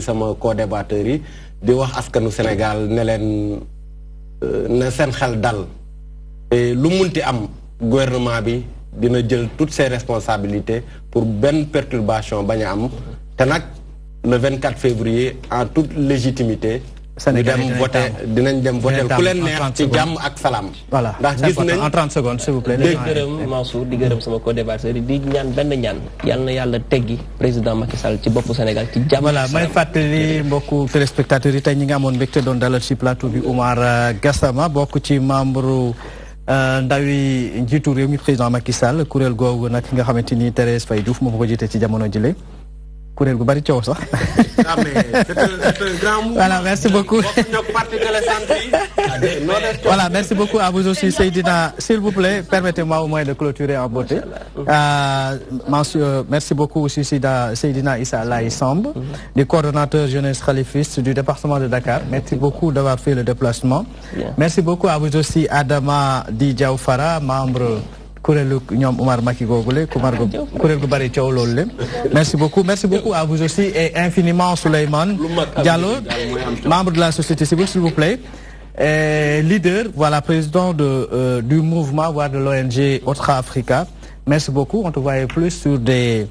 Sommes sama co-débatteur yi di wax askanu Sénégal ne leen euh, na seen xel dal et lu munti am gouvernement bi dina jël toutes ses responsabilités pour benn perturbation bañ a am le 24 février en toute légitimité Sénégal dinañ dem voté dem voté ku leen neex ci jàmm ak salaam. voilà ndax gis nañ en 30 secondes s'il vous plaît. di gërëm Mansour di gërëm sama co-débatteur di ñaan benn ñaan. yal na yàlla teggi président Macky ci bopp Sénégal ci jàmm. voilà may fàttali mbokku téléspectateurs yi tey ñi nga amoon mbégte doon dalal ci plateau bi Oumar euh, Gassama bokk ci membre. Euh, ndawi njiitu réew mi président Macky Sall kuréel googu nag nga xamante ni Thérèse Faye ma moo ko jiite ci jamono jile. voilà merci beaucoup. voilà merci beaucoup à vous aussi Seydina s'il vous plaît permettez-moi au moins de clôturer en beauté. Euh, euh, merci beaucoup aussi Seydina Issa Laye Samb du coordonnateur jeunesse khalifiste du département de Dakar merci beaucoup d'avoir fait le déplacement. merci beaucoup à vous aussi Adama Di membre merci beaucoup merci beaucoup à vous aussi et infiniment Souleyman Diallo membre de la société civile s'il vous plaît leader voilà président de euh, du mouvement voire de l'ONG Otra Africa merci beaucoup on te voyait plus sur des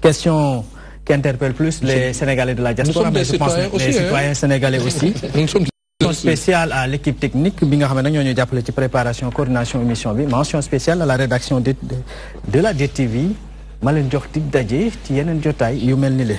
questions qui interpellent plus les Sénégalais de la diaspora mais je pense que les hein. citoyens sénégalais aussi spéciale à l'équipe technique bi nga préparation coordination émission bi mention spéciale à la rédaction de de la DTV Malin leen jox dig daje ci Nile.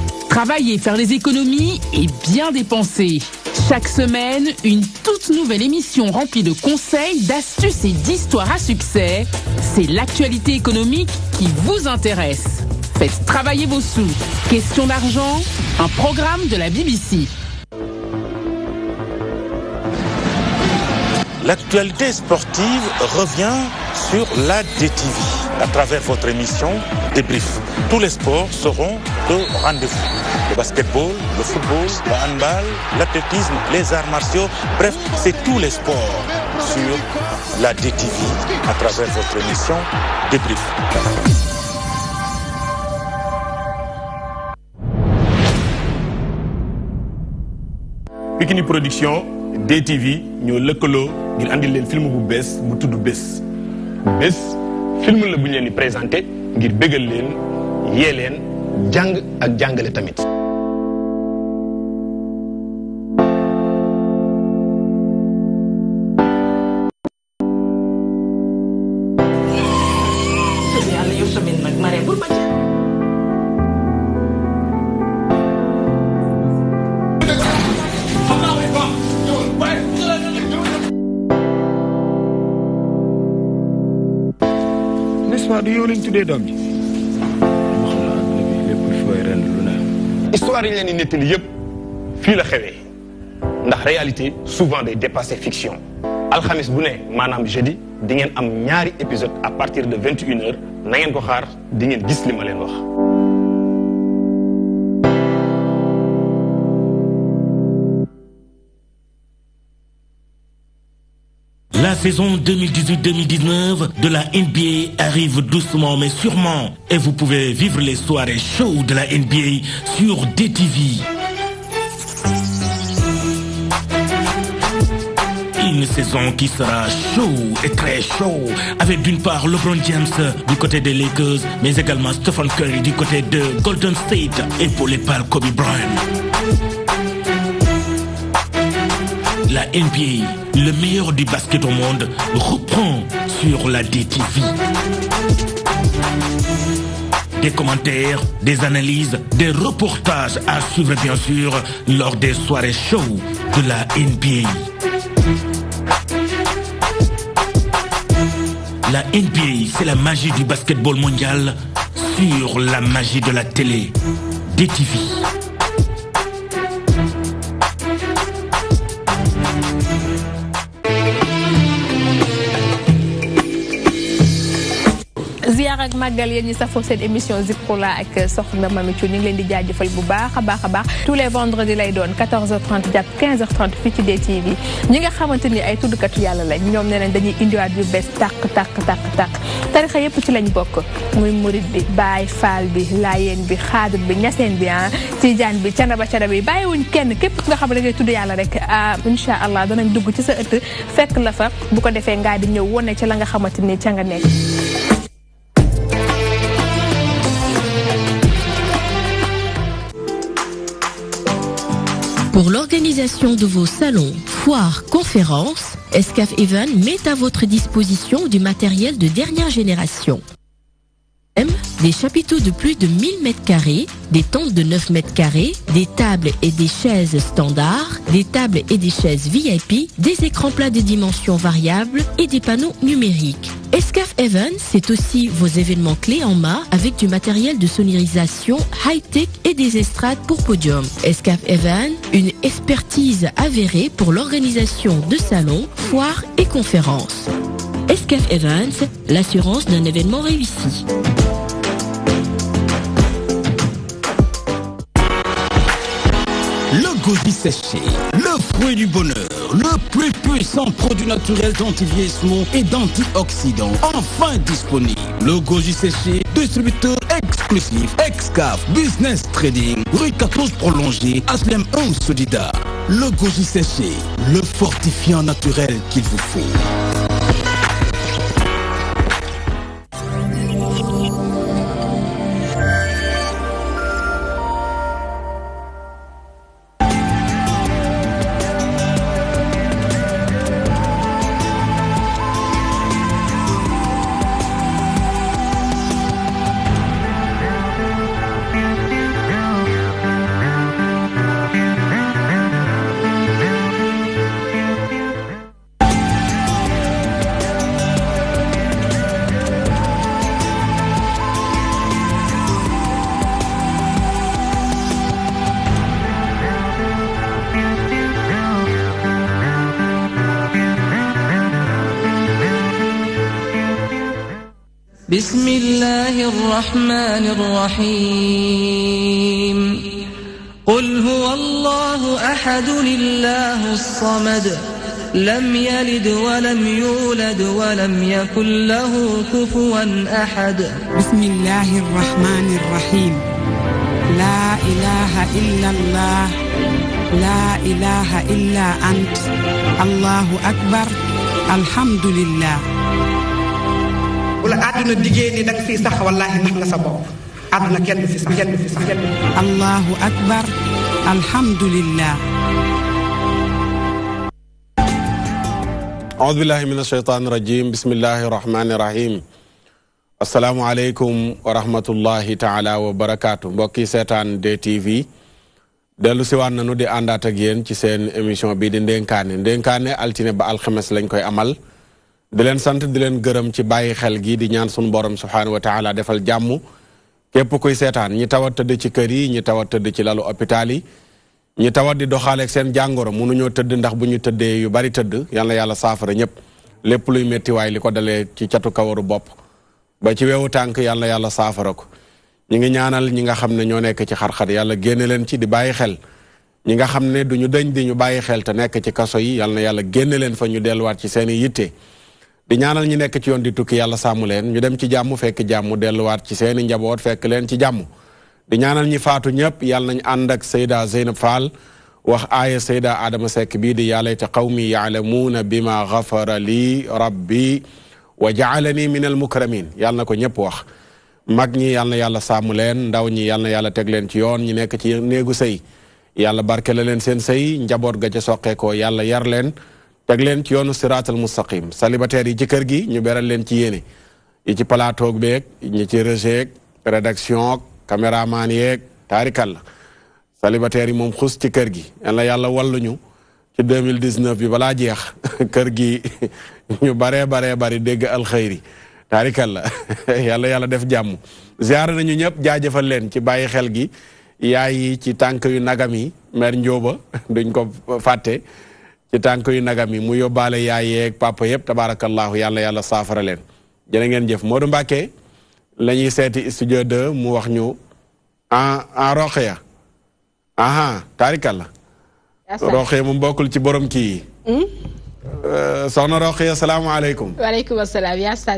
Travailler, faire les économies et bien dépenser. Chaque semaine, une toute nouvelle émission remplie de conseils, d'astuces et d'histoires à succès. C'est l'actualité économique qui vous intéresse. Faites travailler vos sous. Question d'argent, un programme de la BBC. L'actualité sportive revient sur la DTV à travers votre émission Débrief. Tous les sports seront au rendez-vous. Le basketball, le football, le handball, l'athlétisme, les arts martiaux, bref, c'est tous les sports sur la DTV à travers votre émission Débrief. Production DTV le colo, nous film film la bu ñu leen di présenté ngir bégal leen yee leen jàng ak jàngale tamit. tuddee doom ji. wax na lépp lépp fooy histoire yi leen di nettali yëpp fii la xewee ndax réalité souvent day dépasser fiction alxamis bu ne maanaam jeudi di ngeen am ñaari épisode à partir de 21 et heures na ngeen ko xaar di ngeen gis li ma leen wax. saison 2018-2019 de la NBA arrive doucement mais sûrement et vous pouvez vivre les soirées chaudes de la NBA sur DTV. Une saison qui sera chaud et très chaud avec d'une part LeBron James du côté des Lakers mais également Stephen Curry du côté de Golden State et pour les par Kobe Bryant. La NBA le meilleur du basket au monde reprend sur la DTV. Des commentaires, des analyses, des reportages à suivre bien sûr lors des soirées show de la NBA. La NBA, c'est la magie du basketball mondial sur la magie de la télé, DTV. ak màggal yéen ñi safoo seen émission Zikru la ak soxna Mamy Thioune ñu ngi leen di jaajëfal bu baax a baax a baax tous les vendredis lay doon 14h30 jàpp 15h30 fii ci DTV ñi nga xamante ni ay tuddkatu yàlla lañ ñoom nee nañ dañuy indiwaat yu bees tàq tàq tàq tàq tarixa yëpp ci lañ bokk muy murit bi Baay Faal bi Laayeen bi Xaadir bi Ñaseen bi ah Tijaan bi canaba canaba yi bàyyiwuñ kenn képp nga xam ne da tudd yàlla rek ah incha allah danañ dugg ci sa ëtt fekk la fa bu ko defee ngaa di ñëw wone ci la nga xamante ni ca nga nekk Pour l'organisation de vos salons, foires, conférences, Escaf Even met à votre disposition du matériel de dernière génération. Des chapiteaux de plus de 1000 m2, des tentes de 9 m2, des tables et des chaises standards, des tables et des chaises VIP, des écrans plats de dimensions variables et des panneaux numériques. Escaf Evans, c'est aussi vos événements clés en main avec du matériel de sonorisation high-tech et des estrades pour podium. Escaf Evans, une expertise avérée pour l'organisation de salons, foires et conférences. Escaf Evans, l'assurance d'un événement réussi. Le goji séché, le fruit du bonheur, le plus puissant produit naturel d'antivieillissement et d'antioxydants, enfin disponible. Le goji séché, distributeur exclusif, excave, Business Trading, rue 14 prolongée, Aslem 1 Solida. Le goji séché, le fortifiant naturel qu'il vous faut. الرحمن الرحيم قل هو الله أحد لله الصمد لم يلد ولم يولد ولم يكن له كفوا أحد بسم الله الرحمن الرحيم لا إله إلا الله لا إله إلا أنت الله أكبر الحمد لله ولا أدنى دجيني دك في صح والله نحن wallaahi allahu akbar alhamdulillah أعوذ بالله من الشيطان الرجيم بسم الله الرحمن الرحيم السلام عليكم ورحمة الله تعالى وبركاته مبكي دي تي في nanu di altine koy amal Dilen leen dilen geram leen gërëm di ñaan sunu subhanahu wa taala defal képp kuy seetaan ñi tawa tëdd ci kër yi ñi taw a tëdd ci lalu opital yi ñi taw di doxaaleeg seen jàngoro ñoo tëdd ndax bu ñu tëddee yu bari tëdd yàlla yàlla saafara ñëpp lépp luy méttiwaay li ko dalee ci catu kawaru bopp ba ci tànk yàlla yàlla saafara ko ñi ngi ñaanal ñi nga xam ne ñoo nekk ci xar yàlla génne leen ci di bàyyi xel ñi nga xam ne du ñu dëñ di ñu bàyyi xel te nekk ci kaso yi yàlla na yàlla génne leen fa ñu delluwaat ci seen i yitte di ñaanal ñi nekk ci yoon di tukki yàlla sàmm leen ñu dem ci jàmm fekk jàmm delluwaat ci seeni njaboot fekk leen ci jàmm di ñaanal ñi faatu ñëpp yàlla nañ ànd ak Seyda Zeynab Fall wax aaya Seyda Adama sekk bii di yaa layta qawmi yaalamuuna bima gafara lii rabbi wa jaalani min al mukramin yàlla na ko ñëpp wax mag ñi yàlla yàlla sàmm leen ndaw ñi yàlla yàlla teg leen ci yoon ñi nekk ci néegu sey yàlla barke la leen seen sey njaboot ga ca soqeekoo yàlla yar leen teg leen ci yoonu siraatal mustaqim célibataire yi ci kër gi ñu beral leen ci yéene yi ci plateau beeg ñu ci rejet rédaction ak caméraman yeeg taarikal la célibataire yi moom xus ci kër gi yàlla yàlla walluñu ci 2019 bi balaa jeex kër gi ñu baree baree bari dégg alxayri taarikal la yàlla yàlla def jàmm ziar nañu ñëpp jaajëfal leen ci bàyyi xel gi yaay ci tànk yu nagam yi mère Ndioba duñ ko fàtte ci tànk yu nagam yi mu yóbbaale yaay yeeg papa yëpp tabaarakallaahu yàlla yàlla saafara leen jërë ngeen jëf Modou Mbacke seeti studio 2 mu wax ñu en en roqeya aha taarikalla mu bokkul ci borom kii yi hmm? euh, soxna roqeya salaamaaleykum salaam yaa sa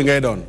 ngay doon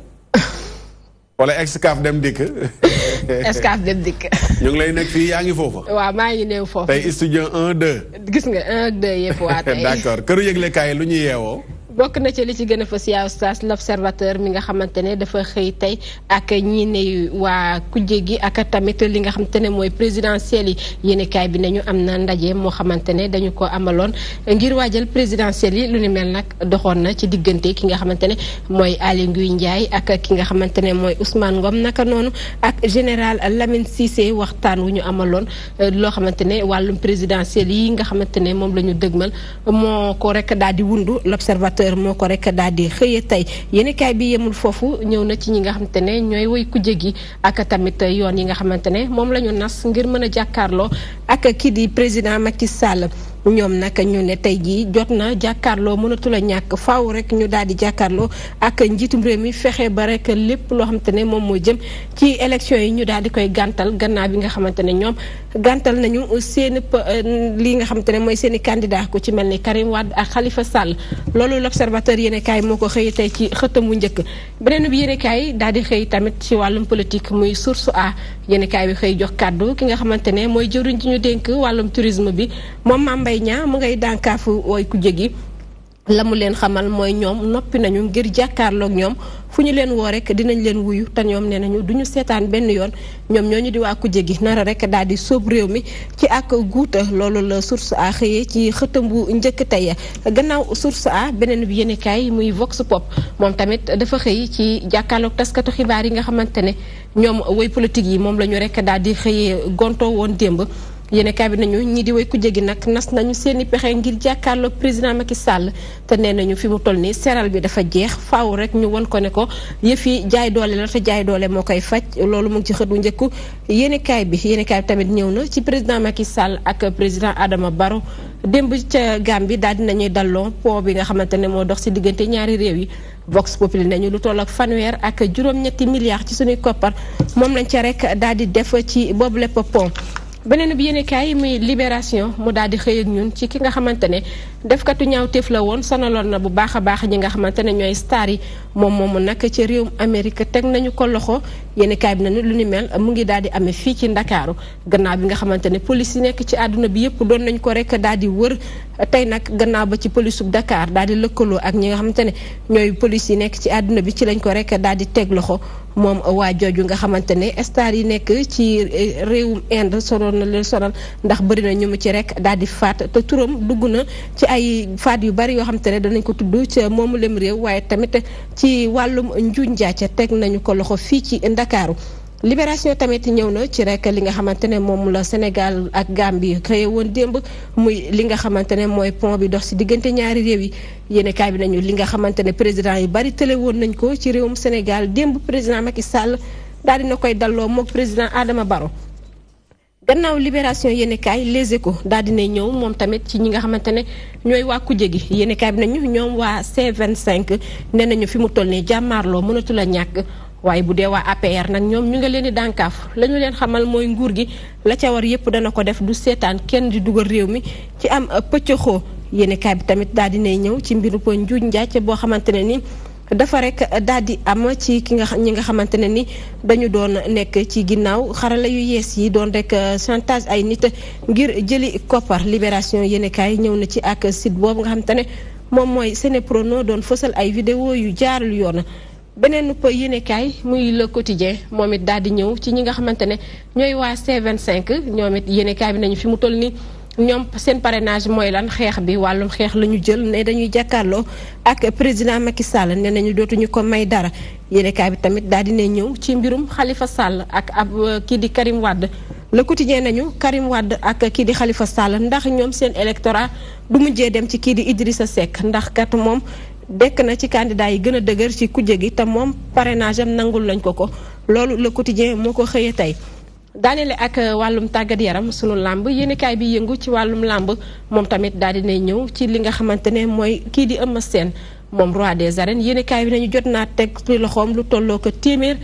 wala excaf dem dikk Escaf dem dikk. ñu ngi lay nekk fii yaa ngi foofu. waaw maa ngi néew foofu. tey studio 1 2. gis nga 1 2 yëpp waa tey. d'accord këru yëglekaay lu ñuy yeewoo. bokk na ci li ci gën a fës yaa oustaz l'observateur mi nga xamante ne dafa xëy tey ak ñi ne waa kujje gi ak tamit li nga xamante ne mooy présidentielle yi yéenekaay bi nañu am na ndaje moo xamante ne dañu ko amaloon ngir waajal présidentielle yi lu mel nag doxoon na ci diggante ki nga xamante ne mooy Aly Ngouille ak ki nga xamante ne mooy Ousmane ngoom naka noonu ak général Lamine Cissé waxtaan wu ñu amaloon euh, loo xamante ne wàllum présidentielle yi nga xamante ne moom la ñu dëgmal moo ko rek daal di wundu l'observateur moo ko rek daal di xëyee tey yéenekaay bi yemul foofu ñëw na ci ñi nga xamante ne ñooy woy kuje gi ak tamit yoon yi nga xamante ne moom la ñu nas ngir mën a jàkkaarloo ak kii di président Macky Sall. ñoom nag ñu ne tey jii jot na jàkkaarloo mënatu ñàkk faaw rek ñu daal di jàkkaarloo ak njiitum réew mi fexe ba rekk lépp loo xamante ne moom moo jëm ci élection yi ñu daal di koy gàntal gannaaw bi nga xamante ne ñoom gàntal nañu seen euh, li nga xamante ne mooy seen i candidat ku ci mel ni Karim Wade ak xalifa Sall loolu l'observateur yéen kaay moo ko xëy tey ci wu njëkk beneen bi yéen kaay daal di xëy tamit ci wàllum politique muy source a yéen kaay bi xëy jox kàddu ki nga xamante ne mooy jëwriñ ji ñu dénk wàllum tourisme bi moom Mame Mbaye Niang mu ngay dànkaafu wooy ku jégi la mu leen xamal mooy ñoom noppi nañu ngir jàkkaarloog ñoom fu ñu leen woo rek dinañ leen wuyu te ñoom nee nañu du ñu seetaan benn yoon ñoom ñoo ñu di waa kuje gi nara rek daal di sóob réew mi ci ak guuta loolu la source a xëyee ci xëtam bu njëkk tey gannaaw source a beneen bi muy vox pop moom tamit dafa xëy ci jàkkaarloog taskatu xibaar yi nga xamante ne ñoom woy politique yi moom la ñu rek daal di xëyee gontoo woon démb yéen kaay bi nañu ñi di way ku jégi nag nas nañu seen i pexe ngir jàkkaarloog président Macky Sall te nee nañu fi mu toll nii seral bi dafa jeex faw rek ñu won ko ne ko yëf yi jaay doole la te jaay doole moo koy faj loolu mu ngi ci xët njëkku yéen bi yéen kaay tamit ñëw na ci président Macky Sall ak président Adama baro démb ca Gambie daal nañuy dalloo po bi nga xamante ne moo dox si diggante ñaari réew yi Vox Populi ñu lu toll ak fanweer ak juróom-ñetti milliards ci suñuy koppar moom lañ ca rek daal di def ci boobu lépp po beneen bi yéen kaay muy libération mu daal di xëy ak ñun ci ki nga xamante ne ñaaw ñaawteef la woon sonaloon na bu baax a baax ñi nga xamante ne ñooy star yi moom moomu nag ci réewum Amérique teg nañu ko loxo yéeni kaay bi na ni lu ni mel mu ngi daal di amee fii ci Ndakaaru gannaaw bi nga xamante ne police yi nekk ci àdduna bi yëpp doon nañ ko rek daal di wër tey nag gannaaw ba ci police bu daal di lëkkaloo ak ñi nga xamante ne ñooy police yi nekk ci àdduna bi ci lañ ko rek daal di teg loxo moom waa jooju nga xamante ne star yi nekk ci réewum Inde sonal na leen sonal ndax bëri na ñu mu ci rek daal di faat te turam dugg na ci ay faat yu bari yoo xamante ne danañ ko tudd ci moomu lem réew waaye tamit ci ci wàllum njuñ njaaca teg nañu ko loxo fii ci Ndakaaru libération tamit ñëw na ci rekk li nga xamante ne moom la Sénégal ak Gambie créé woon démb muy li nga xamante ne mooy pont bi dox si diggante ñaari réew yi yéen bi nañu li nga xamante ne président yi bari tële woon nañ ko ci réewum Sénégal démb président Macky Sall daal dina koy dalloo moog président aadama Barrow gannaaw libération yéenekaay Les Échos daal dina ñëw moom tamit ci ñi nga xamante ne ñooy waa kuje gi yéenekaay bi nañu ñoom waa vingt cinq nee nañu fi mu toll nii jàmmaarloo mënatul a ñàkk. waaye bu dee waa APR nag ñoom ñu nga leen di dànkaaf la ñu leen xamal mooy nguur gi la ca war yépp dana ko def du seetaan kenn di dugal réew mi ci am pëccëxoo yéenekaay bi tamit daal dinay ñëw ci mbiru po njuuj njaaj boo xamante ne ni. dafa rek daal di am ci ki nga ñi nga xamante ne ni dañu doon nekk ci ginnaaw xarala yu yees yi doon rek euh, chantage ay nit ngir jëli koppar libération yéenekaay ñëw na ci ak site boobu nga xamante ne moom mooy Seneprono doon fësal ay vidéo yu jaarul yoon. beneen pa yéenekaay muy le quotidien moom it daal di ñëw ci ñi nga xamante ne ñooy waa C25 ñoom it yéenekaay bi nañu fi mu toll nii. ñoom seen parrainage mooy lan xeex bi wàllum xeex la ñu jël ne dañuy jàkkaarloo ak président Macky Sall ne nañu dootuñu ko may dara yéenekaay bi tamit daal dina ñëw ci mbirum xalifa Sall ak ab euh, kii di Karim Wade le quotidien nañu Karim Wade ak kii di xalifa Sall ndax ñoom seen électorat du mujjee dem ci kii di Idrissa Seck ndax kat moom dekk na ci candidat yi gën a dëgër ci kujje gi te moom parrainage nangul lañ ko ko loolu le quotidien moo ko xëyee tey daanele ak euh, wàllum tàggat yaram sunu làmb yéenekaay bi yëngu ci wàllum làmb moom tamit daal dinay ñëw ci li nga xamante ne mooy kii di Eumeu Sène moom roi des arènes yéenekaay bi nañu jot naa teg ci loxoom lu tolloo ko téeméer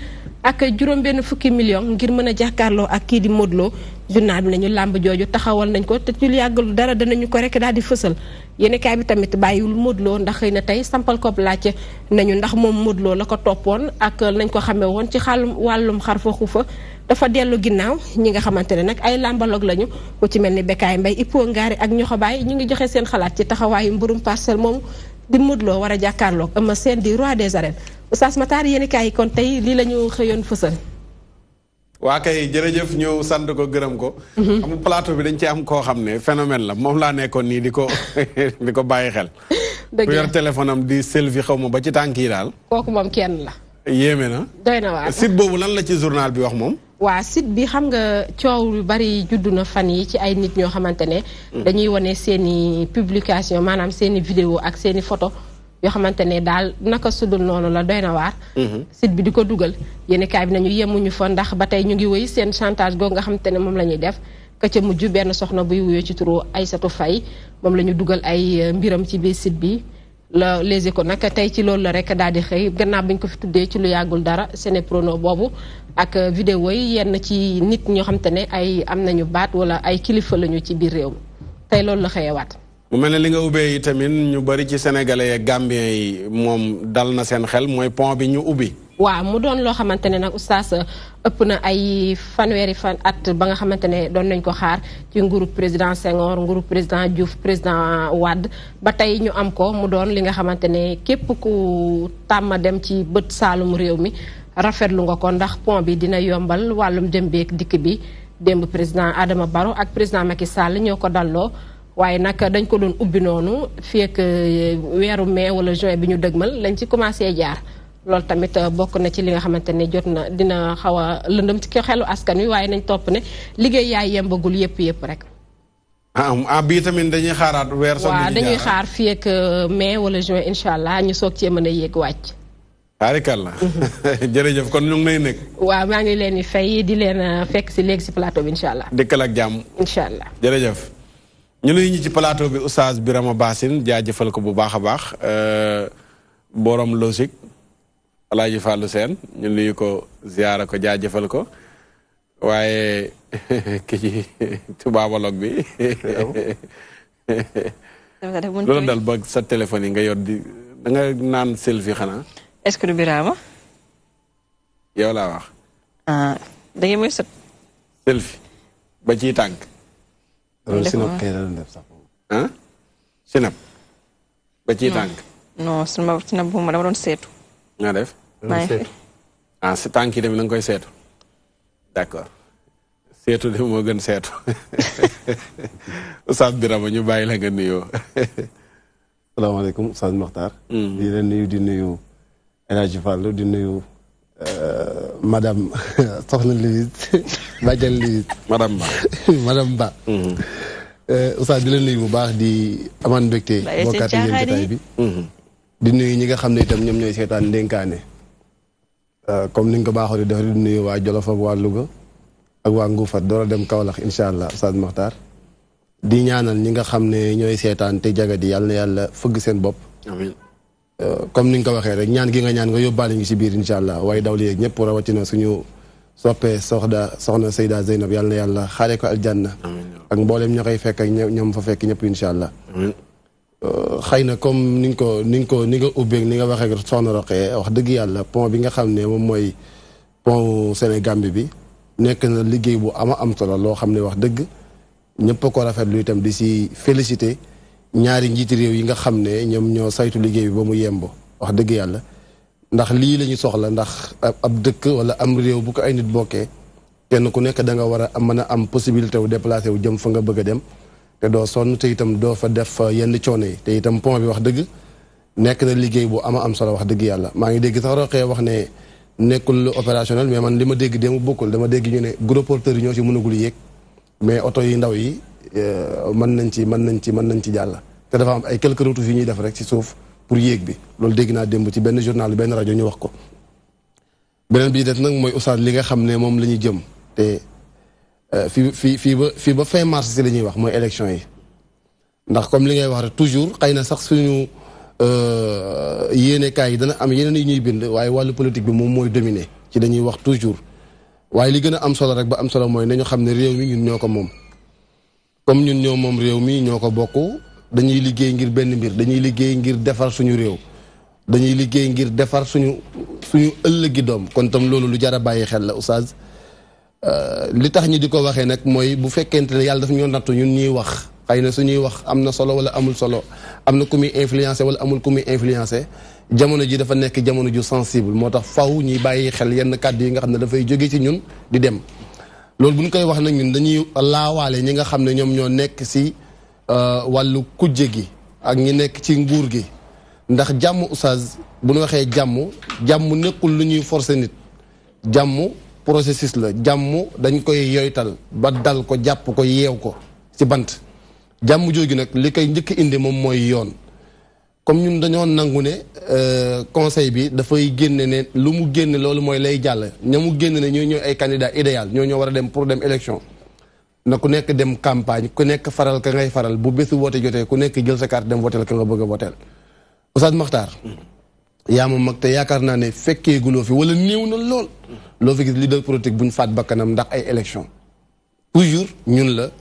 ak juróom fukki million ngir mën a jàkkaarloo ak kii di Modou Lo bi nañu làmb jooju taxawal nañ ko te ci lu dara danañu ko rekk daal di fësal yéenekaay bi tamit bàyyiwul Modou ndax xëy na tey sampal ko laajte nañu ndax moom Modou la ko toppoon ak nañ ko xamee woon ci xàllum wàllum xar fa xufa dafa dellu ginnaaw ñi nga xamante ne nag ay làmbaloog lañu ku ci mel ni Bekkaay Mbay Ippo Ngaari ak Ñoxobaay ñu ngi joxe seen xalaat ci taxawaayu mburum parcel moom di Modou Lo war a jàkkaarloog Eumeu seen di roi des arènes Oustaz taar yéen kaay yi kon tey lii la ñu xëyoon fësal. waa kay jërëjëf ñëw sant ko gërëm ko. Mhm. am plateau bi dañ ci am koo xam ne phénomène la moom laa nekkoon nii di ko di ko bàyyi xel. ku yor téléphone am di selfie xaw ma ba ci tànk yi daal. kooku moom kenn la. na. doy na waar boobu lan la ci journal bi wax moom. waa site bi xam nga coow lu bari juddu na fan yi ci ay nit ñoo xamante ne. Mm. dañuy wane seen i publication maanaam seen i vidéo ak seen i photo yoo xamante ne daal naka sudul noonu la doy na waar. Mm-hmm. site bi di ko dugal yéen kaay bi nañu yemuñu fa ndax ba tey ñu ngi wéy seen chantage googu nga xamante ne moom la ñuy def. ka mujj benn soxna buy wuyoo ci ay Aysatu Fay moom la ñu dugal ay mbiram ci biir site bi. la les échos nag tey ci loolu la rek daal di xëy gannaaw bi ñu ko fi tuddee ci lu yàggul dara seen prono boobu ak vidéo yi yenn ci nit ñoo xam ne ay am na ñu baat wala ay kilifa lañu ci biir réew mi tey loolu la xëyewaat. mu mel ne li nga ubbee yi tamit ñu bari ci sénégalais ak gambien yi moom dal na seen xel mooy pont bi ñu ubbi. wa mu doon loo xamante ne nag oustaz ëpp na ay fanweeri fan at ba nga xamante ne doon nañ ko xaar ci nguru président Senghor nguru président Diouf président wad ba tey ñu am ko mu doon li nga xamante ne képp ku tàmm dem ci bët saalum réew mi rafetlu nga ko ndax pont bi dina yombal wàllum dem beek dikk bi démb président Adama baro ak président Macky Sall ñoo ko dalloo waaye nag dañ ko doon ubbi noonu fii ak eh, weeru mai wala juin bi ñu dëgmal lañ ci commencé jaar loolu tamit euh, bokk na ci li nga xamante ne jot na dina xaw a lëndëm ci xelu askan wi waaye nañ topp ne liggéey yaay yembagul yëpp yëpp rek. Ah, ah ah bii tamit dañuy xaaraat weer. waaw dañuy xaar fii euh, wala juin incha allah ñu soog cee mën a yéeg wàcc. baarikàlla mhm. jërëjëf kon ñu ngi lay maa ngi leen di fay di leen euh, fekk si léegi si plateau bi incha allah. dëkkal jàmm. incha allah jërëjëf. ñu nuyu ñi ci plateau bi Oustaz Birama Bassine jaajëfal ko bu baax a baax borom logique. alaaji Fallou Seen ñu nuyu ko ziyaara ko jaajëfal ko waaye ki ci tubaabaloog bi loolu dal ba sa téléphone yi nga yor di da nga naan selfie xanaa est-ce que du mooy ah, sot selfie ba ciy tànk sinap kay la ah? sinap ba ciy tànk non sinap seetu nga def seetu ah si na nga koy seetu d' accord seetu de moo gën seetu Oustaz Birama ñu bàyyi la nga nuyoo salaamaaleykum Oustaz Mokhtar mm. di leen nuyu di nuyu El Hadji Fall di nuyu uh, madame soxna Louise Badiane Louise madame Ba madame Ba mm-hmm. eh, Oustaz di leen nuyu bu baax di amaan mbégte bokkaat yéen jotaay bi mm-hmm. di nuyu ñi nga xam ne itam ñoom ñooy seetaan ndénkaane Euh, comme ni nga ko baaxoo di def di nuyu waa Jolof ak waa Louga ak waa Nguufat door a dem Kaolack incha allah Oustaz Makhtar di ñaanal ñi nga xam ne ñooy seetaan te jaga di yàlla na yàlla fëgg seen bopp. amiin euh, comme ni nga ko waxee rek ñaan ki nga ñaan nga yóbbaale ñu si biir incha allah waaye daw li yeeg ñëpp rawatina suñu soppee soxda soxna Seyda Zeynab yàlla na yàlla xaaree ko aljanna. ak mboolem ña koy fekk ak ñoom fa fekk ñëpp incha allah. xëy na comme ni nga ko ni nga ko ni nga ubbeeg ni nga waxee ak soxna Roqee wax dëgg yàlla pont bi nga xam ne moom mooy pont Sénégambie bi nekk na liggéey bu ama am solo loo xam ne wax dëgg ñëpp ko rafet rafetlu itam di si félicité ñaari njiitu réew yi nga xam ne ñoom ñoo saytu liggéey bi ba mu yemb wax dëgg yàlla ndax lii la soxla ndax ab dëkk wala am réew bu ko ay nit bokkee kenn ku nekk da nga war a mën a am possibilité wu déplacé wu jëm fa nga bëgg a dem te doo sonn te itam doo fa def euh, yenn coono yi te itam pont bi wax dëgg nekk na liggéey bu ama am solo wax dëgg yàlla maa ngi dégg sax roqee wax ne nekkul opérationnel mais man li ma dégg démb bokkul dama dégg ñu ne gros porteurs yi ñoo ci mënagul yéeg mais oto yi ndaw yi euh, mën nañ ci mën nañ ci mën nañ ci jàll te dafa am ay quelques routes ñuy def rek ci suuf pour yéeg bi loolu dégg naa démb ci benn journal benn rajo ñu wax ko beneen bi def nag mooy oustaz li nga xam ne moom la ñu jëm te Euh, fii fii fii ba fii ba fin mars si la ñuy wax mooy élection yi ndax comme li ngay wax rek toujours xëy na sax suñu euh, yéenekaay yi dana am yeneen yi ñuy bind waaye wàllu politique bi moom mooy dominer ci dañuy wax toujours waaye li gën a am solo rek ba am solo mooy nañu xam ne réew mi ñun ñoo ko moom comme ñun ñoo moom réew mi ñoo ko bokk dañuy liggéey ngir benn mbir dañuy liggéey ngir defar suñu réew dañuy liggéey ngir defar suñu suñu ëllëgi doom kon tam loolu lu jar bàyyi xel la oustaz Euh, li tax ñi di ko waxee nag mooy bu fekkente ne yàlla daf ñoo nattu ñun ñuy wax xëy na suñuy wax am na solo wala amul solo am na ku muy influencé wala amul ku muy influencé jamono ji dafa nekk jamono ju sensible moo tax faw ñuy bàyyi xel yenn kàddu yi nga xam ne dafay jóge ci ñun di dem loolu bu koy wax nag ñun dañuy laawaale ñi nga xam ne ñoom ñoo nekk si euh, wàllu kujje gi ak ñi nekk ci nguur gi ndax jàmm oustaz bu ñu waxee jàmm jàmm nekkul lu ñuy forcer nit jàmm processus la jàmm dañ koy yoytal ba dal ko jàpp ko yeew ko ci bant jàmm jooju nag li koy njëkk indi moom mooy yoon comme ñun dañoo nangu ne euh, conseil bi dafay génne ne lu mu génne loolu mooy lay jàll ña mu génne ne ñoo ñooy ay candidat idéal ñoo ñoo war a dem pour dem élection na ku nekk dem campagne ku nekk faral ka ngay faral bu bésu woote jotee ku nekk jël sa carte dem woteel ka nga bëgg a woteel Oustaz Makhtar yaa mag te yaakaar naa ne fekkee guloo fi لوفيك ليدر بروتيك leader فات bu داك اي bakkanam توجور ay élection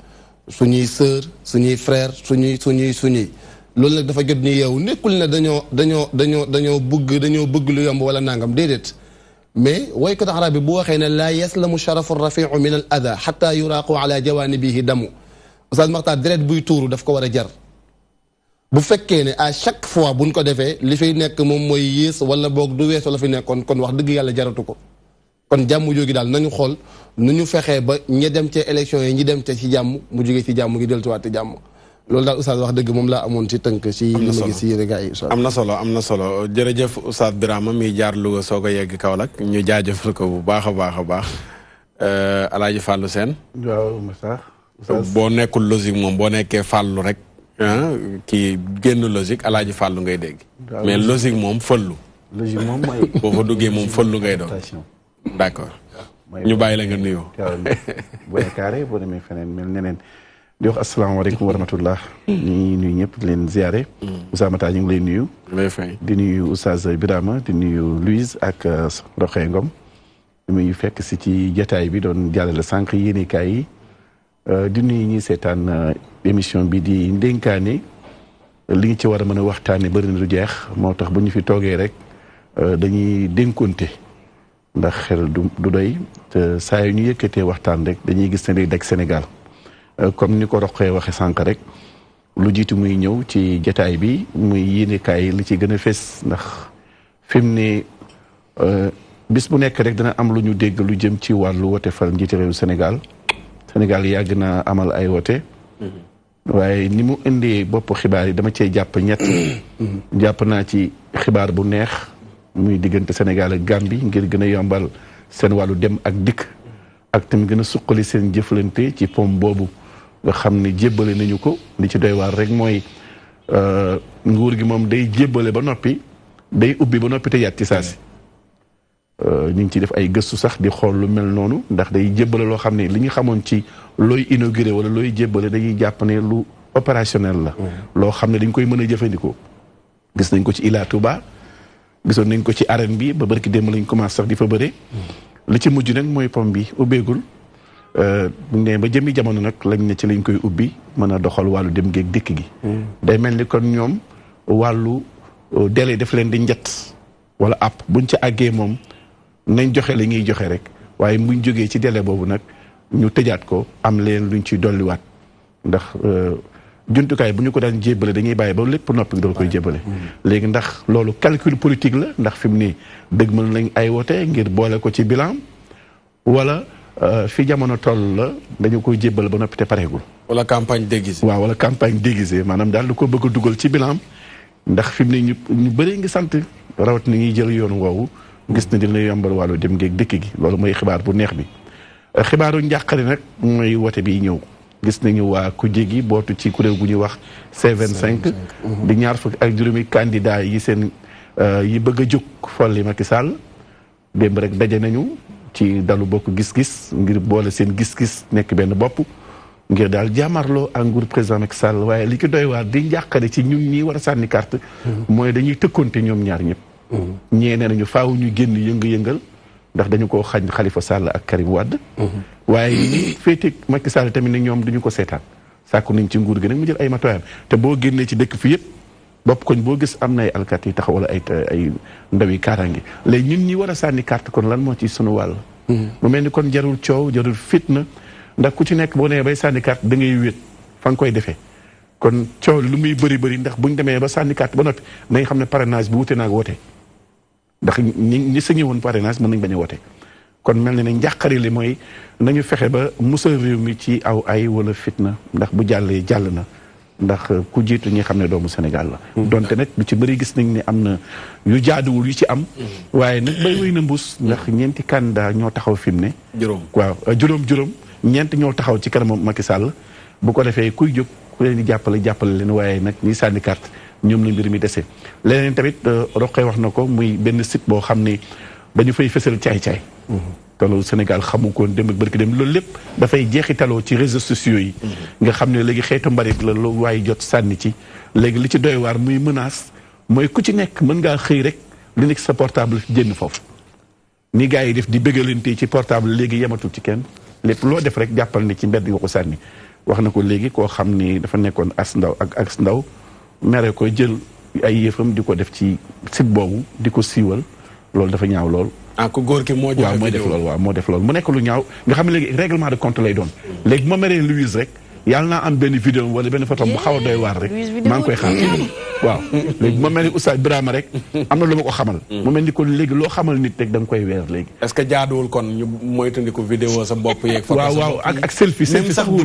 سوني سير سوني فرير سوني سوني frère لول suñuy suñuy loolu ني ياو نيكول نا دانيو دانيو دانيو دانيو بوغ دانيو بوغ لو dañoo ولا نانغام ديديت مي واي كوت عربي بو arab bi bu waxee ne laa yaslamu sharafu rafiu min al ada xata yuraaqu ala jawanibihi damu Oustaz Makhtar deret buy tuuru a bu fekkee ne à chaque fois buñ ko defee li fay nekk moom mooy yées wala boog du weesu wala fi nekkoon kon wax dëgg yàlla jaratu ko kon jàmm jógi daal nañu xool nu ñu fexee ba ñi dem ce élection yi ñi dem ca ci jàmm mu jóge ci jàmm gi delluwaat ci jàmm loolu daal oustaz wax dëgg moom laa amoon ci tënk si li ma gis si yéen gars yi am na solo am na solo jërëjëf oustaz Birama mi jaar Louga soog a kaw Kaolack ñu jaajëfal ko bu baax a baax a baax euh, alaaji Fallou Sène waaw oustaz boo nekkul logique moom boo nekkee Fallou rek kii génn logique alaaji fàllu ngay dégg mais logique moom fëllu logique moom boo fa duggee moom fëllu ngay doon d' accord ñu bàyyi la nga nuyoo. bu ne carré boo feneen mel neneen di wax asalaamaaleykum wa rahmatullah ñu nuyu ñëpp di leen ziare. Moussa mm. ñu ngi lay nuyu. di nuyu Oustaz Birama di nuyu Louise ak uh, Roxee Ngom. muy fekk si ci jataay bi doon jàllale sànq yéenekaay yi uh, di nuyu ñu seetaan uh, émission bi di ndénkaane li nga ci war a mën a waxtaanee bëri na du jeex moo tax bu ñu fi toogee rek dañuy dénkonte. ndax xel du du doy te saa yu ñu yëkkatee waxtaan rek dañuy gis ne day daj Sénégal euh, comme ni ko roqee waxe sànq rek lu jiitu muy ñëw ci jataay bi muy yéenekaay lu ci gën a fees ndax fim mu ne euh, bis bu nekk rek dana am lu ñu dégg lu jëm ci wàllu wote fal njiiti réew Sénégal Sénégal yàgg na amal ay wote mm-hmm. waaye ni mu indee bopp xibaar yi dama cee jàpp ñett mm-hmm. jàpp naa ci xibaar bu neex muy diggante Sénégal ak Gambie ngir gën a yombal seen wàllu dem ak dikk ak tamit gën a suqali seen jëflante ci pom boobu nga xam ne jébbale nañu ko li ci doy waar rek mooy euh, nguur gi moom day jébbale ba noppi day ubbi ba noppi te yaat ci saa si euh, ñu ngi ciy def ay gëstu sax di xool lu mel noonu ndax day jébbale loo xam ne li ñu xamoon ci looy inauguré wala looy jébbale dañuy jàpp ne lu opérationnel la. Mm-hmm. loo xam ne dañ koy mën a jëfandikoo. gis nañ ko ci Ila Touba gisoon nañ ko ci arène bi ba barki démb lañ commencé sax di fa bëre. li ci mujj nag mooy pom bi ubbeegul euh, bu ñu ba jëmmi jamono nag lañ ne ci lañ koy ubbi mën a doxal wàllu dem géeg dëkk gi. Hmm. day mel ni kon ñoom wàllu euh, délai daf leen di njët wala app buñ ci àggee moom nañ joxe la ñuy joxe rek waaye buñ jógee ci délai boobu nag ñu tëjaat ko am leen luñ ci dolliwaat ndax. Euh, jumtukaay bu ñu ko daan jébbale dañuy bàyyi ba lépp noppi doo koy jébbale léegi ndax loolu calcul politique la ndax fi mu nii dëgg mën nañ ay wote ngir boole ko ci bilan wala euh, fi jamono toll la dañu koy jébbal ba noppi te pareegul. wala campagne déguisée. waaw wala campagne déguisée maanaam daal lu ko bëgg dugal ci bilan ndax fi mu ne ñu ñu bëri ngi sant rawat ni ñuy jël yoon woowu. gis na dina yombal wàllu dem ngeeg dëkk gi loolu mooy xibaar bu neex bi xibaaru njàqari nag mooy wote bi ñëw. gis nañu waa ku gi bootu ci kuréel gu ñuy wax C25 mhm. di ñaar fukk ak juróomi candidat yi seen euh, yi bëgg a jóg folli Macky Sall démb rek daje nañu ci dalu bokk gis-gis ngir boole seen gis-gis nekk benn bopp ngir daal jaamarloo ak nguur président Macky Sall waaye li ko doy waar di njàqare ci ñun ñii war a sànni carte mhm. mooy dañuy tëkkoonte ñoom ñaar ñëpp mhm. ñee nee nañu faaw ñu génn yënga-yëngal ndax dañu ko xañ Khalifa Sall ak Karim Wade. Mhm. waaye féete Macky Sall tamit nag ñoom duñu ko seetaan sàkku nañ ci nguur gi nag mu jël ay matuwaayam te boo génnee ci dëkk fi yëpp bopp koñ boo gis am na ay alkaati yi taxaw wala ay ay ndawi kaaraange léegi ñun ñi war a sànni carte kon lan moo ci suñu wàll. Mhm. mu mel ni kon jarul coow jarul fitna ndax ku ci nekk boo nee bay sànni carte da ngay wéet fa nga koy defee. kon coow lu muy bëri bëri ndax buñ demee ba sànni carte ba noppi nañ xam ne parrainage bi wute naag woote. ndax ñi ñi sañu woon parrainage mën nañ bañ a kon mel na ne njàqare li mooy nañu fexe ba musal réew mi ci aw ay wala fitna ndax bu jàllee jàll na ndax ku jiitu ñi xam ne doomu Sénégal la hmm. donte nag lu ci bari gis nañ ne am na yu jaaduwul yu ci am hmm. waaye nag bay wéy na mbuus hmm. ndax ñeenti candidat ñoo taxaw fi mu ne juróom waaw euh, juróom juróom ñeent ñoo taxaw ci kanamam Macky Sall bu ko defee kuy jóg ku leen di jàppale jàppale leen waaye nag ñi sànni carte ñoom la mbir mi dese leneen tamit euh, roqee wax na ko muy benn site boo xam ni dañu fay fësal caay-caay mm-hmm. te loolu Sénégal xamu koon dem ak dem loolu lépp dafay jeexitaloo ci réseau sociaux yi mm-hmm. nga xam ne léegi xeetu mbalit la lu waaye jot sànni ci léegi li ci doy waar muy menace mooy ku ci nekk mën ngaa xëy rek li nekk sa portable jënd foofu ni gaa yi def di leen bëggalante ci portable léegi yematul ci kenn lépp loo def rek jàppal ni ci mbedd nga ko sànni wax na ko léegi koo xam ni dafa nekkoon as ndaw ak as ndaw mere ko jël ay yëfam di ko def ci site boobu di ko siiwal loolu dafa ñaaw lool. Ah, ku góor ki moo. joxe waaw mooy def loolu moo def loolu mu nekk lu ñaaw nga xam léegi réglement de compte lay doon. Hmm. léegi bu ma lu Louise rek. yàlla na am benn vidéo wala benn photo bu xaw a doy waar rek maa ngi koy xaar waaw léegi mel ni Oustaz Birama rek am na lu ma ko xamal mu mm. mel ni léegi loo xamal nit rek da koy weer léegi est-ce que jaaduwul kon ñu moytandiku vidéo sa bopp yeeg photo waaw waaw ak ak selfie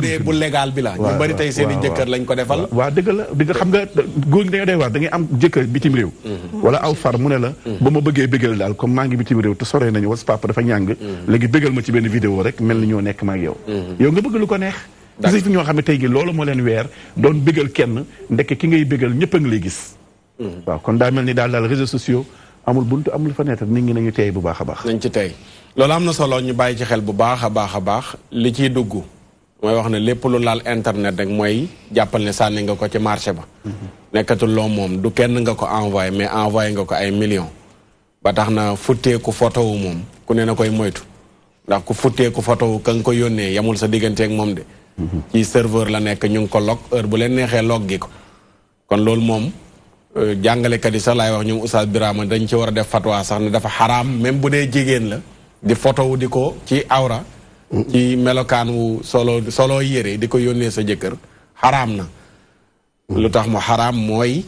dee bu légal bi la ñu bari tey seen i lañ ko defal waaw dëgg la dëgg nga góor ñi dañoo doy waar da ngay am jëkkër bitim réew mm-hmm. wala aw far mu ne la mm. ba ma bëggee bëggal daal comme maa ngi bitim réew te sore nañu was papa dafa ñàng mm. léegi bëggal ma ci benn vidéo rek mel na ñoo nekk maag yow mm-hmm. yow nga bëgg ko neex gis nañ fi ñoo xam ne tey gi loolu moo leen weer doon bégal kenn ndekk ki ngay bégal ñëpp a ngi lay gis mm-hmm. kon daa mel ni daal daal réseaux sociaux amul buntu amul fenêtre nit ñi nañu tey bu baax a baax nañ ci tey loolu am na solo ñu bàyyi ci xel bu baax a baax a baax li ciy dugg mooy wax ne lépp lu laal internet rek mooy jàppal ne sànni nga ko ci marché ba mm-hmm. nekkatul loo moom du kenn nga ko envoyé mais envoyé nga ko ay millions ba tax na futteeku photo moom ku ne na koy moytu ndax ku futteeku photo wu ka nga koy yónnee yamul sa digganteeg moom de ci serveur la nek ñu ko log heure bu len nexé log ko kon mom euh, jangale kat yi sax lay wax ñu oustad Birama dañ ci wara def fatwa sax ne dafa haram même bu dee jigen la di photo wu ko ci awra ci melokan wu solo solo yére di ko sa jëkkër haram na lutax mo haram moy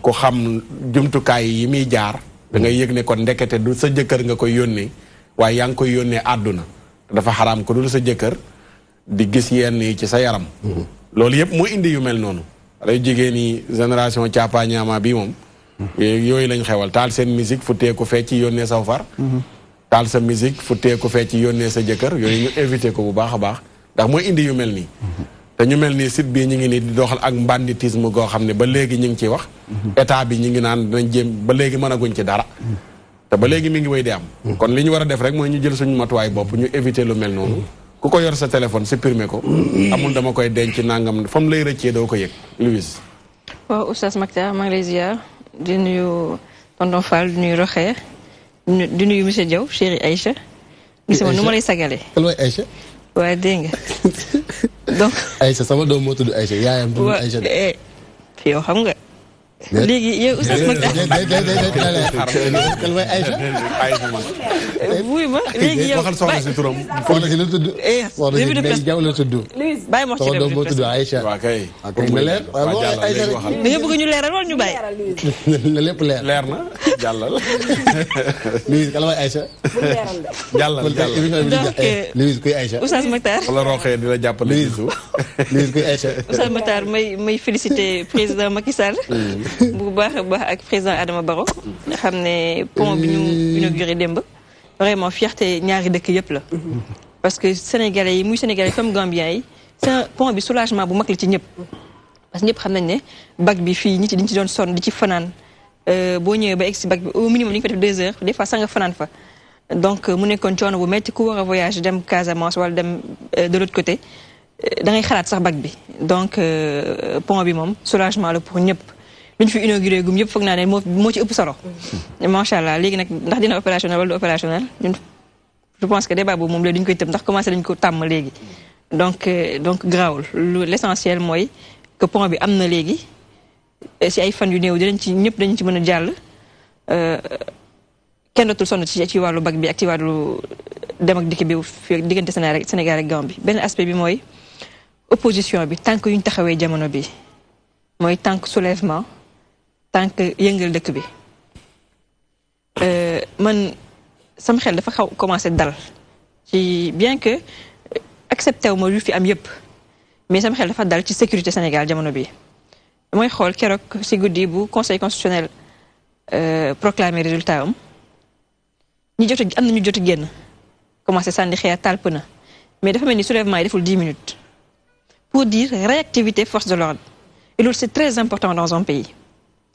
ko xam jumtu kay yi mi jaar da ngay yegg ne kon ndekete du sa jëkkër nga koy yónnee way yang koy yónnee aduna dafa haram ko dul sa di gis yenn yi ci sa yaram. Mhm. loolu yëpp mooy indi yu mel noonu. xale yu jigéen yi génération Capa Ñaama bii moom. Mhm. yooyu lañ xewal taal seen musique fu teeku fee ci yónnee saw far. Mhm. taal sa musique fu fee ci yónnee sa jëkkër yooyu ñu éviter ko bu baax a baax ndax mooy indi yu mel nii. te ñu mel nii sit bii ñu ngi nii doxal ak mbanditisme goo xam ne ba léegi ñu ngi ciy wax. état bi ñu ngi naan dinañ jéem ba léegi mënaguñ ci dara. te ba léegi mi ngi wéy di am. kon li ñu war a def rek mooy ñu jël suñu matuwaay bopp ñu éviter lu mel noonu. ku ko yor sa téléphone supprimer ko. amul dama koy denc nangam fa lay rëccee doo ko yëg Louise. waaw oustaz Mactar maa ngi lay ziar di nuyu tonton Fall di nuyu Roxee di nuyu monsieur Diaw chéri Aïcha. gis lay sagalee. kan mooy Aïcha. waaw dégg nga donc. Aïcha sama doom moo tudd Aïcha yaayam. tudd Aïcha de eh, yow xam nga. léegi yow oustaz mag day day day day xaar mooy Aïcha wuy ma léegi yow waxal soxna si turam soxna si la tudd soxna si Mbay Jaw la tudd bàyyi ma wax ci doom boo tudd Aïcha waaw kay na leer leeral wala ñu bàyyi na lépp leer leer na jàllal Louise kala mooy Aïcha jàllal jàllal donc Louise kuy kuy Aïcha oustaz Mactar may may féliciter président bu baax baax président Adama pont bi euh. inauguré vraiment fierté parce que sénégalais sénégalais comme pont bi soulagement bu mag parce que ñëpp bac bi ci au minimum des fois donc euh, mu nekkoon coono bu voyage euh, de l'autre côté da ngay xalaat sax bac bi donc pont soulagement pour ñëpp bi fi inauguré gum yëpp foog naa ne moo moo ci ëpp solo. macha allah léegi nag ndax dina opérationnel wala du opérationnel ñun je pense que débat boobu moom léegi duñ koy tëb ndax commencé dañ ko tàmm léegi. donc euh, donc garaawul lu l' essentiel mooy que pont bi am na léegi si ay fan yu néew dinañ ci ñëpp dañ ci mën a jàll. Euh, kenn dootul sonn ci ci wàllu bag bi ak ci wàllu dem ak dikk bi fii diggante Sénégal ak Gambie bi benn aspect bi mooy opposition bi tànk yuñ ñu taxawee jamono bi mooy tànk soulèvement. Tant que yëngal dëkk bi euh, man sam xel dafa xaw commencé dal ci bien que accepté wu ma lu fi am yëpp mais sam xel dafa dal ci sécurité Sénégal jamono bi mooy xool keroog si guddi bu conseil constitutionnel euh, proclamé résultat am ñi jot am na ñu jot génn commencé sànni xeer talp na mais dafa mel ni soulèvement yi deful dix minutes pour dire réactivité force de l'ordre et loolu c'est très important dans un pays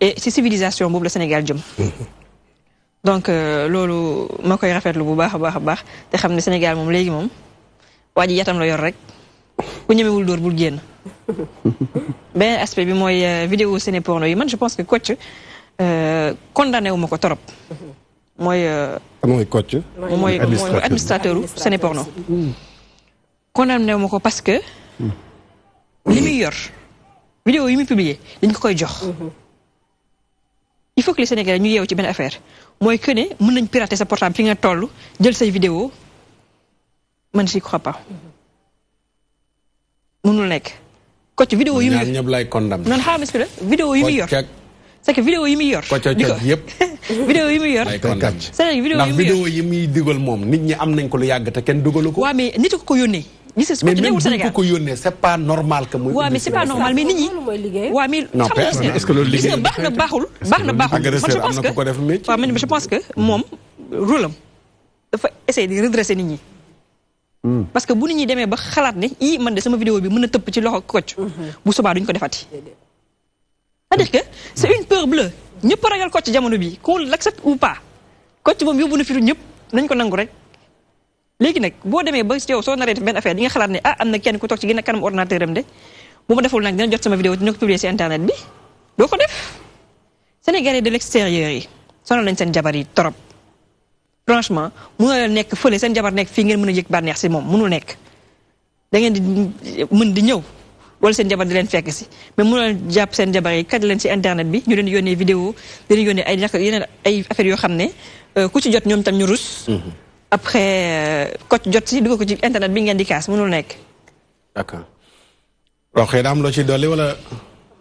et ci civilisation boobu la Sénégal jëm. donc euh, loolu ma koy rafetlu bu baax a baax a baax te xam ne Sénégal moom léegi moom waa ji yatam la yor rek ku ñemewul dóor bul génn. beneen aspect bi mooy euh, vidéo séné porno yi man je pense que Kocc euh, condamné wu ma ko torop mooy. Ah, mooy Kocc. mooy administrateur séné porno. Hmm. condamné wu ma ko parce que. Hmm. li muy yor vidéo yi muy publier dañ ko koy jox. Hmm. il faut que les Sénégalais ñu yeewu ci benn affaire mooy que ne mën nañ pirater sa portable fi nga toll jël say vidéo man si crois pas mënul nekk. ko ci vidéo yi muy yor ñaar ñëpp lay condamné. non xaaral ma expliqué vidéo yi muy yor. c'est que yi mu yor. ko cooc yi muy yor. lay condamné c'est que vidéo moom nit ñi am nañ ko lu yàgg kenn dugalu ko. me mais nit ko ko yónnee. gis nga mais même ko yónnee c'est pas normal que muy. waaw mais normal mais nit ñi. waaw mais xam nga est-ce baax na baaxul. man je pense que moom rôle am dafa essayer di redresser nit ñi. Hmm. parce que bu nit ñi demee ba xalaat ne ii man de sama vidéo bi mën a tëpp ci loxo kocc. Hmm. bu subaa duñ ko defati. c'est-à-dire que c'est hmm. une peur bleue ñëpp ragal kocc jamono bi qu'on l'accepte ou pas kocc moom yóbbu na fi ñëpp nañ ko nangu rek. léegi nag boo demee ba yow soo naree def benn affaire di nga xalaat ne ah am na kenn ku toog ci gën a kanam ordinateur am de bu ma deful nag dina jot sama vidéo dina ko publier ci internet bi doo ko def sénégalais seen jabar yi torop franchement mënoo nekk fële seen jabar nekk fii ngeen mën a yëg bànneex ci moom mënul nekk da ngeen di mën di ñëw wala seen jabar di leen fekk si mais mënoo jàpp seen jabar yi kat leen ci internet bi ñu leen yónnee vidéo di leen yónnee ay yeneen ay affaires yoo xam ne euh, ku ci jot ñoom tam ñu rus mm-hmm. après ko euh, jot si dugg ko ci internet bi ngeen di kaas mënul nekk. d'accord roqee daa loo ciy dolli wala.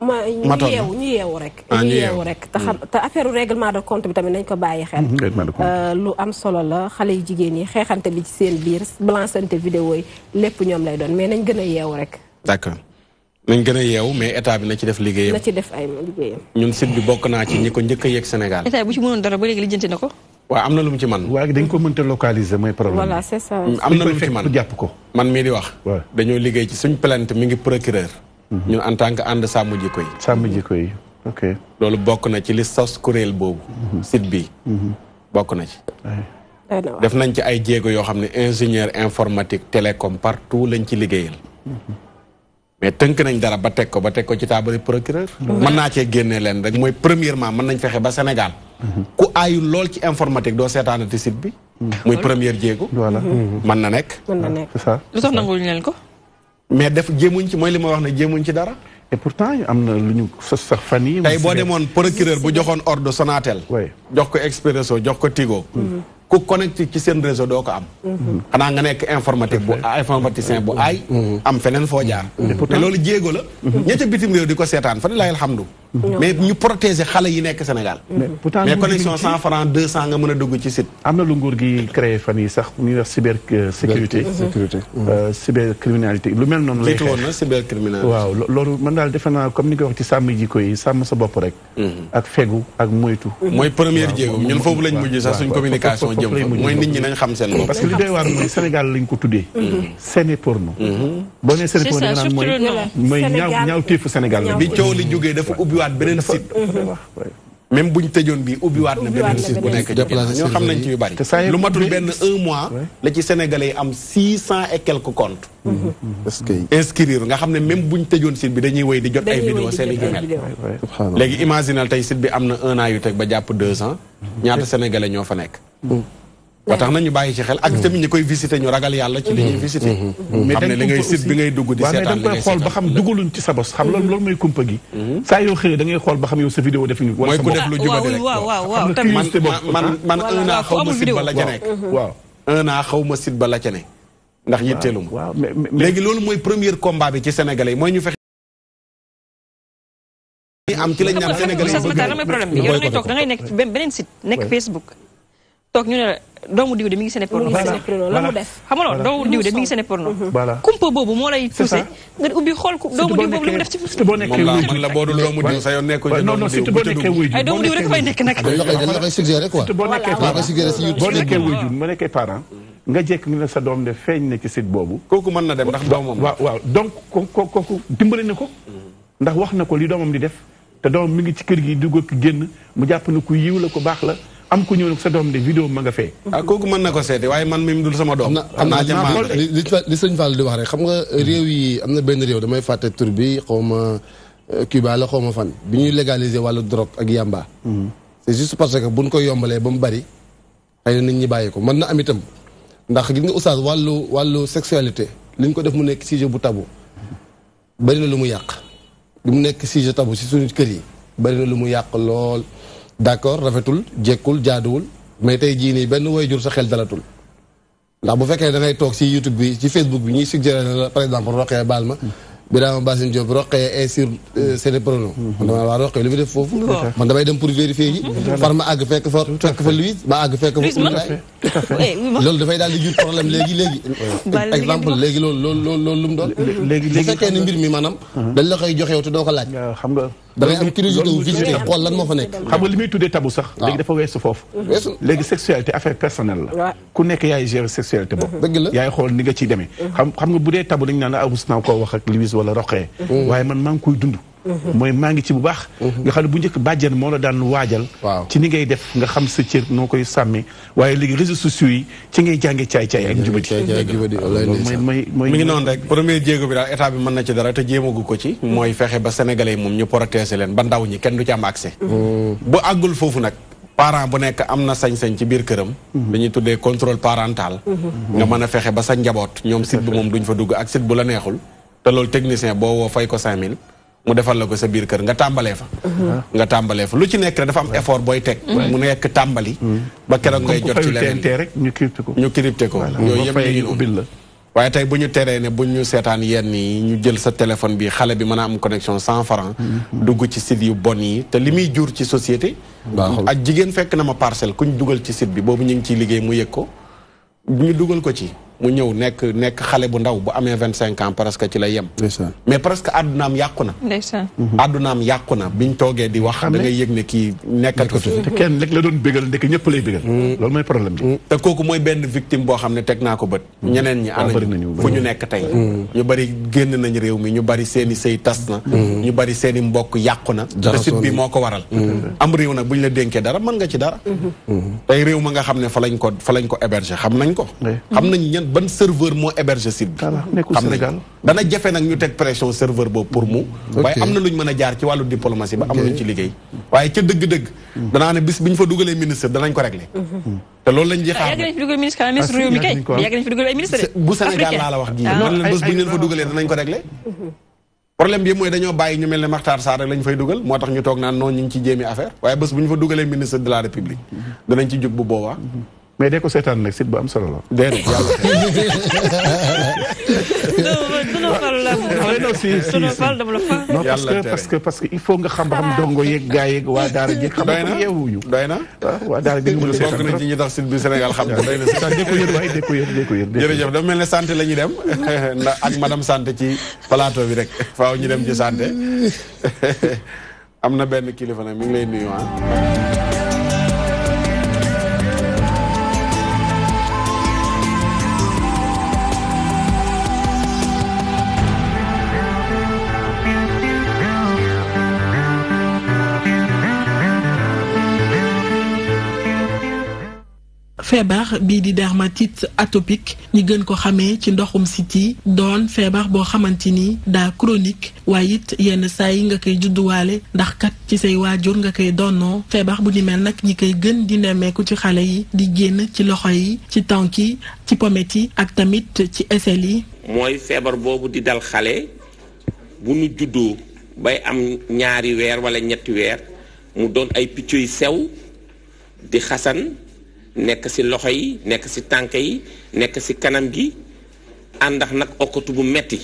ma ñu yeewu ñu yeewu rek. Ah, ñu yeewu rek te xam te affaire règlement de compte bi tamit nañ ko bàyyi xel. Mm-hmm, euh, lu am solo la xale yu jigéen yi xeexante bi ci seen biir balancante vidéo yi lépp ñoom lay doon mais nañ gën a yeewu rek. d'accord nañ gën a yeewu mais état bi na ci def liggéeyam. na ci def ay liggéeyam. ñun site bi bokk naa ci ñi ko njëkk yeek yegg Sénégal. état bu ci mënoon dara ba léegi lijjanti na ko. waaw am na lu mu ci man waaye dañ ko mënta localiser mooy problème voilà c'est ça. Mm, am lu mu man jàpp ko. man mii di wax. dañoo liggéey ci suñ plainte mi ngi procureur. Mhm. ñun en tant que ànd sàmm jikko yi. sàmm jikko yi ok. loolu bokk na ci li sos kuréel boobu. Mhm. site bi. Mhm. bokk na ci. def nañ ci ay jéego yoo xam ne ingénieur informatique télécomme télécom tout lañ ci liggéeyal. mais tënk nañ dara ba teg ko ba teg ko ci taabali procureur mm-hmm. mën naa cee génnee leen rek mooy premièrement mën nañ fexe ba Sénégal mm-hmm. ku aayu lool ci informatique doo seetaanati site bi mm-hmm. muy première jéego voilà mën na nekk mën na nekk c'est ça lu tax leen ko mais def jëmuñ ci mooy li ma wax ne jéemuñ ci dara et pourtant am na lu ñu sos sax fan yi tey boo demoon procureur bu joxoon ordre Sonatel jox ko Expresso jox ko Tigo ku connecté ci seen réseau doo ko am. xanaa nga nekk informatique bu informaticien bu mm-hmm. aay. am feneen foo jaar. Mm-hmm. te loolu jéego la. Mm-hmm. ña ca bitim réew di ko seetaan fa lay alhamdu. mais ñu protéger xale yi nekk Sénégal. mais connexion cent francs deux cent nga mën a dugg ci site. am na lu nguur gi créé fan yi sax ñuy wax cyber euh, sécurité. sécurité euh, cyber criminalité lu mel noonu. lay xeex woon na cyber criminalité. waaw loolu man daal defe naa comme ni ko wax ci sàmm jikko yi sàmm sa bopp rek. ak fegu ak moytu. mooy première jéego ñun foofu lay mujj mooy nit ñi nañ xam seen bopp que li doy waar Sénégal lañ ko tuddee mm-hmm. seeni porno mm-hmm. boo nee seeni porno naan mooy mooy ñaaw ñaaw téefu Sénégal la bi coow li jógee dafa ubbiwaat beneen site mm-hmm. même buñ tëjoon bi ubbiwaat na beneen site bu nekk ñoo xam nañ ci yu bari lu matul benn un mois la ci Sénégalais yi am six cent et quelques comptes inscrire nga xam ne même buñ tëjoon site bi dañuy wéy di jot ay vidéo seen léegi email léegi tey site bi am na un an yu teg ba jàpp deux ans ñaata Sénégalais ñoo fa nekk ba tax na ñu bàyyi ci xel ak tamit ñi koy visité ñu ragal yàlla ci li ñuy visité mais xam ne li ngay site bi ngay dugg di seetaan li ngay xool ba xam dugaluñ ci sa bos xam loolu loolu mooy kumpa gi saa yoo xëyee da ngay xool ba xam yow sa vidéo def ñu wala sa bopp waaw man man un an xaw ma site ba la ca nekk waaw un an xaw ma ba la ca ndax yitteelu ma léegi loolu mooy premier combat bi ci sénégalais mooy ñu fexe am ci lañ naan sénégalais yi bëgg da toog doomu diw de mi ngi seen porno. la mu def xam doomu diw de mi ngi seen porno. voilà kumpa boobu moo lay poussé. nga ubbi xool ku doomu diw boobu boo nekkee wuyu moom la boo dul doomu diw sa yoon nekkul ne doomu diw bu ca dugg. ay doomu diw nekk nag. dañ la koy suggéré quoi. surtout nekkee parent boo nekkee nekkee parent. nga jekk ni ne sa doom de feeñ na ci site boobu. kooku mën na dem ndax doomam. waaw donc kooku kooku dimbali na ko. ndax wax na ko li doomam di def te doomam mi ngi ci kër gi dugg ak génn mu jàpp ne ku yiw la ko baax la am ku ñëw nag sa doom ma nga ah, kooku mën na ko seete waaye mi dul sama doom. am naa jamono li li sëñ di wax xam nga hmm. réew yi am na benn réew damay fàtte tur bi xaw ma euh, Cuba la ma fan. bi ñuy légaliser wàllu drogue ak yamba. Hmm. parce que buñ ko yombalee ba mu bari xëy na ñi bàyyi ko mën na am itam ndax gis nga oustaz wàllu wàllu sexualité ñu ko def mu nekk sujet bu tabu bari na lu mu yàq. li mu nekk sujet tabu si suñu kër yi bari na lu mu yàq lool. d'accord rafetul jackul, jaaduwul mais tey jii nii benn sa xel dalatul ndax bu fekkee da ngay toog si YouTube bi Facebook bi ñuy suggéré la par exemple roqee baal ma Birama Diop sur dama waa roqee li mu def foofu man damay dem pour vérifier yi far ma àgg fekk fa fekk fa louis ma àgg fekk fa loolu dafay daal di problème léegi léegi exemple léegi loolu loolu loolu lu mu doon bu fekkee ni mbir mi maanaam dañ la koy te doo ko da ngay am curiosité wu visiter xool lan moo fa nekk xam nga li muy tuddee tabu sax ah. léegi dafa weesu foofu léegi sexualité affaire personnel la ku nekk yaay gérer sexualité boobu dëgg la yaay xool ni nga ciy demee mm-hmm. xam xam nga bu dee tabu dañu naan arus ah, naa koo wax ak Louise wala roqee mm-hmm. waaye man maa ngi koy dund Mm-hmm. mooy maa ngi ci bu baax mm-hmm. nga xam ne bu njëkk bàjjen moo la daan waajal ci ni ngay def nga xam sa cër noo koy sàmmee waaye léegi réseaux sociaux yi ci ngay jànge caay-caay ak jubati mooy mooy mi ngi noonu rek premier bi daal état bi mën na ci dara te ko ci mm-hmm. mooy fexe ba sénégalais yi moom ñu protéger leen ba ndaw ñi kenn du ci am accès bu àggul foofu nag parent bu nekk am na sañ-sañ ci biir këram dañuy tuddee contrôle parental nga mën a fexe ba sa njaboot ñoom site bi moom duñ fa dugg ak site bu la neexul te loolu technicien boo woo fay ko 5000 mu defal la ko sa biir kër nga tàmbalee fa mm-hmm. nga tàmbalee fa lu ci nekk rek dafa am effort booy teg mu nekk tàmbali mm-hmm. ba keroog ngay jot ci leneen rek ñu crypté ko ñu crypté ko yooyu yëpp ñu ubbil la waaye tey bu ñu teree ne bu ñu seetaan yenn yi ñu jël sa téléphone bi xale bi mën a am connexion cent francs mm-hmm. dugg ci site yu bon yi te li muy jur ci société ak jigéen fekk na ma parcelle ku ñu dugal ci site bi boobu ñu ngi ciy liggéey mu yëg ko ñu dugal ko ci mu ñëw nekk nekk xale bu ndaw bu amee vingt cinq ans presque ci la yem mais presque àddunaam yàqu na mhm. àddunaam yàqu na ñu toogee di wax da ngay yëg ne kii nekkatu ko te kenn rek la doon bégal ndekk ñëpp lay bégal mm. loolu mooy problème bi mm. te kooku mooy benn victime boo xam ne teg naa ko bët mm. ñeneen ñi ah, ana fu ñu nekk tey ñu bari génn nañ réew mi ñu bari seen i sëy tas na ñu bari seen i mbokk yàqu na te sit bi moo ko waral am réew nag buñ la dénkee dara mën nga ci dara mm-hmm. tey réew ma nga xam ne fa lañ ko fa lañ ko héberger xam nañ ko ban serveur moo héberge site bi. nekkul Sénégal dana jafe nag ñu teg pression serveur boobu pour mu. waaye am na lu ñu mën a jaar ci wàllu diplomatie ba am na lu ñu ci liggéey. waaye ca dëgg-dëgg. danaa ne bis bi fa dugalee ministre ko réglé. Mhm. te loolu lañ jeexal bu ah, Sénégal ah, laa la wax gi man ah. leen bés bu ñu leen fa dugalee danañ ko réglé. Mhm. problème bi mooy dañoo bàyyi ñu mel ne Makhtar Sarr rek lañ fay dugal moo tax toog naan noonu ñu ngi ci jéemi waaye bés bu ñu fa dugalee ministre de la république mhm. danañ ci jóg bu boobaa mais dee ko seetaan nag site am solo la. déedéet yàlla tere parce que parce que il faut nga xam ba xam dongo yeeg gaa yeeg waa Daara jéeg. xam nga na ah, waa Daara jéeg mën a seetaan bokk na ci ñi tax site bi Sénégal xam ko doy na si. jërëjëf dafa mel ne la ñu dem ndax ak madame santé ci plateau bi rek faaw ñu dem ci am na benn kilifa nag lay nuyu ah. feebar bii di dermatite atopique ñi gën ko xamee ci ndoxum siti doon feebar boo xamante ni daa chronique waaye it yenn saa nga koy judduwaale ndax kat ci say waajur nga koy donnoo feebar bu ni mel nag ñi koy gën di nemmeeku ci xale yi di génn ci loxo yi ci tànk yi ci pomet yi ak tamit ci esel mooy feebar boobu di dal xale bu nu juddoo bay am ñaari weer wala ñetti weer mu doon ay picc yu sew di xasan nekk si loxo yi nekk si tànk yi nekk si kanam gi àndax nag okkatu bu metti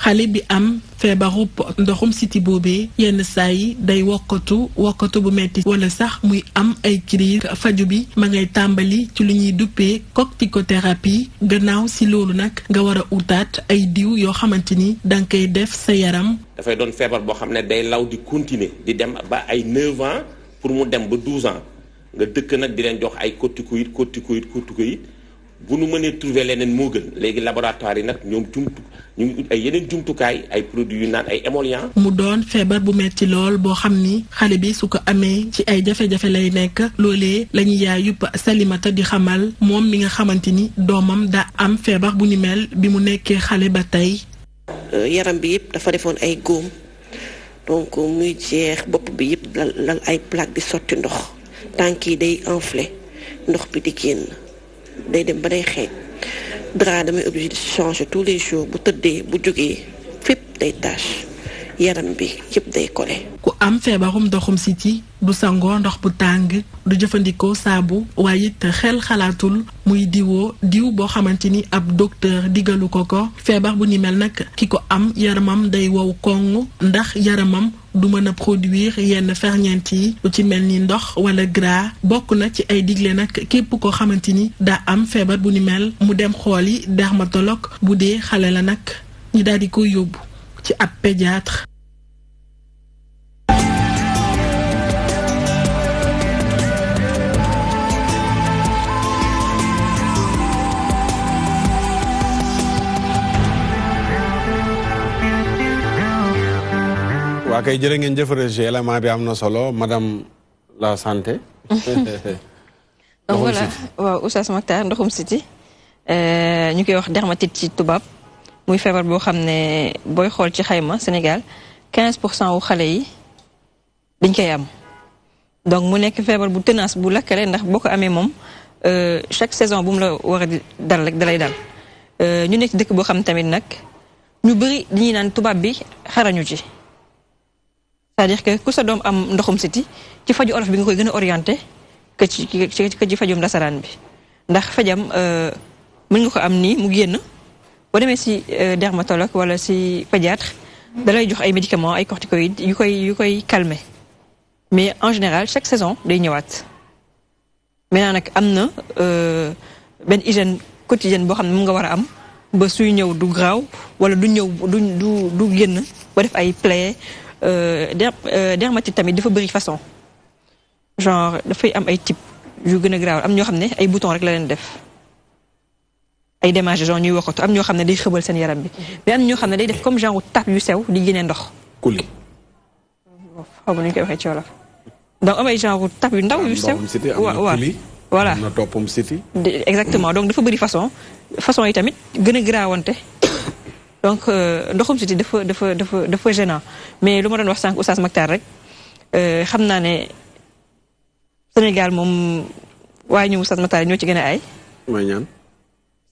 xale bi am feebaru ndoxum siti boobee yenn saa yi day wokkatu wokkatu bu metti wala sax muy am ay ciriir faju bi ma ngay tàmbali ci lu ñuy duppee corticothérapie gannaaw si loolu nag nga war a utaat ay diw yoo xamante ni danga koy def sa yaram dafay doon feebar boo xam ne day law di continuer di dem ba ay 9 ans pour mu dem ba 12 ans nga dëkk nag bi leen jox ay corticoïde corticoïde corticoïde bu nu mënee trouver leneen moo gën léegi laboratoire yi nag ñoom jumtu ñu ay yeneen jumtukaay ay produit yu naan ay émollients. mu doon feebar bu metti lool boo xam ni xale bi su ko amee ci ay jafe-jafe lay nekk loolee la yaay yupp Salimata di xamal moom mi nga xamante ni doomam daa am feebar bu ni mel bi mu nekkee xale ba tey. Euh, yaram bi yëpp dafa defoon ay góom donc muy jeex bopp bi yëpp lal ay plaque sotti ndox. tànk yi day enflé ndox bi di génn day dem ba day xeeñ drap damay obligé di changer tous les jours bu tëddee bu jógee fépp day tache yaram bi yëpp day kole ku am feebarum doxum siti du sangoo ndox bu tàng du jëfandikoo saabu waaye it xel xalaatul muy diwoo diw boo xamante ni ab docteur digalu ko ko feebar bu ni mel nag ki ko am yaramam day wow koŋ ndax yaramam du mën a produire yenn ferñeent yi lu ci mel ni ndox wala gras bokk na ci ay digle nag képp koo xamante ni daa am feebar bu ni mel mu dem xooli dermatologue bu dee xale la nag ñu daal di koy yóbbu. ci un pédiatre élément bi solo madame la santé donc voilà waaw Oustaz nous ndoxum siti euh, ñu koy wax dermatite ci muy feebar boo ne Sénégal 15 pour cent wu xale yi donc mu nekk feebar bu tenace bu ndax euh, chaque saison bu la a dal dalay dal euh, ñu nekk dëkk xam tamit ñu bëri dañuy c'est-à-dire que ku doom am ndoxum siti ci faju bi nga koy orienté que ci que bi ndax fajam euh, nga ko boo demee si euh, dermatologue wala si pédiatre dalay jox ay médicaments ay corticoïdes yu koy yu koy calmer mais en général chaque saison day ñëwaat maintenant nag am na euh, benn hygiène quotidienne boo xam ne moom nga war a am ba suy ñëw du graw wala du ñëw du du du génn ba def ay plaies euh, dermatite tamit dafa bëri façon genre dafay am ay type yu gën a graaw am ñoo xam ne ay boutons rek la leen def ay démangeaisons genre ñuy waxatu am ñoo xam ne day xëbal seen yaram bi mais am ñoo xam ne day def comme genre tap yu ndox. kuli. xaw ma nu ñu koy waxee ci wolof donc am ay genre tap yu ndaw yu sew. waaw waaw voilà exactement donc dafa bëri façon façon yi tamit gën a garaawante donc euh, ndoxum siti dafa dafa dafa dafa gênant mais lu ma doon wax sànq Oustaz Mactar rek euh, xam naa ne Sénégal moom waaye ñu Oustaz Mactar ñoo ci gën a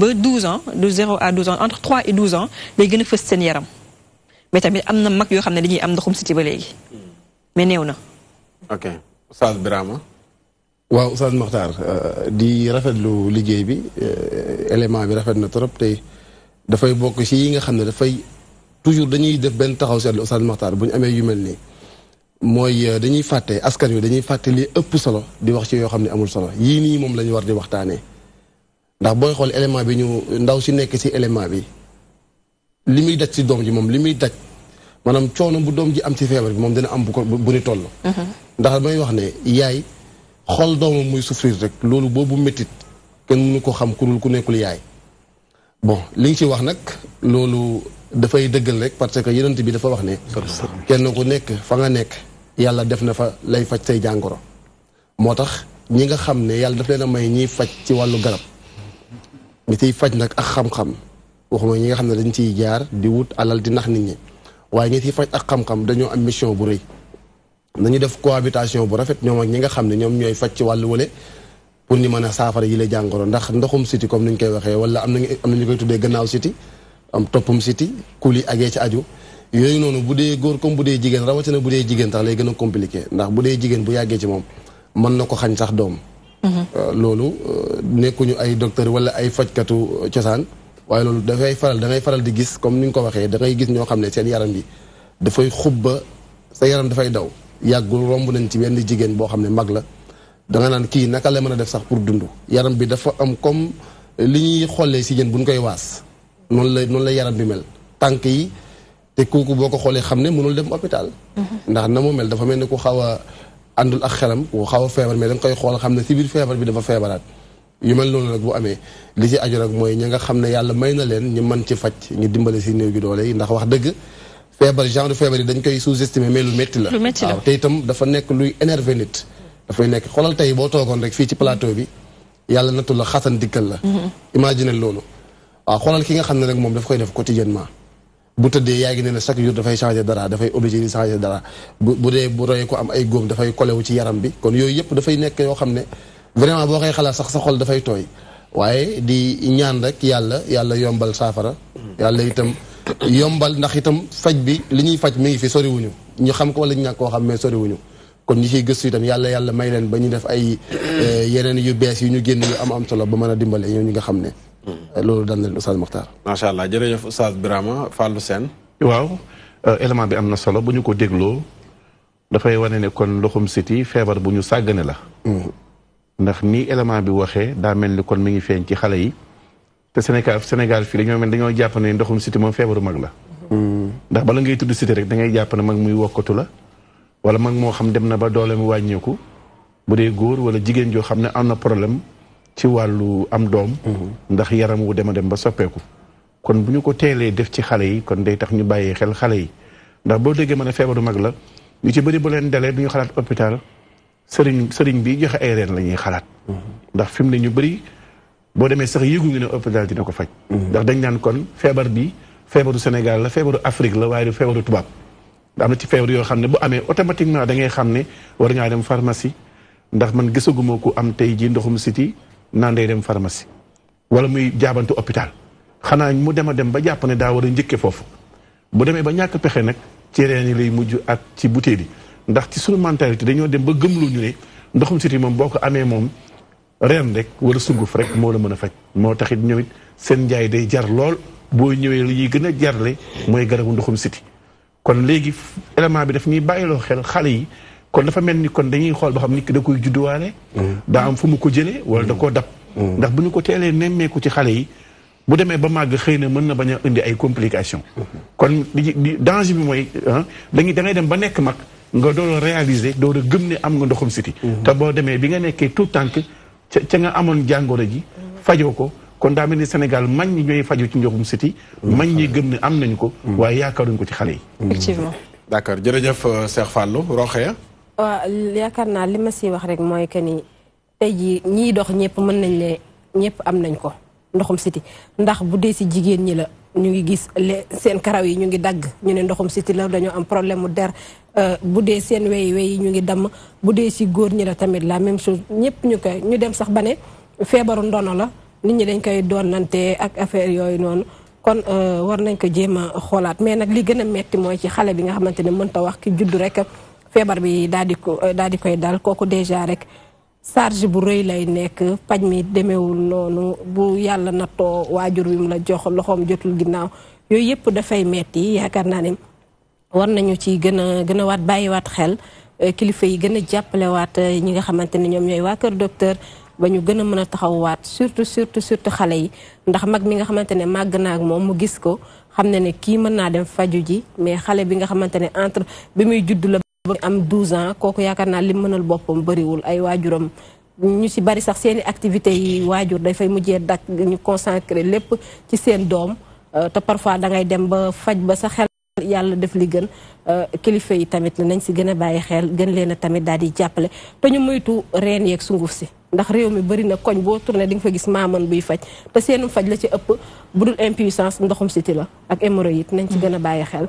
ba 12 ans de 0 à 12 ans entre 3 et 12 ans day gëna fess sen yaram mais tamit amna na mag yoo xam dañuy am ndoxum siti ba légui mais newna ok oustad Birama. waaw Oustaz Makhtar di rafetlu liggéey bi élément bi rafet na trop te da fay bok ci yi nga xamne da fay toujours dañuy def ben taxaw seetlu oustad mokhtar buñ amé yu melni nii. mooy dañuy fàtte askan wi dañuy fàtte li ëpp solo di wax ci yoo xam ne amul solo yii nii moom la ñu war di waxtaanee. ndax booy xool élément bi ñu ndaw si nekk si élément bi li muy daj si doom ji moom li muy daj maanaam coono bu doom ji am si feebar bi moom dina am bu ko bu ni toll. Mhm. ndax may wax ne yaay xool doomam muy souffrir rek loolu boobu méttit kenn mu ko xam ku dul ku nekkul yaay. bon li nga ci wax nag loolu dafay dëggal rek parce que yonent bi dafa wax ne. kenn ku nekk fa nga nekk yàlla def na fa lay faj say jàngoro. moo tax ñi nga xam ne yàlla daf leen a may ñiy faj ci wàllu garab. ñi ciy faj nag ak xam-xam waxuma ñi nga xam ne dañ ciy jaar di wut alal di nax nit ñi waaye ñi ciy faj ak xam-xam dañoo am mission bu rëy nañu def cohabitation bu rafet ñoom ak ñi nga xam ne ñoom ñooy faj ci wàll wale pour ni mën a saafara yi la jàngoro ndax ndoxum siti comme ni ñu koy waxee wala am na am nañu koy tuddee gannaaw siti am toppum siti kuli agee ci aju yooyu noonu bu dee góor comme bu dee jigéen rawatina bu dee jigéen sax lay gën a compliqué ndax bu dee jigéen bu yàggee ci moom mën na ko xañ doom Euh, loolu euh, nekkuñu ay docteur wala ay fajkatu euh, cosaan waaye loolu dafay faral da faral di gis comme ni nga ko waxee da gis ñoo xam ne seen yaram bi dafay xubba sa yaram dafay daw yàggul romb nañ ci benn jigéen boo xam ne mag la danga naan kii naka la mën a def sax pour dund yaram bi dafa am comme li ñuy xoolee si jën bu ñu koy waas noonu la noonu la yaram bi mel tànk yi te kooku boo ko xoolee xam ne mënul dem hôpital mhm. ndax na mu mel dafa mel ni ku xaw àndul ak xelam ku xaw a feebar mais da koy xool xam ne si biir feebar bi dafa feebaraat yu mel noonu rek bu amee li ci aju rek mooy ña nga xam ne yàlla may na leen ñu mën ci faj ñu dimbale si néew gi doole yi ndax wax dëgg feebar genre feebar yi dañ koy sous-estimer mais lu métti la waaw te itam dafa nekk luy énervé nit dafay nekk xoolal tey boo toogoon rek fii ci plateau bi yàlla nattu la xasan dikkal la mm-hmm. imagine loolu waaw xoolal ki nga xam ne rek moom daf koy def quotidiennement bu tëddee yaa ngi ne ne chaque jour dafay changé dara dafay obligé di changé dara bu bu dee bu royee ko am ay góom dafay kolewu ci yaram bi kon yooyu yëpp dafay nekk yoo xam ne vraiment boo koy xalaat sax sa xol dafay tooy waaye di ñaan rek yàlla yàlla yombal saafara yàlla itam yombal ndax itam faj bi li ñuy faj mi ngi fi soriwuñu ñu xam ko wala ñu ñàkk koo xam mais soriwuñu kon ñi ciy gëstu itam yàlla yàlla may leen ba ñu def ay eh, yeneen yu bees yu ñu génn yu am am solo ba mën a dimbale ñoo ñi nga xam ne Euh, loolu daan na leen Oustaz Mokhtar. macha allah jërëjëf Oustaz Birama Fallou Sène. waaw euh, élément bi am na solo bu ñu ko dégloo dafay wane ne kon ndoxum siti feebar bu ñu sàggane la. Mhm. ndax nii élément bi waxee daa mel ni kon mi ngi feeñ ci xale yi te Sénégal senegal fii dañoo mel dañoo jàpp ne ndoxum siti moom feebaru mag la. Mhm. ndax bala ngay tudd siti rek da ngay jàpp ne mag muy wokkatu la wala mag moo xam dem na ba mu wàññeeku bu dee góor wala jigéen joo xam ne am na problème. ci wàllu am doom mhm. ndax yaram wu dem a dem ba soppeeku kon bu ñu ko teelee def ci xale yi kon day tax ñu bàyyee xel xale yi ndax boo déggee ma ne feebaru mag la ñu ci bëri bu leen dalee du ñu xalaat hôpital sëriñ sëriñ bi joxe ay reen la ñuy xalaat mhm. ndax fi mu ne ñu bëri boo demee sax yëgu ngi ne hôpital dina ko faj mhm. ndax dañ naan kon feebar bi feebaru Sénégal la feebaru Afrique la waaye du feebaru tubaab am na ci feebar yoo xam ne boo amee automatiquement da xam ne war ngaa dem pharmacie ndax man gisaguma ku am tey jii ndoxum siti naan day dem pharmacie wala muy jaabante hôpital xanaa mu dem a dem ba jàpp ne daa war a njëkke foofu bu demee ba ñàkk pexe nag ci reen yi lay mujj ak ci butéel yi ndax ci sunu mentalité dañoo dem ba gëmloo ñu ne ndoxum siti moom boo ko amee moom reen rek wala sunguf rek moo la mën a faj moo taxit ñoom it seen njaay day jar lool boo ñëwee li ñuy gën a jarle mooy garabu ndoxum siti kon léegi élément bi daf ñuy bàyyiloo xel xale yi kon dafa mel ni kon dañuy xool ba xam nit ki da koy judduwaale daa am fu mu ko jëlee wala da koo dab ndax bu ñu ko teelee nemmeeku ci xale yi bu demee ba màgg xëy na mën na bañ a indi ay complication kon li danger bi mooy ah, dañuy da dem ba nekk mag nga door réaliser door a gëm ne am nga ndoxum siti te demee bi nga nekkee tout tànk ca nga amoon jàngoro ji ko kon daa mel ni Sénégal mag ñi ñooy faju ci ndoxum siti mañ ñi gëm ne am nañu ko waaye yaakaaruñ ko ci xale yi effectivement d'accord jërëjëf euh, Cheikh Fallou Rokhaya yaakaar naa li ma si wax rek mooy que ni tey jii ñiy dox ñëpp mën nañ ne ñëpp am nañ ko ndoxum siti ndax bu dee si jigéen ñi la ñu ngi gis seen karaw yi ñu ngi dagg ñu ne ndoxum siti la dañoo am problème mu der euh, bu dee seen wey wey yi ñu ngi damm bu dee si góor ñi la tamit la même chose ñëpp ñu koy ñu dem sax ba ne feebaru ndono la nit ñi dañ koy doon doonante ak affaire yooyu noonu kon euh, war nañ ko jéem a xoolaat mais nag li gën a metti mooy ci xale bi nga xamante ne mënta wax ki juddu rek. feebar bi daal di ko daal di koy dal kooku déjà rek charge bu rëy lay nekk paj mi demeewul noonu bu yàlla na nattoo waajur wi mu la jox loxoom jotul ginnaaw yooyu yëpp dafay metti yaakaar naa ne war nañu ci gën a gën a waat bàyyiwaat xel eh, kilifa yi gën a jàppalewaat eh, ñi nga xamante ne ñoom ñooy waa kër docteur ba ñu gën a mën a taxawwaat surtout surtout surtout xale yi ndax mag mi nga xamante ne màgg na ak moom mu gis ko xam ne ne kii mën naa dem faju ji mais xale bi nga xamante am 12 ans kooku yaakaar naa lim mënal boppam bëriwul ay waajuram ñu ci bari sax seeni activité yi waajur dafay mujjee dak ñu consacré lépp ci seen doom euh, te parfois da ngay dem ba faj ba sa xel yàlla def li gën euh, kilifa yi tamit nañ ci gën a bàyyi xel gën leen a tamit daal di jàppale te ñu moytu reen yeeg sunguf si ndax réew mi bari na koñ boo tourné di nga fa gis maaman buy faj te seenum faj la ci ëpp bu dul impuissance ndoxum siti la ak hémorroïde nañ ci gën a bàyyi xel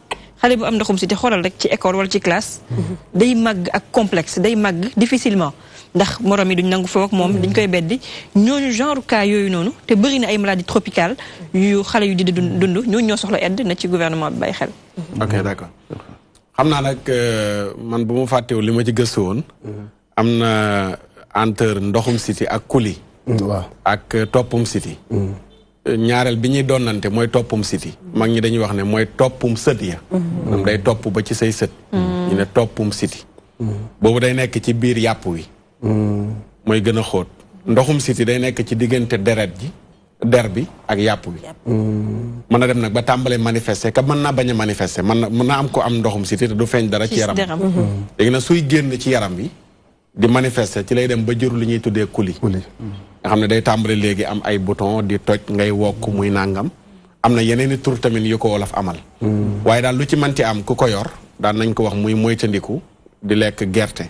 xale bu am ndoxum si te xoolal rek ci école wala ci classe. Mhm. day màgg ak complexe day màgg difficilement. ndax morom yi duñ nangu foofu moom dañ koy beddi ñooñu genre cas yooyu noonu te bëri na ay maladies tropicales yu xale yu di dund dund ñooñu ñoo soxla aide na ci gouvernement bi bàyyi xel. Mhm. ok xam naa nag euh, man bu mu fàttewu li ma ci woon. Mhm. am na euh, entre ndoxum siti ak kuli. waaw ak euh, toppum siti. ñaareel bi ñuy donnante mooy toppum siti mag ñi dañuy wax ne mooy toppum sët ya maanaam day topp ba ci say sët ñu ne toppum siti boobu day nekk ci biir yàpp wi mooy gën a xóot ndoxum siti day nekk ci diggante deret ji der bi ak yàpp bi man a dem nag ba tàmbalee manifester ka mën naa bañ a manifester mën na mën naa am ko am ndoxum siti te du feeñ dara ci yaram léegi na suy génn ci yaram bi di manifester ci lay dem ba jëru li ñuy tuddee kuli nga xam ne day tàmbale léegi am ay bouton di toj ngay wokk muy nangam am na yeneen i tur tamit yu ko amal hmm. waaye daal lu ci manti am ku ko yor daan nañ ko wax muy moytandiku di lekk gerte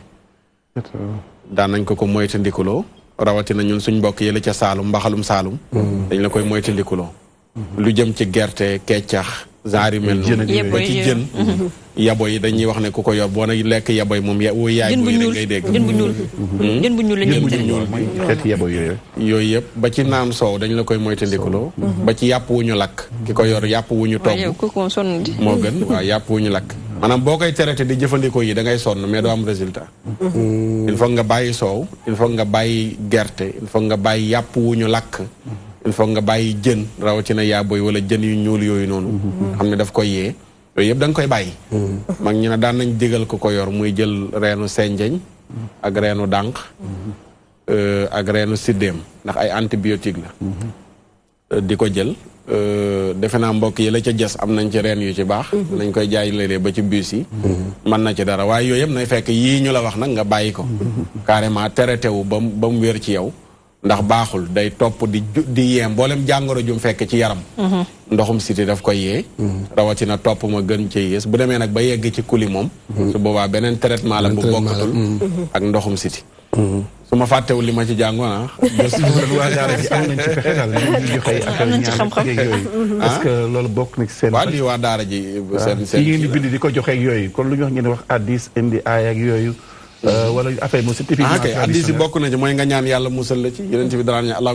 daan nañ ko ko moytandikuloo rawatina ñun suñ mbokk yele ca saalum mbaxalum saalum hmm. dañ la koy moytandikuloo hmm. lu jëm ci gerte keccax zaari mel noonu ba ci jën yabo mhm. yi dañuy wax ne ku ko yor boo na lekk yabo yi moom wu yaay bu ñuul ngay dégg jën bu ñuul mhm. jën bu yooyu yooyu yëpp ba ci naan soow dañ la koy moytandikuloo ba ci yàpp wu ñu lakk ki ko yor yàpp wu ñu togg moo gën waa yàpp wu ñu lakk maanaam boo koy traité di jëfandikoo yi da ngay sonn mais doo am résultat mhm. il faut nga bàyyi soow il faut nga bàyyi gerte il faut nga bàyyi yàpp wu ñu lakk il faut nga bàyyi jën rawatina yaaboy wala jën yu ñuul yooyu noonu mhm. xam ne daf koy yee yooyu yëpp da nga koy bàyyi mhm. mag ñu ne daan nañ digal ko ko yor muy jël reenu senjeñ ak reenu dànq mhm. euh, ak reenu siddéem ndax ay antibiotique la euh, di ko jël euh, defe naa mbokk yi la ca jës am nañ ci reen yu ci baax nañ koy jaay léeg ba ci bus yi mën na ci dara waaye yooyu yëpp nay fekk yii ñu la wax nag nga bàyyi ko carrément traité wu ba mu wér ci yow ndax baaxul day topp di di yee mboolem jàngoro jum fekk ci yaram mhm. ndoxum siti daf koy yee mhm. rawatina topp ma gën ci yées bu demee nag ba yegg ci kuli moom mhm. su boobaa beneen traitement la bu bokkatul ak ndoxum siti su ma fàttewul li ma ci jàngoon ah. loolu bokk na ci seen. waa lii waa daara ji seen ah. seen. yi ngeen di ko joxe yooyu kon lu ñu wax ngeen wax addis indi aay yooyu. Euh, wala affaire mu si typiquement ok ko yi bokk na ci mooy nga ñaan yàlla musal la ci yeneen bi mhm. danaan mhm.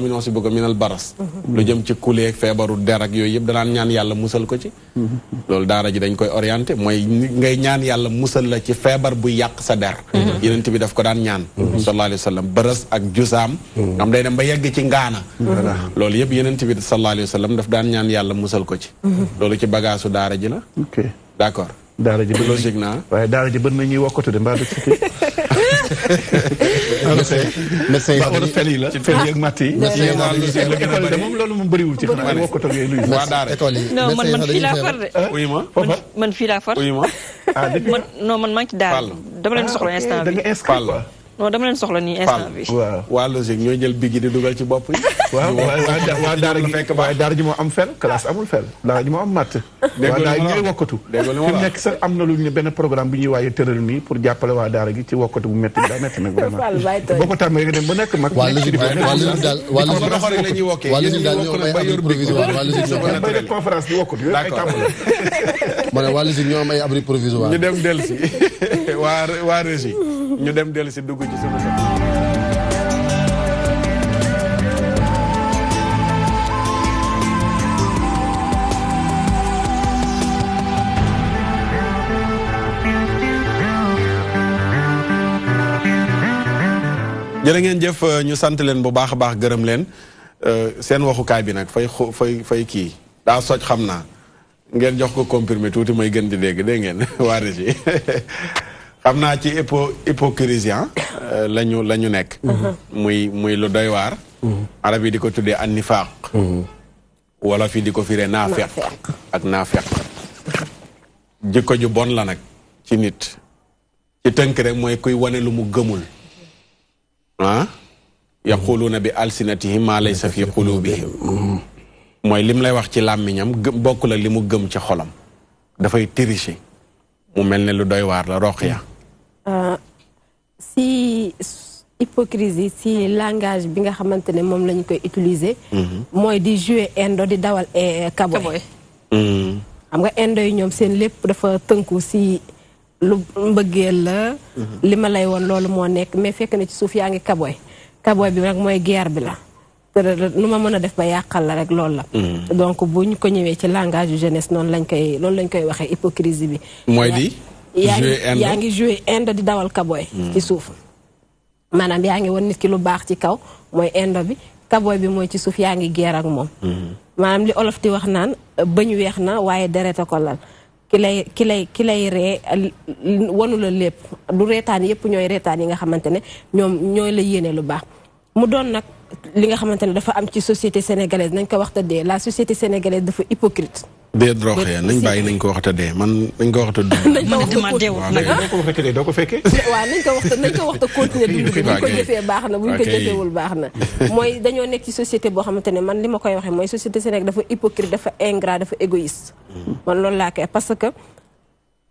ñaan yàlla musal la ci feebar bu yàq sa der mhm. yeneen bi daf ko daan ñaan sallallahu alayhi wa sallam baras ak jusaam am day dem ba yegg ci ngaana loolu yëpp yeneen bi sallallahu alayhi wa sallam daf daan ñaan yàlla musal ko ci loolu ci bagaasu daara ji la d'accord daara ji bëri na waaye daara ji bëri na ñuy wokkatu de mbaa médecin yi dañuy fel yi la fel yi ak matt yi. moom loolu moom bëriwul ci xanaa wokkatoo yooyu luy waa daara école yi. non man man fii laa far de. Ah, oui ma foofa man fii laa far. oui ma ah man instant bi da non dama leen soxla nii instant bi waa logique ñooy jël bigi di dugal ci bopp yi. waa daara gi daara ji moo am fel classe amul fel daara ji moo am matt. déggoo li ma la wokkatu. fi nekk sax am na lu ñu benn programme bu ñuy waaye tëral nii pour jàppale waa daara gi ci wokkatu bu métti bi daa métti nag vraiment. boo ko tàmbalee nga dem ba nekk mag. waa logique waa logique daal waa logique daal la ñuy wokkee waa logique daal am ay abri provisoire ñu dem dellu si waa waa ñu dem dellu si dugg ngeen jëf euh, ñu sant leen bu baax a baax gërëm leen euh, seen waxukaay bi nag fay fay kii daa soj xam naa ngeen jox ko comprimé tuuti mooy gën di dégg dégg ngeen waa régie xam naa ci hypo hypocrisie ah. euh, la ñu la ñu nekk uh-huh. muy muy lu doy waar uh-huh. arab yi di ko tuddee a nifaaq uh-huh. wala fi di ko firee naafeq ak naafeq jikko ju bon la nag ci nit ci tënk rek mooy kuy wane lu mu gëmul ah yaquluuna bi alsinatihim maa laysa fi qulubihim mooy lim lay wax ci làmmiñam bokk la li mu gëm ci xolam dafay tricher mu mel ne lu doy waar la roq ya Euh, si hypocrisie si langage bi nga xamante ne moom lañ koy utiliser. Mhm. mooy di jouer indo di dawal kaboy. Eh, mhm. xam nga indo yi ñoom seen lépp dafa tënku si lu mbëggeel la. Mhm. li ma lay woon loolu moo nekk mais fekk na ci suuf yaa ngi kaboy kaboy bi nag mooy guerre bi la. lu ma mën a def ba yàqal la rek loolu la. donc bu ñu ko ñëwee ci langage yu jeunesse noonu lañ koy loolu lañ koy waxee hypocrisie bi. mooy di. yaa ngi yaa ngi di dawal kaboy hmm. ci suuf maanaam yaa ngi won nit ki lu baax ci kaw mooy indo bi kaboy bi mooy ci suuf yaa ngi geer ak moom hmm. maanaam li olof di wax naan bañ weex na waaye dereta ko lal ki lay ki lay ki lay ree wanu la lépp du reetaan yëpp ñooy reetaan yi nga xamante ne ñoom ñooy la yéene lu baax mu doon nag li nga xamante ne dafa am ci société sénégalaise nañ ko wax tëddee la société sénégalaise dafa hypocrite dee droxé nañ bàyyi nañ ko waxta dee man nañ ko waxta dund. nañ ko waxta dee waaw nañ ko waxta dee doo ko fekkee. waaw nañ ko ko bi buñ ko jëfee baax na buñ ko jëfeewul baax na mooy dañoo nekk ci société boo xamante ne man li ma koy waxee mooy société Sénégal dafa hypocrite dafa ingrat dafa égoïste man loolu laa koy parce que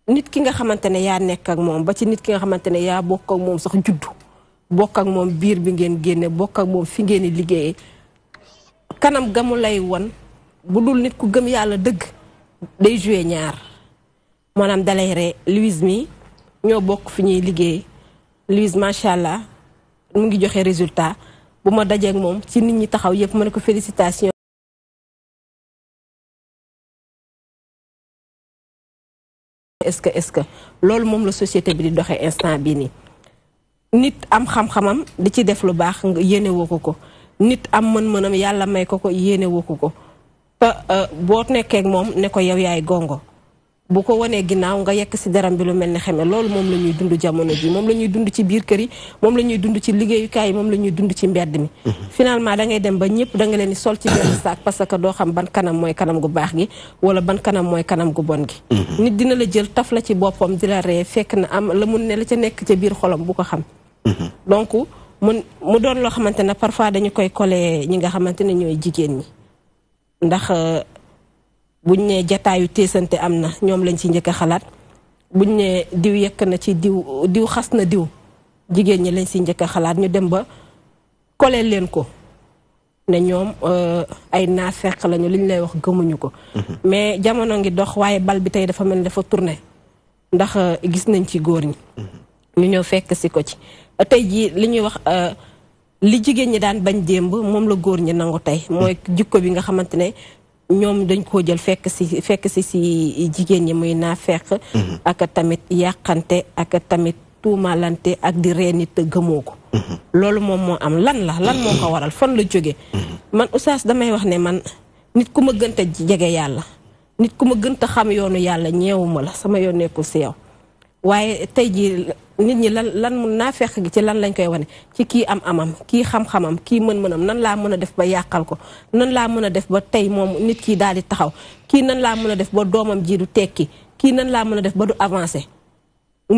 nit ki nga xamante ne yaa nekk ak moom ba ci nit ki nga xamante ne yaa bokk ak moom sax juddu bokk ak moom biir bi ngeen génne bokk ak moom fi ngeen liggéeyee kanam gamu lay won bu dul nit ku gëm yàlla dëgg day joué ñaar maanaam dalay ree Louise mi ñoo bokk fi ñuy liggéey Louise macha allah mu ngi joxe résultat bu ma dajeeg moom ci nit ñi taxaw yëpp ma ne ko félicitation est-ce que est loolu moom la société bi di doxee instant bii nii nit am xam-xamam di ci def lu baax nga yéene woo ko nit am mën-mënam yàlla may ko ko yéene woo ko Euh, boo nekkeek moom ne ko yow yaay gongo bu ko wanee ginnaaw nga yekk si deram bi lu mel ne xeme loolu moom la ñuy dund jamono ji moom la ñuy dund ci biir kër yi moom la ñuy dund ci liggéeyukaay yi moom la ñuy dund ci mbedd mi mhm. finalement da ngay dem ba ñëpp da nga leen di sol ci benn saak parce que doo xam ban kanam mooy kanam gu baax gi wala ban kanam mooy kanam gu bon gi mhm. nit dina la jël taf la ci boppam di la fekk na am la mun ne la ca nekk ca biir xolam bu ko xam mhm. donc mu mu doon loo xamante ne parfois dañu koy coller ñi nga xamante ne ñooy jigéen ñi ndax euh, buñ ne jataayu téesante am na ñoom lañ ci njëkk a xalaat buñ ne diw yekk na ci diw diw xas na diw jigéen ñi lañ si njëkk a xalaat ñu dem ba kolee leen ko ne ñoom euh, ay naafeq lañu liñ lay wax gëmuñu ko mhm. mais jamono ngi dox waaye bal bi tey dafa mel ni dafa tourné ndax euh, gis nañ ci góor ñi mhm. ñu ñëw fekk si ko ci tey jii li ñuy wax li jigéen ñi daan bañ démb moom la góor ñi nangu tey mooy jikko bi nga xamante ne ñoom dañ koo jël fekk si fekk si si jigéen ñi muy naa fekk mm-hmm. ak tamit yàqante ak tamit tuumaalante ak di ree nit gëmoo mm-hmm. loolu moom moo am lan la lan moo ko waral fan la jóge mm-hmm. man oustaz damay wax ne man nit ku ma gënta jege yàlla nit ku ma gënta xam yoonu yàlla ñeewuma la sama yoon nekkul si yow waaye tey jii nit ñi lan lan mun naa fekk gi ci lan lañ koy wane ci kii am amam kii xam-xamam kii mën-mënam nan laa mën a def ba yàqal ko nan laa mën a def ba tey moom nit kii daal di taxaw kii nan laa mën a def ba doomam ji du tekki kii nan laa mën a def ba du avancé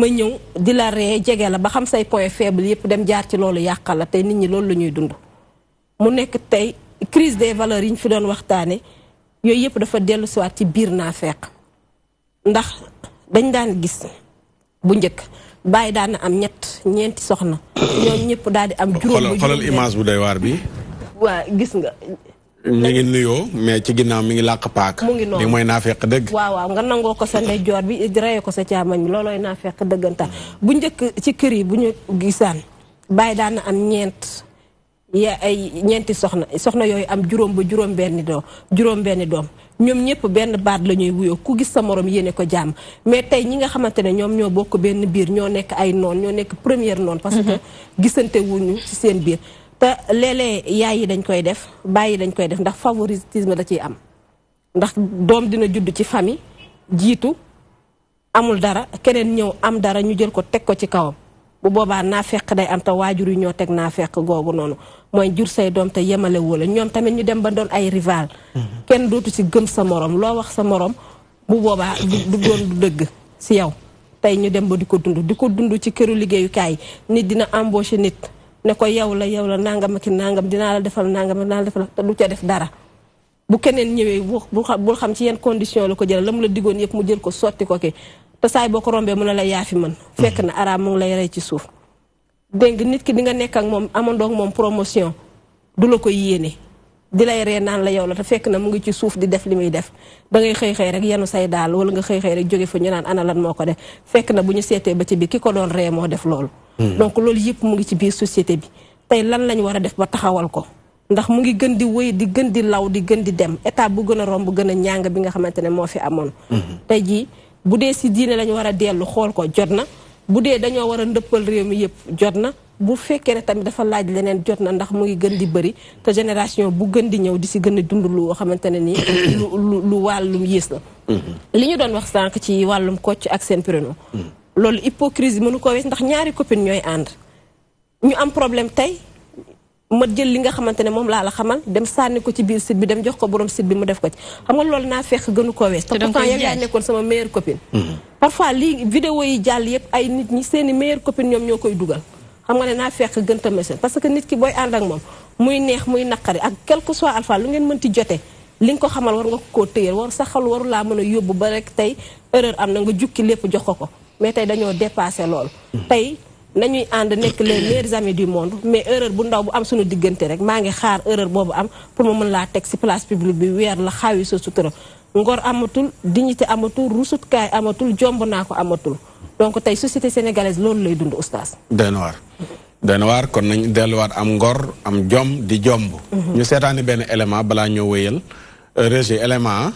ma ñëw di la ree jege la ba xam say point faible yépp dem jaar ci loolu yàqal la tey nit ñi loolu la ñuy dund mu nekk tey crise de valeurs yi ñu fi doon waxtaane yooyu yépp dafa dellu siwaat ci biir naa fekk ndax dañ daan gis bu njëkk bàyyi daan na am ñett ñeenti soxna. ñoom ñëpp daal di am. juróom bu xoolal bu doy waar bi. waa gis nga. ñu ngi nuyoo mais ci ginnaaw mi ngi làq paak. mu ngi noonu li mooy naafeq dëgg. waaw waaw nga nangoo ko sa ndeyjoor bi reyee ko sa càmmoñ bi loolooy naafeq dëggantaan bu njëkk ci kër yi bu ñu gisaan bàyyi daan na am ñeent. ay ñeenti soxna soxna yooyu am juróom ba juróom benni doom juróom benni doom ñoom ñëpp benn baat la ñuy wuyoo ku gis sa moroom yéene ko jàmm mais tey ñi nga xamante ne ñoom ñoo bokk benn biir ñoo nekk ay noon ñoo nekk première noon parce que mhm. gisante wuñu ci seen biir te léeg yaay yi dañ koy def bàyyi dañ koy def ndax favoritisme da ciy am ndax doom dina judd ci famille jiitu amul dara keneen ñëw am dara ñu jël ko teg ko ci kawam bu boobaa naa fekk day am te waajur yi ñoo teg naa fekk googu noonu mooy jur say doom te yemalewoo la ñoom tamit ñu dem ba doon ay rival mhm. kenn dootu si gëm sa moroom loo wax sa moroom bu boobaa du doon du dëgg si yow tey ñu dem ba di ko dund di ko dund ci këru liggéeyukaay nit dina embauché nit ne ko yow la yow la nangam ak nangam dinaa la defal nangam dinaa la defal te du ca def dara bu keneen ñëwee bul xam ci yenn condition la ko jël la mu la diggoon te saay boo ko rombee mën na la yaafi mën fekk na araab mu ngi lay rey ci suuf dégg nit ki di nga nekk ak moom amandoog moom promotion du la ko yéene di lay ree naan la yow la te fekk na mu ngi ci suuf di def li muy def da ngay xëy xëy rek yenu say daal wala nga xëy xëy rek jóge fa ñu naan ana lan moo ko def fekk na bu ñu seetee ba ci biir ki ko doon ree moo def loolu hmm. donc loolu yëpp mu ngi ci biir société bi tey lan lañ war a def ba taxawal ko ndax mu ngi gën di wéy di gën di law di gën di dem état bu gën a romb gën a ñàng bi nga xamante ne moo fi amoon hmm. bu dee si diine lañu war a dellu xool ko jot na bu dee dañoo war a ndëppal réew mi yëpp jot na bu fekkee ne tamit dafa laaj leneen jot na ndax mu ngi gën di bëri te génération bu gën di ñëw di si gën a dund lu xamante ne ni lu lu wàllum yées la mhm. li ñu doon wax sànq ci wàllum kocc ak seen prénom mhm. loolu hypocrisie mënu ko wees ndax ñaari copine ñooy ànd ñu am problème tey ma jël li nga xamante ne moom laa la xamal dem sànni ko ci biir site bi dem jox ko boroom site bi mu def ko ci xam nga naa fekk gënu ko wees te pourtant yow yaa nekkoon sama meilleure copine mhm. parfois lii jàll yëpp ay nit ñi seen i meilleure copine ñoo koy dugal xam nga ne naa fekk gën ta machine parce que nit ki booy ànd ak moom muy neex muy naqari ak quel que soit alpha lu ngeen mënti jote li nga ko xamal war nga koo téyal war sa xal waru laa mën a yóbbu ba rek tey erreur am na nga jukki lépp jox ko ko mais tey dañoo dépassé loolu mhm. tey nañuy ànd nekk les meilleurs amis du monde mais erreur bu ndaw bu am suñu diggante rek maa ngi xaar erreur boobu am pour ma mën laa teg si place publique bi weer la xaawi sa sutura ngor amatul dignité amatul rusutkaay amatul jomb naa ko amatul donc tey société sénégalaise loolu lay dund oustaz. doy na waar doy na waar kon nañ delluwaat am ngor am jom di jomb. Mhm. ñu seetaani benn élément balaa ñoo wéyal euh, régie élément.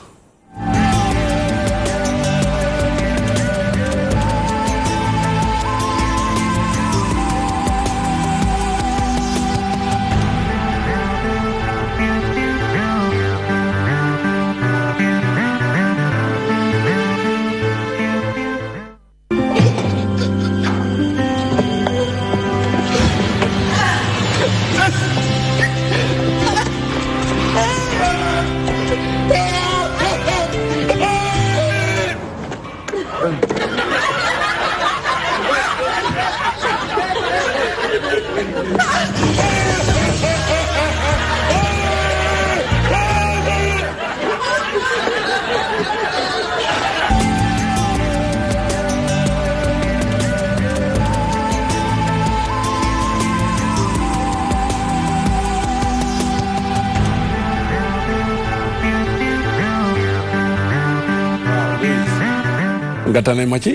tane ma ci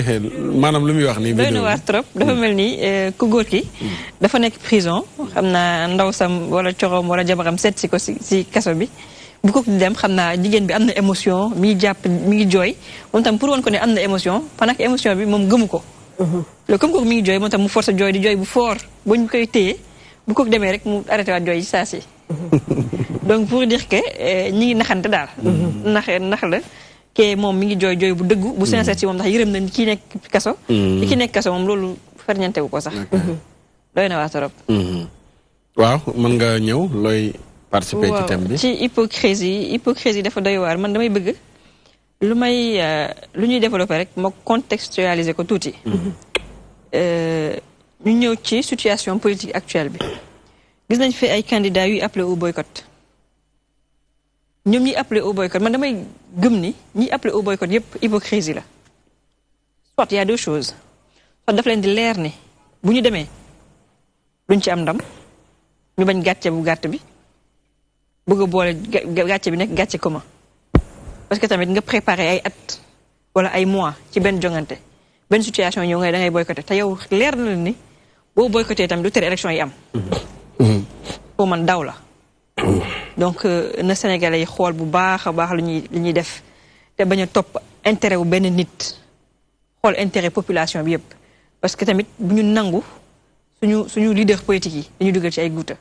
maanaam lu muy wax nii. doy na waar trop dafa mel ni eh, ku góor ki. dafa nekk prison xam naa ndaw sam wala coroom wala jabaram seet si ko si si kaso bi. bu ko dem xam naa jigéen bi am na émotion mi ngi jàpp mi ngi jooy moom tam ko ne am na émotion pendant que émotion bi moom gëmu ko. loolu comme mi ngi jooy moom tam mu force jooy di jooy bu fort ba ñu koy téye bu ko demee rek mu arrêté waat jooy ci saa donc pour dire que eh, ñi naxante daal. Mm-hmm. nax la. kee moom mi ngi jooy jooy bu dëgg. bu mm. sincère ci moom ndax yërëm nañ kii nekk kaso. Mm. kii nekk kaso moom loolu ferñante wu ko sax. Mm-hmm. doy na waa torop. Mm-hmm. waaw mën nga ñëw looy. participer ci thème bi ci hypocrisie hypocrisie dafa doy waar man damay bëgg. lu may euh, lu ñuy développé rek ma contextualiser ko tuuti. Mm-hmm. Euh, ñu ñëw ci situation politique actuelle bi. gis nañ fi ay candidats yuy appelé au boycott. ñoom ñi appelé au boycott man damay gëm ni ñi appelé au boycott yëpp hypocrisie la soit y a deux choses soit daf leen di leer ni bu ñu demee duñ ci am ndam ñu bañ gàcce bu gàtt bi bëgg a boole gàcce bi nekk gàcce commun parce que tamit nga préparé ay at wala ay mois ci benn jongante benn situation ñëw ngay da ngay boycotté te yow leer na la ni boo boycotté tamit du tere élection yi am. foo mm-hmm. mm-hmm. man daw la. donc euh, na Sénégalais yi xool bu baax a baax lu ñuy lu ñuy def te bañ a topp intérêt wu benn nit xool intérêt population bi yëpp parce que tamit bu ñu nangu suñu suñu leader politique yi dañu dugal ci ay guuta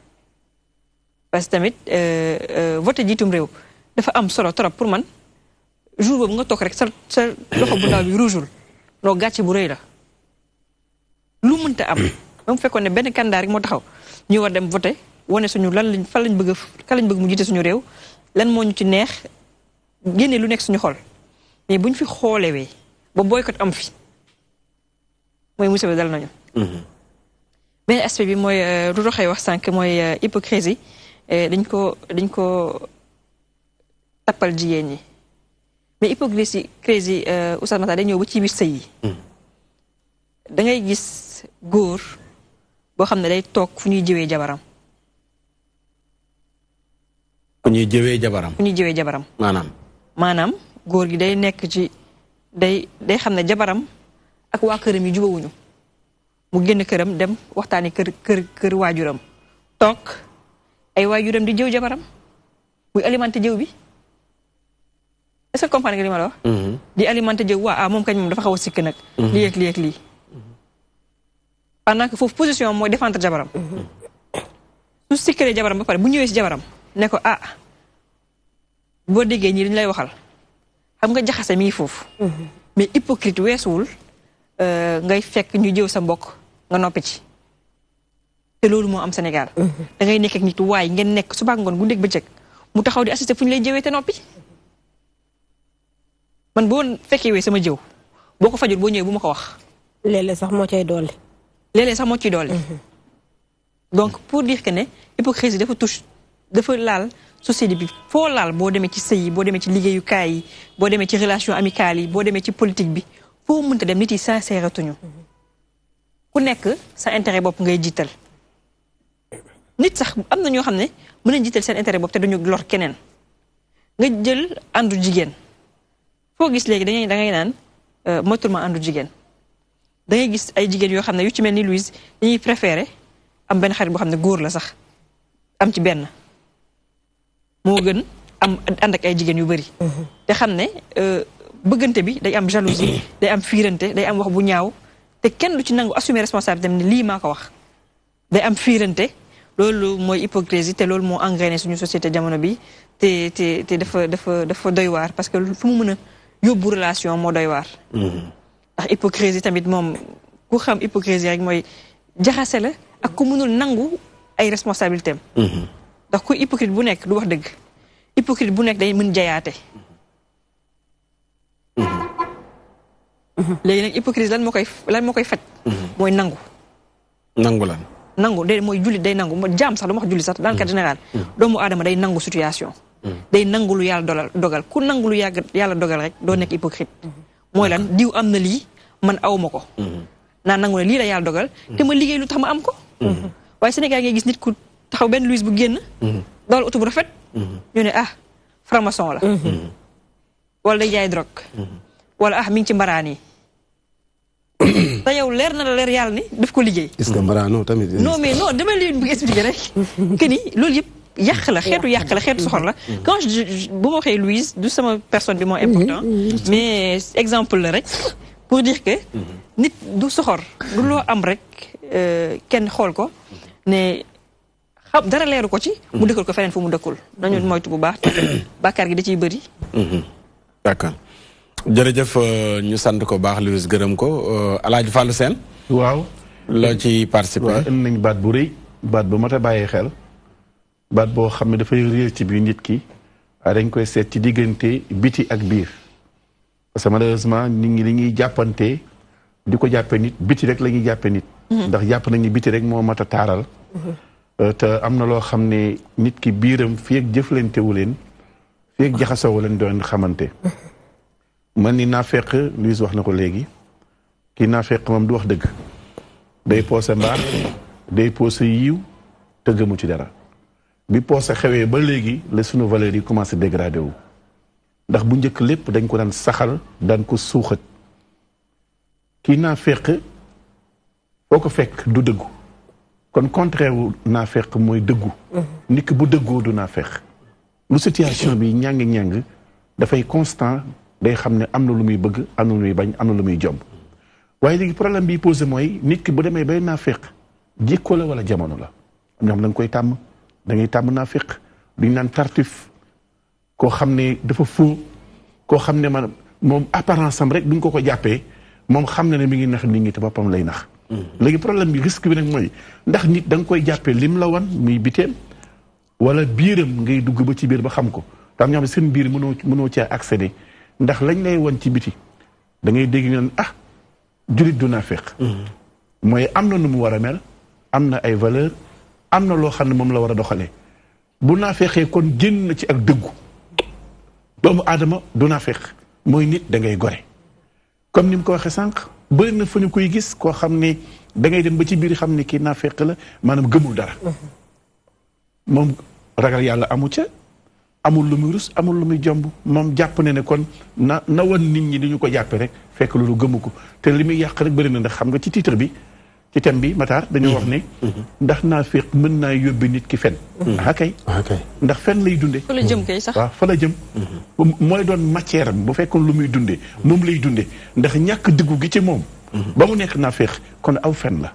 parce que tamit euh, euh, vote jiitum réew dafa am solo trop pour man jour boobu nga toog rek sa sa loxo bu ndaw bi ruujul noo gàcce bu rëy la lu mun mënta am même fekkoon ne benn candidat rek moo taxaw ñu war dem vote wane suñu lan lañ fan lañ bëgg a lañ bëgg mu jiite suñu réew lan moo ñu ci neex génne lu nekk suñu xol mais buñ fi xoolewee ba boycott am fi mooy musiba dal nañu. Mm-hmm. benn aspect bi mooy lu euh, roxee wax sànq mooy euh, hypocrisie euh, dañ ko dañ ko tappal jigéen ñi mais hypocrisie crési Oustaz Makhtar day ñëw ba ci biir sëy yi. Mm-hmm. da ngay gis góor boo xam ne day toog fu ñuy jëwee jabaram. ku ñuy jëwee jabaram. ku ñuy jëwee jabaram. maanaam. maanaam góor gi day nekk ci day day xam ne jabaram ak waa këram yi jubawuñu mu génn këram dem waxtaani kër kër kër waajuram toog ay waajuram di jëw jabaram muy alimenté jëw bi est-ce mm-hmm. waa a ah, moom kañ moom dafa xaw a sikk nag. Mm-hmm. lii ak lii ak lii. pendant que foofu position mooy défendre jabaram. Mm-hmm. su sikkalee jabaram ba pare bu ñëwee si jabaram. ne ko ah boo déggee ñi dañu lay waxal xam nga jaxase mi foofu. mais hypocrite weesuwul euh, ngay fekk ñu jëw sa mbokk nga noppi ci. te loolu moo am Sénégal. dangay ngay nekk nit waaye ngeen nekk suba ngoon gu nekk bëccëg mu taxaw di assister fu ñu lay jëwee te noppi. man boo fekkee wee sama jëw boo ko fajul boo ñëwee bu ma ko wax. léeg sax moo cay doole léeg sax moo ciy dolli. Mhm. donc pour dire que ne hypocrisie dafa touche. dafa laal société bi foo laal boo demee ci sëy yi boo demee ci liggéeyukaay yi boo demee ci relation amicale yi boo demee ci politique bi foo mënta dem nit yi sincèratuñu ku nekk sa intérêt bopp ngay jiital nit sax am na ñoo xam ne mën nañ jiital seen intérêt bopp te duñu lor keneen nga jël àndu jigéen foo gis léegi dañuy da ngay naan euh, motul ma àndu jigéen dangay gis ay jigéen yoo xam ne yu ci mel ni Louise dañuy préféré am benn xarit boo xam ne góor la sax am ci benn moo gën am ànd ak ay jigéen yu bëri. te xam ne euh, bëggante bi day am jalousie day am fiirante day am wax bu ñaaw te kenn du ci nangu assumer responsabilité ne lii maa ko wax day am fiirante loolu mooy hypocrisie te loolu moo engrainé suñu société jamono bi te te te dafa dafa dafa doy waar parce que fu mu mën a yóbbu relation moo doy waar. ndax hypocrisie tamit moom ku xam hypocrisie rek mooy jaxase la ak ku mënul nangu ay responsabilités ndax ku hypocrite bu nekk du wax dëgg hypocrite bu nekk day mën jayaate mhm. léegi nag hypocrite lan moo koy lan moo koy faj mhm. mooy nangu nangu lan nangu de mooy jullit day nangu jaam sax dama wax jullit sax daanaka mhm. général doomu aadama day nangu situation day nangu lu yàlla dogal dogal ku nangu lu yàgg yàlla dogal rek doo nekk hypocrite mooy lan diw am na lii man aw ma ko naa nangu ne lii la yàlla dogal te ma liggéey lu tax ma am ko waaye Sénégal ngay gis nit taxaw benn Louis bu génn. Mhm. dawal oto bu rafet. Mhm. ñu ne ah franc-maçon la. Mhm. wala day jaay drogue. wala ah mi ngi ci mbaraan yi. te yow leer na la leer yàlla ni daf ko liggéey. est-ce que mbaraanoo tamit. non mais non dama leen bëgg expliquer rek. que ni loolu yëpp yàq la xeetu yàq la xeetu soxor la. Mm-hmm. quand je bu ma waxee Louise du sama personne bi moo important. Mm-hmm. Mm-hmm. mais exemple la rek pour dire que. nit du soxor du loo am rek euh, kenn xool ko ne. xam dara leeru ko ci. mu dëkkal ko feneen fu mu dëkkul. nañu mhm. moytu bu baax te gi da ciy bëri. Mhm. d'accord jërëjëf euh, ñu sant ko baax Louis gërëm ko alaaj euh, Hadj Fallou waaw loo ci participer. waaw indi baat bu rëy baat bu mat a bàyyi xel. baat boo xam ne dafay réer ci biir nit ki dañ koy seet ci diggante biti ak biir parce que malheureusement nit ñi li ñuy jàppante di ko jàppe nit biti rek la ñuy jàppe mhm. ndax jàpp nañu biti rek moo mat a taaral. Euh, te am na loo xam ne nit ki biiram fii ak jëflantewu leen fii ak jaxasawu leen doon xamante man ni naa feq Louise wax na ko léegi kii naa fekk moom du wax dëgg day poose mbaax day poose yiw te gëmu ci dara bi poose xewee ba léegi la sunu valeurs yi commencé dégradé ndax bu njëkk lépp dañ ko daan saxal daan ko suuxat kii naa fekk foo ko fekk du dëggu kon contraire wu naa feq mooy dëggu mhm. nit ki bu dëggoo du naa feq lu situation bi ñàng-ñàng dafay constant day xam ne am na lu muy bëgg am na lu muy bañ am na lu muy jomb waaye léegi problème bi posé mooy nit ki bu demee bay naa feq jikko la wala jamono la am na xam da koy tàmm da ngay tàmm naa feq duñ naan tartif koo xam ne dafa faux koo xam ne man moom apparence am rek duñ ko ko jàppee moom xam na ne mi ngi nax nit ñi te boppam lay nax léegi problème bi risque bi nag mooy ndax nit danga koy jàppee li mu la wan muy biteem wala biiram ngay dugg ba ci biir ba xam ko daam ñoo xam ne seen biir ci mënoo cee accéder ndax lañ lay wan ci biti dangay ngay dégg ñu naan ah julit du naafeq mm-hmm. mooy am na nu mu war a mel am na ay valeur am na loo xam ne moom la war a doxalee bu naafeqee kon génn na ci ak dëggu doomu aadama du naafeq mooy nit da ngay gore comme ni mu ko waxee sànq bëri na fu ñu koy gis koo xam ni da ngay dem ba ci biir xam ne kii naa fekk la maanaam gëmul dara. Mm-hmm. moom ragal yàlla amu ca amul lu muy rus amul lu muy jomb moom jàpp ne ne kon na na wan nit ñi ni ñu ko jàppee rek fekk lu gëmu ko te li muy yàq rek bëri na ndax xam nga ci titre bi. ci thème bi Matar dañoo wax ni. Mhm. ndax naa féq mën naa yóbbi nit ki fen mhm. ah, ah kay ndax fen lay dunde fa la jëm kay sax waaw la jëm. Mhm. mooy doon matière am bu fekkoon lu muy dunde moom lay dunde ndax ñàkk diggu gi ci moom. ba mu nekk naa féq kon aw fen la.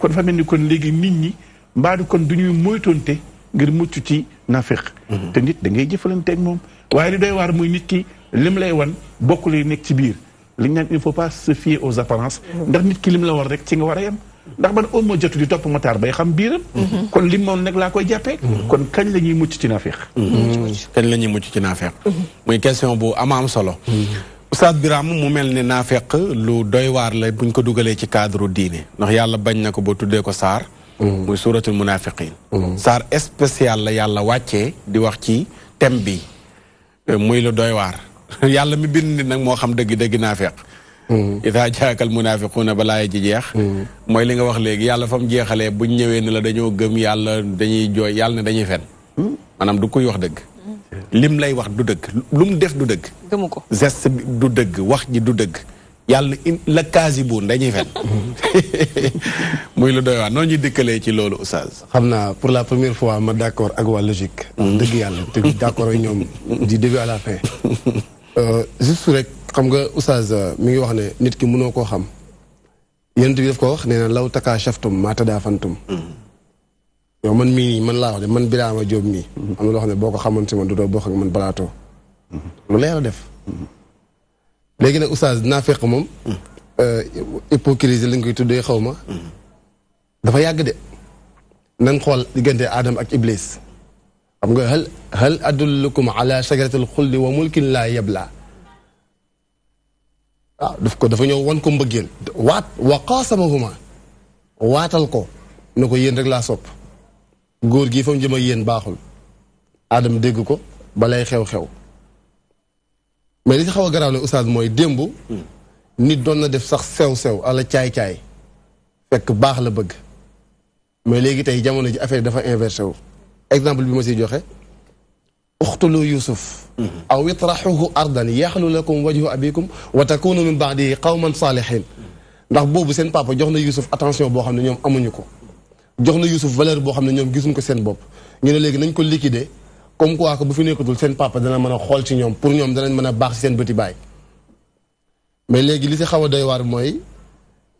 kon fa mel ni kon léegi nit ñi mbaadu kon du ñuy moytoonte ngir mucc ci naa féq te nit da ngay jëfalanteeg moom waaye li doy waar muy nit ki lim lay wan bokk lay nekk ci biir li ñu naan il faut pas se fier aux ndax nit ki lim la war rek ci nga war a yem. ndax man au moins jotu di topp mataar bay xam biiram. Mhm. kon li moom laa koy jàppee. Mhm. kon kañ la ñuy mucc ci naafeex. Mhm. kañ la ñuy mucc ci naafeex. muy question bu ama am solo. Oustaz Birame mu mel ne naafeeq lu doy waar la buñ ko dugalee ci cadre diine ndax yàlla bañ na ko boo tuddee ko saar. muy suuratul munaafiqiin. saar spécial la yàlla wàccee di wax ci thème bi euh, muy lu doywaar yàlla mi bind nag moo xam dëgg-dëgg naafeeq. Mm-hmm. idaa jaakal munaafiquuna ba laaya ji jeex mm-hmm. mooy li nga wax léegi yàlla fa mu jeexalee buñ ñëwee ne la dañoo gëm yàlla dañuy jooy yàlla ne dañuy fen mm-hmm. maanaam du koy wax dëgg lim lay wax du dëgg mu def du dëgg gëmu ko geste du dëgg wax ji du dëgg yàlla la kaasibuun dañuy fen muy lu doy waar noonu ñuy dëkkalee ci loolu oustaz xam naa pour la première fois ma d' accord ak waa logique dëgg yàlla te ñoom du début à la fin Euh, juste rek xam nga oustaz euh, mi ngi wax ne nit ki mënoo koo xam yéen bi daf koo wax nee na law taka shaftum maa tadaa fantum yow man mii man laa wax de man Birama Diop mii am na loo xam ne boo ko xamoon si man du doo boo ak man balaatoo lu leer def léegi nag oustaz naa fekk moom euh, hypocrisie lañ koy tuddee xaw ma dafa yàgg de nan xool diggante Adam ak Iblis xam nga hal hal adullukum ala sajaratil xuldi wa mulkin laa yablaa waaw daf ko dafa ñëw wan ko mbëggeel waat wa qaasamahuma waatal ko ne ko yéen rek laa sopp góor gii fa mu jëm ak yéen baaxul aadam dégg ko balay xew-xew mais li ci xaw a garaaw le oustaz mooy démb nit doon na def sax sew-sew ala caay-caay fekk baax la bëgg mais léegi tey jamono ji affaire dafa inversé wu exemple bi ma si joxe uxtulu yusuf aw itraxuhu ardan yaxlu lakum wajhu abikum wa takunu min baadi qawman saalihin ndax boobu seen papa jox na yusuf attention boo xam ne ñoom amuñu ko jox na yusuf valeur boo xam ne ñoom gisuñ ko seen bopp ñu ne léegi nañ ko liquider comme quoi que bu fi nekkatul seen papa dana mën a xool ci ñoom pour ñoom danañ mën a baax ci seen bëti baay mais léegi li si xaw a doy waar mooy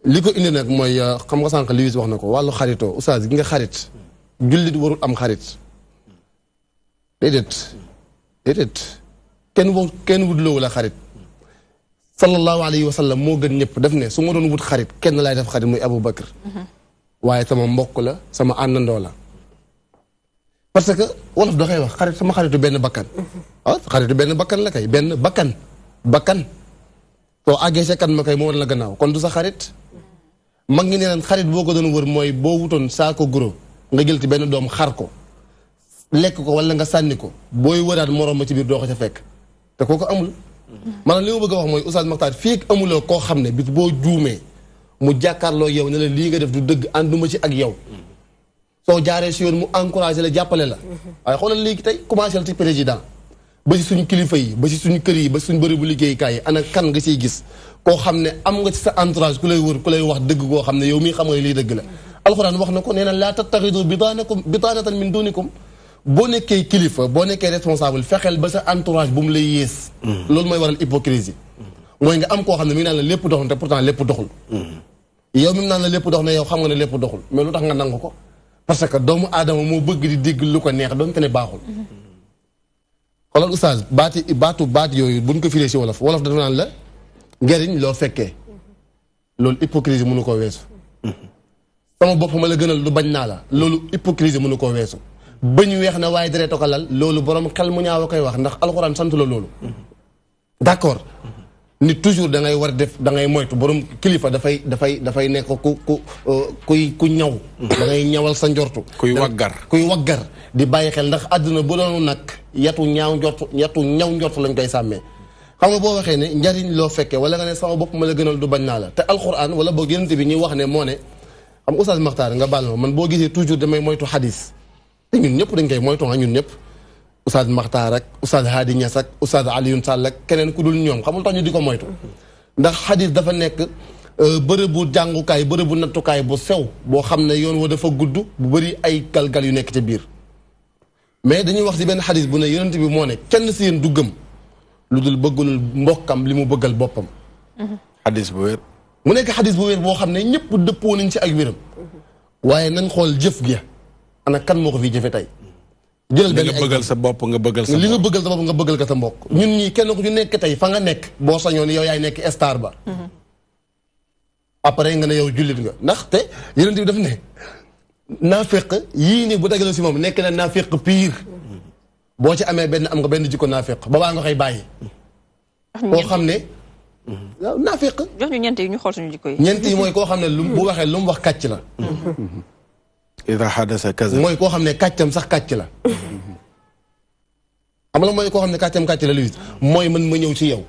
li ko indi nag mooy xam nga sànq Lewis wax na ko wàllu xaritoo oustaz gi nga xarit jullit warul am xarit déedéet déedéet kenn wa kenn wut loowu la xarit sallallahu alayhi wa moo gën ñëpp daf ne su ma doon wut xarit kenn laay def xarit muy Abu Bakr waaye sama mbokk la sama àndandoo la parce que wolof da koy wax xarit sama xaritu benn bakkan ah xaritu benn bakkan la kay benn bakkan bakkan soo àggee sa kan ma kay moo war la gannaaw kon du sa xarit mag ngi ne leen xarit boo ko doon wër mooy boo wutoon saako guro nga jël ci benn doom xar ko lekk ko wala nga sànni ko booy wëraat moroom ma ci biir doo ko ca fekk te ko amul. maanaam li ma bëgg a wax mooy Oustaz Makhtar fii ak amuloo koo xam ne bis boo juumee mu jàkkaarloo yow ne la lii nga def du dëgg ànduma ci ak yow. soo jaaree si yoon mu encouragé la jàppale la. waaye xoolal léegi tey commencé la ci président ba si suñu kilifa yi ba si suñu kër yi ba si suñu bëri bu liggéeykaay yi ana kan nga siy gis. koo xam ne am nga ci sa entourage ku lay wër ku lay wax dëgg koo xam ne yow mii xam nga lii dëgg la. alxuraan wax na ko nee na laa tattaxidu bitaanakum bitaanatan min dunikum boo nekkee kilifa boo nekkee responsable fexeel ba sa entourage bu mu lay yées. loolu mooy waral hypocrisie mooy nga am koo xam ne mi ngi na la lépp doxul te pourtant lépp doxul. yow mi naan la lépp dox ne yow xam nga ne lépp doxul mais lu tax nga nangu ko parce que doomu aadama moo bëgg di dégg lu ko neex doonte ne baaxul. xoolal oustaz baati baatu baat yooyu buñ ko firee si wolof wolof dafa naan la njëriñ loo fekkee loolu hypocrisie mënu ko weesu. sama bopp ma la gënal lu bañ naa la loolu hypocrisie mënu koo weesu bañ weex na waaye deret ko lal loolu borom xel mu ñaaw a koy wax ndax alxuraan sant la loolu d'accord nit toujours da ngay war def da ngay moytu borom kilifa dafay dafay dafay nekk ku ku kuy ku ñaw da ngay ñawal sa njortu kuy waggar kuy waggar di bàyyi xel ndax àdduna bu doon nag yatu ñaaw njortu yatu ñaw njortu lañ koy sàmmee xam nga sama bopp ma la gënal du bañ naa la te alxuraan wala boog yonent bi ñuy wax ne moo ne am oustaz Maxtaar nga baal ma man boo gisee toujours damay moytu xadis te ñun ñëpp dañ koy moytu ah ñun ñëpp oustaz Maxtaar ak oustaz Hadi Niass ak oustaz Alioune Sall ak keneen ku dul ñoom xamul tax ñu di ko moytu ndax xadis dafa nekk euh, bërëbu jàngukaay bërëbu nattukaay bu sew boo xam ne yoon wa dafa gudd bu bëri ay galgal yu nekk ci biir mais dañuy wax si benn xadis bu ne yonent bi moo ne kenn si yéen du lu dul bëggalul mbokkam li mu bëggal boppam xadis mu nekk xadis bu wér boo xam ne ñëpp dëppoo nañ ci ak wéram waaye nañ xool jëf gi ana kan moo ko fi jëfe tey jëlal benn nga bëggal sa bopp nga bëggal sa li nga bëggal sa bopp nga bëggal ko sa mbokk ñun ñii kenn ku ñu nekk tey fa nga nekk boo sañoon yow yaay nekk star ba après nga ne yow jullit nga ndaxte yeneen bi daf ne naafeq yii nii bu dagale si moom nekk na naafeq piir boo ci amee benn am nga benn jikko naafeq ba baa nga koy bàyyi koo xam ne waaw naafeq. jox ñu ñeent yi ñu xool suñu jikko yi. ñeent yi mooy koo xam ne lu bu waxee lu mu wax kàcc la. ida xadasa kaza. mooy koo xam ne kàccam sax kàcc la. xam la mooy koo xam ne kàccam kàcc la mooy man ma ñëw ci yow.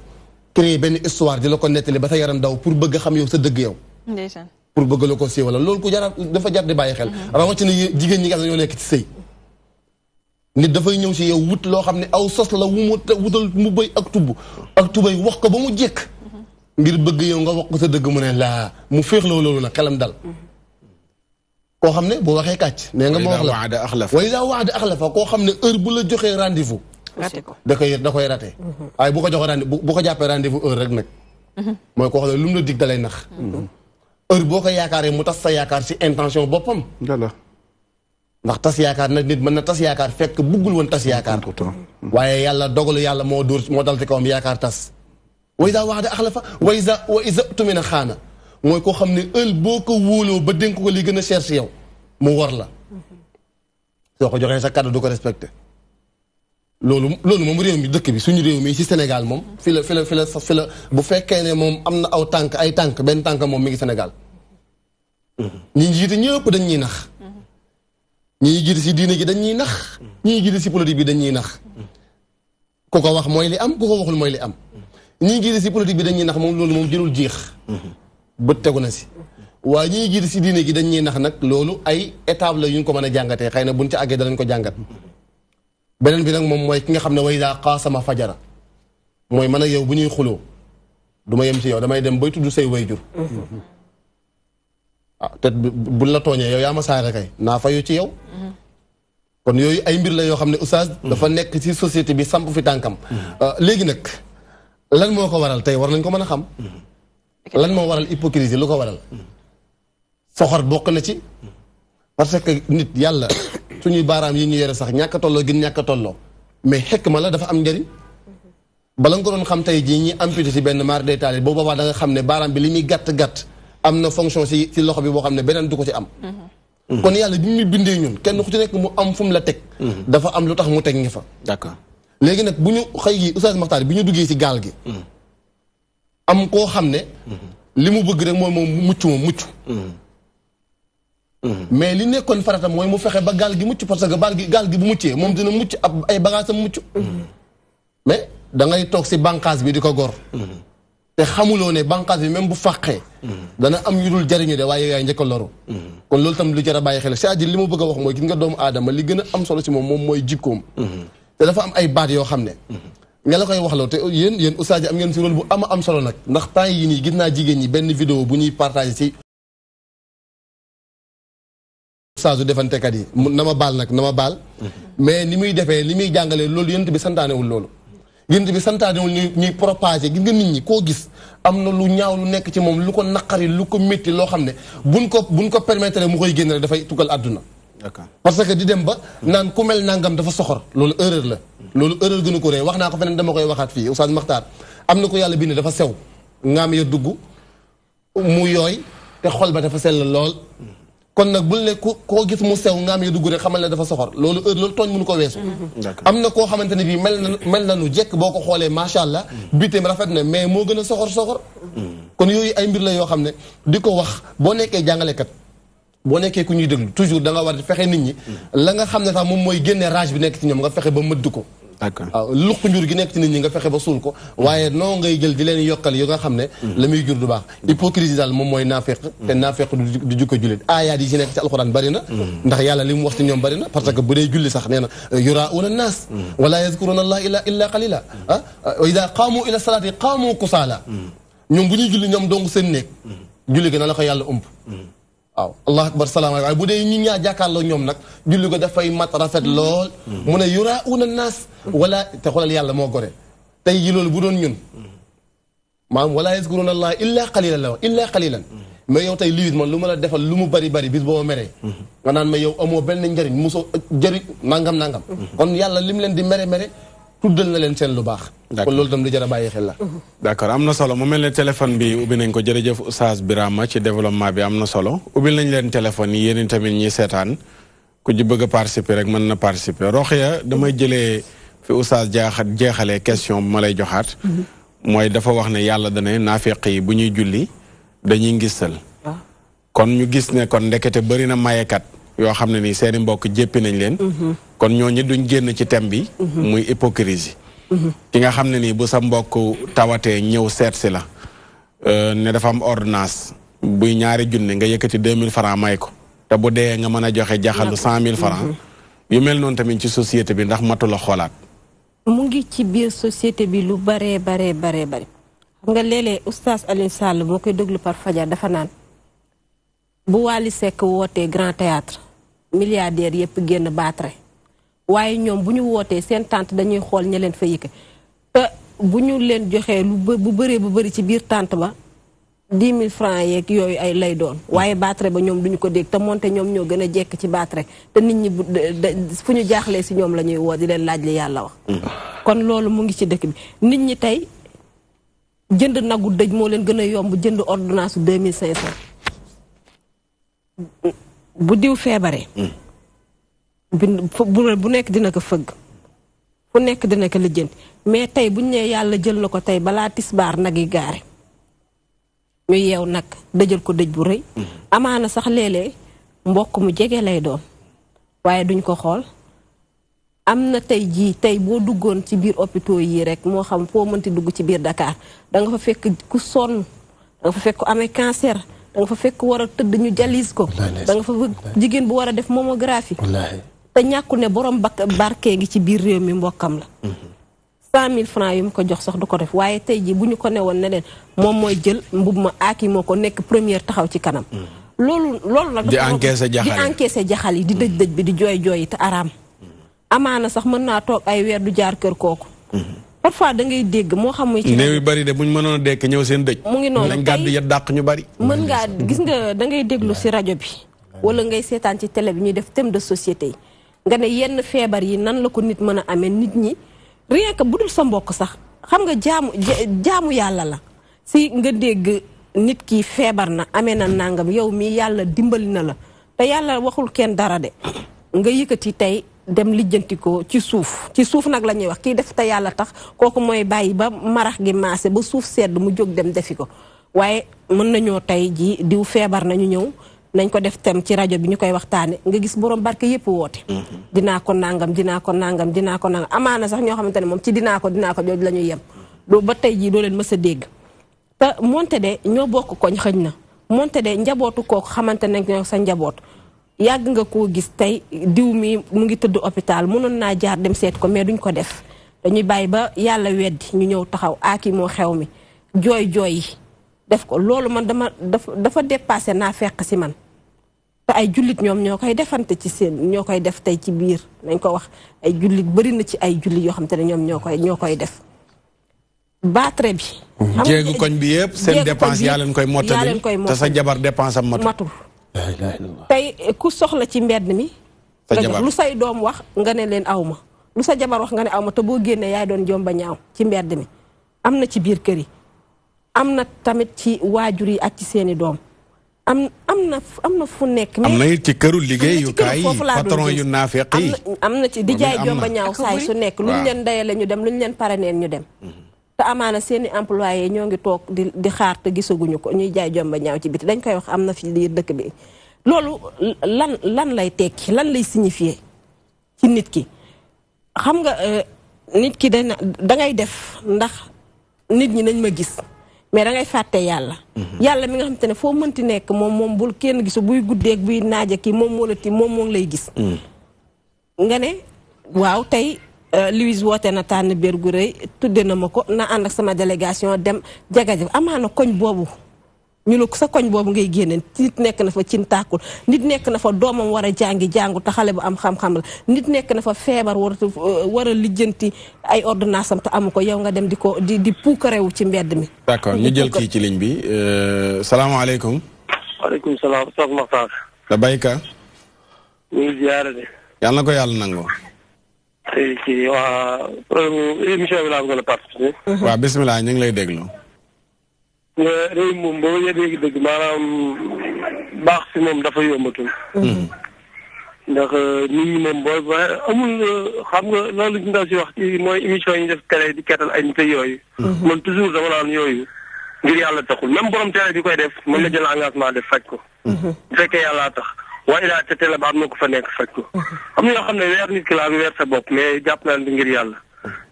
créer benn histoire la ko nettali ba sa yaram daw pour bëgg xam yow sa dëgg yow. ndeysaan. pour bëgg la ko siiwala loolu ku jar dafa jar bàyyi xel. Mm-hmm. rawatina jigéen ñi nga xam nekk ci sëy. nit dafay ñëw ci yow wut loo xam ne aw sos la wu mu wutal mu bëy ak tubb ak tubay wax ko ba mu jekk ngir bëgg yow nga wax sa dëgg mu ne laa mu féexloo loolu nag xelam dal. koo xam ne boo waxee kàcc. nee nga ma wax la waaye wax la waaye koo xam ne heure bu la joxee rendez-vous. da koy da koy raté. waaye bu ko joxee rendez ko jàppee rendez-vous heure rek nag. mooy koo xam ne lu mu la dig dalay nax. heure boo ko yaakaaree mu tas sa yaakaar si intention boppam. ndax tas yaakaar nag nit mën na tas yaakaar fekk buggul woon tas yaakaar. waaye yàlla dogalu yàlla moo dóor moo dal ci kawam yaakaar tas. وإذا وعد أخلفه وإذا وإذا أتمنى خانة موي كو خامني ال بوكو وولو با دينكو لي غنا شيرشي ياو مو وور لا سوكو جوخين سا كادو دوكو ريسبكت لولو لولو موم ريومي دك بي سوني ريومي سي سينيغال موم فيلا فيلا فيلا فيلا بو فكاي ني موم امنا او تانك اي تانك بن تانك موم ميغي سينيغال ني جيت نييب دا ني نخ ني جيت سي دينا جي دا ني ني جيت سي بولوتي بي دا ني كوكو واخ موي لي ام كوكو واخول موي لي ام ñii jiite si politique bi dañuy nax moom loolu moom jëlul jeex. bët tegu na si. waa ñii jiite si diine gi dañuy nax nag loolu ay étape la yu ko mën a jàngatee xay na buñ ci àggee danañ ko jàngat. beneen bi nag moom mooy ki nga xam ne way daa xaasama fajara mooy man ak yow bu ñuy xuloo duma yem ci yow damay dem bay tudd say way jur. ah te buñ la tooñee yow yaa ma saare kay naa fayu ci yow. kon yooyu ay mbir la yoo xam ne oustaz. dafa nekk ci société bi samp fi tànkam. Mm-hmm. Euh, léegi nag. lan moo ko waral tey war nañ ko mën a xam. lan moo waral hypocrisie lu ko waral. soxor bokk na ci. parce que nit yàlla suñuy baaraam yi ñu yore sax ñàkk a tolloo gën ñàkk tolloo mais xekk ma la dafa am njëriñ. bala nga ko doon xam tey jii ñi amputé ci benn maar day taale boobu boobaa da nga xam ne baaraam bi li muy gàtt gàtt am na fonction ci loxo bi boo xam ne beneen du ko ci am. Mm-hmm. kon yàlla bi mu bindee ñun kenn ku ci nekk mu am fu mu la teg. Mm-hmm. dafa am lu tax mu teg nga fa. léegi nag bu ñu xëy gi Oustaz Makhtar bi ñu duggee ci gaal gi. am koo xam ne. li mu bëgg rek mooy moom mucc moom mucc. mais li nekkoon faratam mooy mu fexe ba gaal gi mucc parce que baal gi gaal gi bu muccee moom dina mucc ab ay bagages mucc. mais dangay toog ci bànqaas bi di ko gor. te xamuloo ne bànqaas bi même bu fàqee. dana am yu dul jariñu de waaye yaay njëkk a loru. kon loolu tam lu jar a xel cest à li mu bëgg a wax mooy gis nga doomu aadama li gën am solo ci moom moom mooy jikkoom. te dafa am ay baat yoo xam ne. nga la wax waxloo te yéen yéen oustaz yi am ngeen si rôle bu am am solo nag ndax temps yi nii gis naa jigéen ñi benn vidéo bu ñuy partagé ci oustaz yu defantekat yi na ma baal nag na baal. mais ni muy defee li muy jàngalee loolu yéen bi santaanewul loolu. yéen bi santaanewul ñuy ñuy propagé gis nga nit ñi koo gis am na lu ñaaw lu nekk ci moom lu ko naqari lu ko métti loo xam ne buñ ko buñ ko permettre mu koy génn rek dafay tukkal àdduna. parce que di dem ba naan ku mel nangam dafa soxor loolu erreur la loolu erreur gënu ko rëy wax naa ko feneen dama koy waxaat fii Oustaz Makhtar na ko yàlla bind dafa sew ngaam dugg mu yooy te xol ba dafa sell lool kon nag bul ne koo gis mu sew ngaam ya dugg rek xamal ne dafa soxor loolu heure loolu tooñ mënu ko weesu am na koo xamante ne bii mel na mel na nu jekk boo ko xoolee macha allah bitim rafet na mais moo gën a soxor soxor hmm. kon yooyu ay mbir la yoo xam ne di ko wax boo nekkee jàngalekat boo nekkee ku ñuy déglu toujours da nga war a fexe nit ñi. la nga xam ne sax moom mooy génne rage bi nekk ci ñoom nga fexe ba mëdd ko. d'accord waaw njur gi nekk ci nit ñi nga fexe ba suul ko waaye noo ngay jël di leen yokkal yu nga xam ne la muy jur du baax mm. hypocrisie daal moom mooy naafeq mm. te naafeq du jukko jullit aayaat yi ci nekk ci alxuraan bari na mm. ndax yàlla li mu wax ci ñoom bari na parce que bu dee julli sax nee na yuraa'uuna naas wala yazkuruuna allah illa illa qalila ah ida qaamu ila salaati qaamu kusaala ñoom bu ñuy julli ñoom dong seen néeg julli gi na la ko yàlla ëmb waaw allahu akbar salaamaaleykum waaye bu dee ñun ñaa jàkkaarloo ñoom nag julli ko dafay mat rafet lool mu a yuraa una naas wala te xoolal yàlla moo gore tey ji loolu bu doon ñun maanaam wala yazkuruna allah illa qalilan la illa qalilan mais yow tey liwit man lu ma la defal lu mu bari bari bis boo meree nga naan ma yow amoo benn njëriñ mosoo jëriñ nangam nangam kon yàlla lim leen di mere mere tuddal na leen seen lu baax. kon loolu itam lu jar a bàyyi xel la. Mhm. d' am na solo mu mel ne téléphone bi ubbi nañ ko jërëjëf Oustaz Birama ci développement bi am na solo ubbil nañ leen téléphone yi yéen tamit ñi seetaan ku ci bëgg a participer rek mën na participer ya damay jëlee fi Oustaz jaaxat jeexalee question bu ma lay joxaat. Mhm. mooy dafa wax ne yàlla dane naafeq yi bu ñuy julli dañuy ngistal. Ah. kon ñu gis ne kon ndekete bëri na mayekat. yoo xam ne ni seeni mbokk jéppi nañ leen mhm. kon ñooñu duñ génn ci thème bi mhm. muy hypocrisie mhm. ki nga xam ne nii bu sa mbokk tawatee ñëw seet si la euh, ne dafa am ordonnance buy ñaari junne nga yëkkati deux mille francs may ko te bu dee nga mën a joxe jaxalu cent mille francs yu mel noonu tamit ci société bi ndax matu la xoolaat mu ngi ci biir société bi lu baree baree baree bare xam nga léeg-léeg oustaz Alioune Sall moo koy déglu par fajar dafa naan bu Wally Seck wootee milliardaires yëpp génn baatre waaye ñoom bu ñu wootee seen tànt dañuy xool ña leen fa yëkke te bu ñu leen joxee lu bu bëree bu bëri ci biir tànt ba dix mille francs yeeg yooyu ay lay doon waaye baatre ba ñoom du ñu ko dégg te moonte ñoom ñoo gën a jekk ci baatre te nit ñi fu ñu jaaxlee si ñoom la ñuy woo di leen laaj li yàlla wax mm. kon loolu mu ngi ci dëkk bi nit ñi tey jënd nagu dëj moo leen gën a yomb jënd ordinance deux mille cinq cent bu diw feebaree. Mm. bu nekk dina ko fëgg. fu nekk dina ko lijjanti mais tey bu ñu nee yàlla jël na ko tey balaa tisbaar nag yi gaare. ñu yeew nag dëjal ko dëj bu rëy. Mm-hmm. amaana sax léeg-léeg mbokk mu jege lay doom waaye duñ ko xool. am na tey jii tey boo duggoon ci biir hôpitaux yii rek moo xam foo mënti dugg ci biir dakaar da nga fa fekk ku sonn da fa fekk amee cancer. da fa fekk war a tëdd ñu dialyse ko da nga fa jigéen bu war a def mammographie te ñàkku ne borom barke gi ci biir réew mi mbokkam la mhm. cent mille francs yu mu ko jox sax du ko def waaye tey ji bu ñu ko newoon ne leen moom mooy jël mbub ma aaki moo ko nekk première taxaw ci kanam mhm. loolu loolu nag di encaissé jaxal yi di dëj dëj bi di jooy jooy te araam mhm. amaana sax mën naa toog ay weer du jaar kër kooku parfois fois dangay dégg moo xam muy ci néew yu bari de bu ñu mënoon a dekk ñëw seen dëj mu ngi noonu nañ gàddu ya dàq ñu bari mën ngaa gis nga da ngay déglu si rajo bi wala ngay seetaan ci télé bi ñuy def thème de société yi nga ne yenn feebar yi nan la ko nit mën a amee nit ñi rien bu dul sa mbokk sax xam nga jaamu jaamu yàlla la si nga dégg nit ki feebar na amee na nangam yow mii yàlla dimbali na la te yàlla waxul kenn dara de nga yëkkati tey dem lijjanti ko ci suuf ci suuf nag la ñuy wax kii def te yàlla tax kooku mooy bàyyi ba marax gi maase ba suuf sedd mu jóg dem defi ko waaye mën na nañoo tey ji diw feebar nañu ñëw nañ ko def tem ci rajo bi ñu koy waxtaane nga gis borom barke yépp woote mhm. dinaa ko nangam dinaa ko nangam dinaa ko nangam amaana sax ñoo xamante ne moom ci dinaa ko dinaa ko jooju la yem doo ba tey jii doo leen mës a dégg te moonte de ñoo bokk koñ xëñ na moonte de njabootu kooku xamante nañ ñoo sa njaboot yàgg nga koo gis tey diw mi mu ngi tëdd hôpital mënoon naa jaar dem seet ko mais duñ ko def dañuy bàyyi ba yàlla weddi ñu ñëw taxaw aaki moo xew mi jooy jooy yi def ko loolu man dama dafa dafa dépassé naa fekk si man te ay jullit ñoom ñoo koy defante ci seen ñoo koy def tey ci biir nañ ko wax ay jullit bëri na ci ay jullit yoo xam te ne ñoom ñoo koy ñoo koy def baatre bi. jéegu koñ bi yëpp seen dépense yaa lañ koy mottali te sa jabar dépense am matul. tey eh, ku soxla ci mbedd mi lu say doom wax nga ne leen aw ma lu sa jabar wax nga ne aw ma te boo génnee yaay doon jomba ñaaw ci mbedd mi am na ci biir kër yi am na tamit ci waajur yi ak ci seeni doom am am na am na fu nekk. mais am na ci këru yi patron yu naafeq yi am na ci di jaay jomba ñaaw saay su nekk luñ leen dayale ñu dem luñ leen pare neen ñu dem mhm. te amaana seeni i employé ñoo ngi toog di di xaar te gisaguñu ko ñuy jaay jomba ñaaw ci biti dañ koy wax am na fi lii dëkk bi loolu lan lan lay tekki lan lay signifier ci nit ki xam nga euh, nit ki dana dangay def ndax nit ñi nañ ma gis mais dangay fàtte yàlla mhm. yàlla mi nga xam te ne foo mënti nekk moom moom bul kenn gisu buy guddeek buy naaja ki moom moo la ti moom moo lay gis mm. nga ne waaw tey Euh, Louise woote na tànn biir gu rëy tudde na ma ko na ànd ak sama délégation dem jagaja amaana koñ boobu ñu ne sa koñ boobu ngay génne nit nekk na fa cin tàkkul nit nekk na fa doomam war a jàngi jàngu te xale bu am xam-xam la nit nekk na fa feebar euh, war a war lijjanti ay ordonnance te amu ko yow nga dem di ko di di puukarewu ci mbedd mi. d'accord ñu jël kii ci ligne bi euh, salaamaaleykum. waaleykum salaam soxna Maxtaar. da bayka. muy ziyaare de. yàlla na ko yàlla nangoo. tey ci waa problème émission bi laa bëgg a participer. waaw bisimilah ñu ngi lay déglu. réew moom boo yëgee dëgg maanaam baax si moom dafa yombatul. Hmm. ndax euh, nit ñi moom booy booy amul euh, xam nga loolu ñu daal si wax ci mooy émission yi ñu def télé di kettal ay nit yooyu. Hmm. man toujours dama naan yooyu. ngir yàlla taxul même borom télé bi koy def mën na jël engagement def faj ko. Hmm. yàlla tax. waaye daal te télé ba am na ko fa nekk faj ko. am na yoo xam ne weer nit ki laa weer sa bopp mais jàpp naa ne ngir yàlla.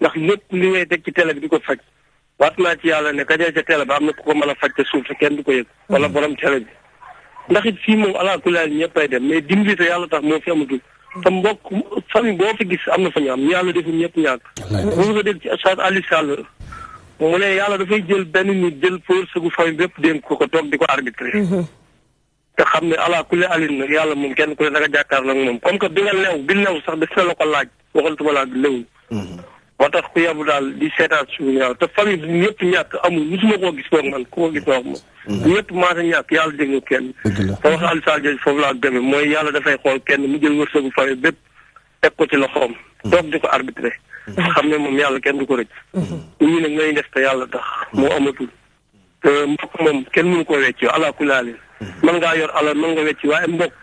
ndax lépp li ngay teg ci télé bi di ko faj. waat naa ci yàlla ne kañee ca télé ba am na ku ko mën a faj te suuf si kenn du ko yëg. wala borom télé bi. ndax it fii moom ala kulli aal ñëppay dem mais dimbali te yàlla tax moo fi amatul. te mbokk famille boo fi gis am na fa ñu am yàlla deful ñëpp ñàkk. bu ñu ko dégg ci Oustaz Aliou Sall. mu yàlla dafay jël benn nit jël force gu famille bépp dénk ko ko toog di ko arbitré. Mm-hmm. te xam ne ala kulli alin na yàlla moom kenn ku ne danga jàkkaar nag moom comme que bi nga leew sax daf la ko laaj waxantuma laa bi lewul mhm. moo tax ku yabu daal di seetaat suñu yaaw te famille bi ñëpp ñàkk amul musuma koo gis boog man ku ko gis ma wax ma ñëpp maa sa ñàkk yàlla déglu kenn te wax Alioune Sall jooju foofu laa gëme mooy yàlla dafay xool kenn mu jël wërsëgu famille bépp teg ko ci loxoom mhm. toog di ko arbitré mhm. xam ne moom yàlla kenn du ko rëcc ñu nag ngay def te yàlla tax moo amatul te mbokk moom kenn mënu ko wecc ala kulli alin mën ngaa yor alal mën nga wecc waaye mbokk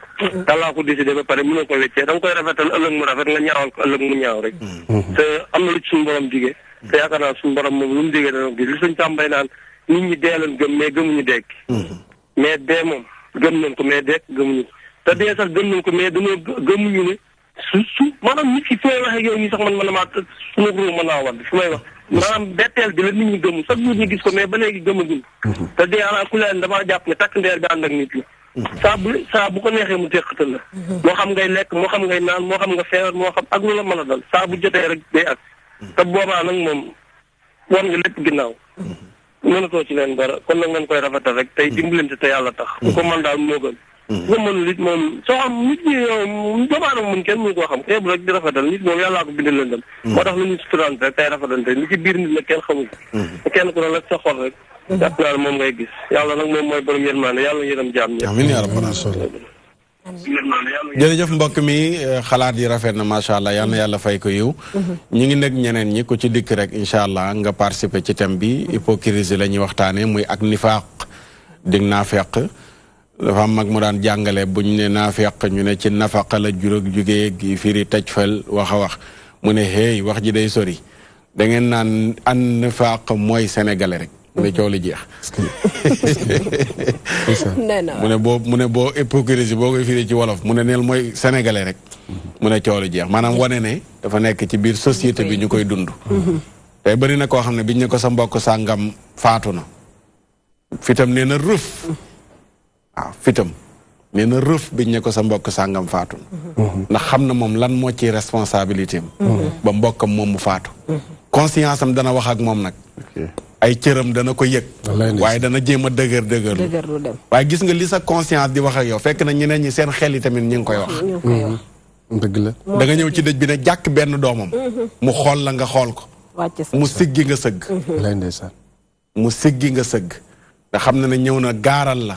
yàllaa ko décidé ba pare mënoo ko weccee da koy rafetal ëllëg mu rafet nga ñaawal ko mu ñaaw rek mm-hmm. te am na lu ci suñu borom digee te yaakaar naa suñu moom lu mu digee dana gis li suñ tàmbay naan nit ñi dee leen gëm mais gëmuñu dekk mm-hmm. mais dee moom gëm nañ ko mais dekk gëmuñu te dee sax gëm nañ ko mais dañoo gëmuñu ne su su maanaam nit ki fi may waxee yow ñi sax man mën na maa sunu ruu mën naa wadd fi may wax maanaam betteel bi la nit ñi gëmu chaque jour ñu gis ko mais ba léegi gëmaguñ. Mhm. te dee ala kuleen damaa jàpp ne takk ndeer bi ànd ak nit la. Mhm. saa bu saa bu ko neexee mu teqatal la. Mhm. moo xam ngay lekk moo xam ngay naan moo xam nga feebar moo xam ak lu mën a dal saa bu jotee rek day ak te boobaa nag moom war nga lépp ginnaaw. mënatoo ci leen dara kon nag ngeen koy rafetal rek tey dimbalante te yàlla tax. ku ko mën daal moo nga mënul it moom soo xam nit ñi doomu aadama kenn mënu koo xam xeebu rek di rafetal nit moom yàllaa ko bindal leen dem mm. moo tax lu ñu suturante rek tey rafetante li ci biir nit kenn xamul mm. kenn ku ne la sa xol rek mm. jàpp naa ne moom ngay gis yàlla nag moom mooy borom yërmande yàlla yërëm jaam ñi amiin yaa rabbal aalamiin mbokk mi eh, xalaat yi rafet na macha allah yal na yàlla fay ko yiw mm-hmm. ñu ngi nekk ñeneen ñi ku ci dikk rek incha allah nga participer ci thème bi hypocrisie la ñuy waxtaane muy ak nifaaq dig naa feq dafa am mag mu daan jàngale bu ñu ne naafeq ñu ne ci nafaqa la juróog jugee gi firi tajfal wax a wax mu ne wax ji day sori da ngeen naan an mooy sénégalais rek. mu ne mhm. coow li jeex. mu ne boo mu ne boo hypocrisie boo koy firi ci wolof mu ne neel mooy sénégalais rek. Mhm. mu ne coow li jeex maanaam wane ne dafa nekk ci biir société bi ñu koy dund. Mhm. tey bëri na koo xam ne biñ ne ko sa mbokk sàngam faatu na. fitam nee rëf. waaw ah, fitam nee na rëf biñ ne ko sa mbokk sàngam faatu ndax xam na moom lan moo ci responsabilité ba mbokkam moom mu faatu conscience dana wax ak moom nag ay cëram dana ko yëg waaye dana jéem a dëgër dëgër lu waaye gis nga li sa conscience di wax ak yow fekk na ñeneen ñi seen xel yi tamit ñu ngi koy wax mm-hmm. dëgg la da nga ñëw ci dëj bi ne jàkk benn doomam mm-hmm. mu xool la nga xool ko mm-hmm. mu siggi nga sëgg mu siggi nga sëgg nga xam ne ne ñëw na gaaral la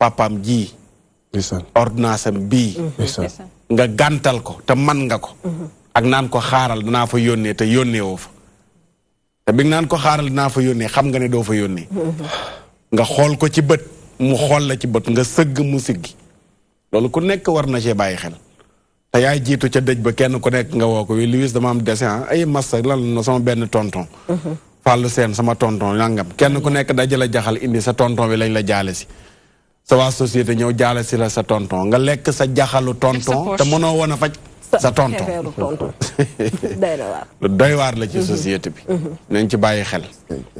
papam ji ordonnance bi mhm. bii nga gàntal ko te man nga ko mhm. ak naan ko xaaral danaa fa te yoni of fa te bi naan ko xaaral danaa fa yónnee xam nga ne doo fa yónnee mhm. nga xool ko ci bët mu xool la ci bët nga sëgg mu siggi loolu ku nekk war na cee bàyyi xel te yaay jiitu ca ba kenn ku nekk nga woo ko wi Louis dama am dessin ah, ay massa lan na sama benn tonton Fallou Sène sama tonton nangam kenn ku nekk dajala jaxal indi sa tonton bi lañ la jaale si sa waa société ñëw jaale si la sa tonton nga lekk sa jaxalu tonton te mënoo woon a faj sa tonton lu doy waar la ci mhm. société bi mhm. nañ ci bàyyi xel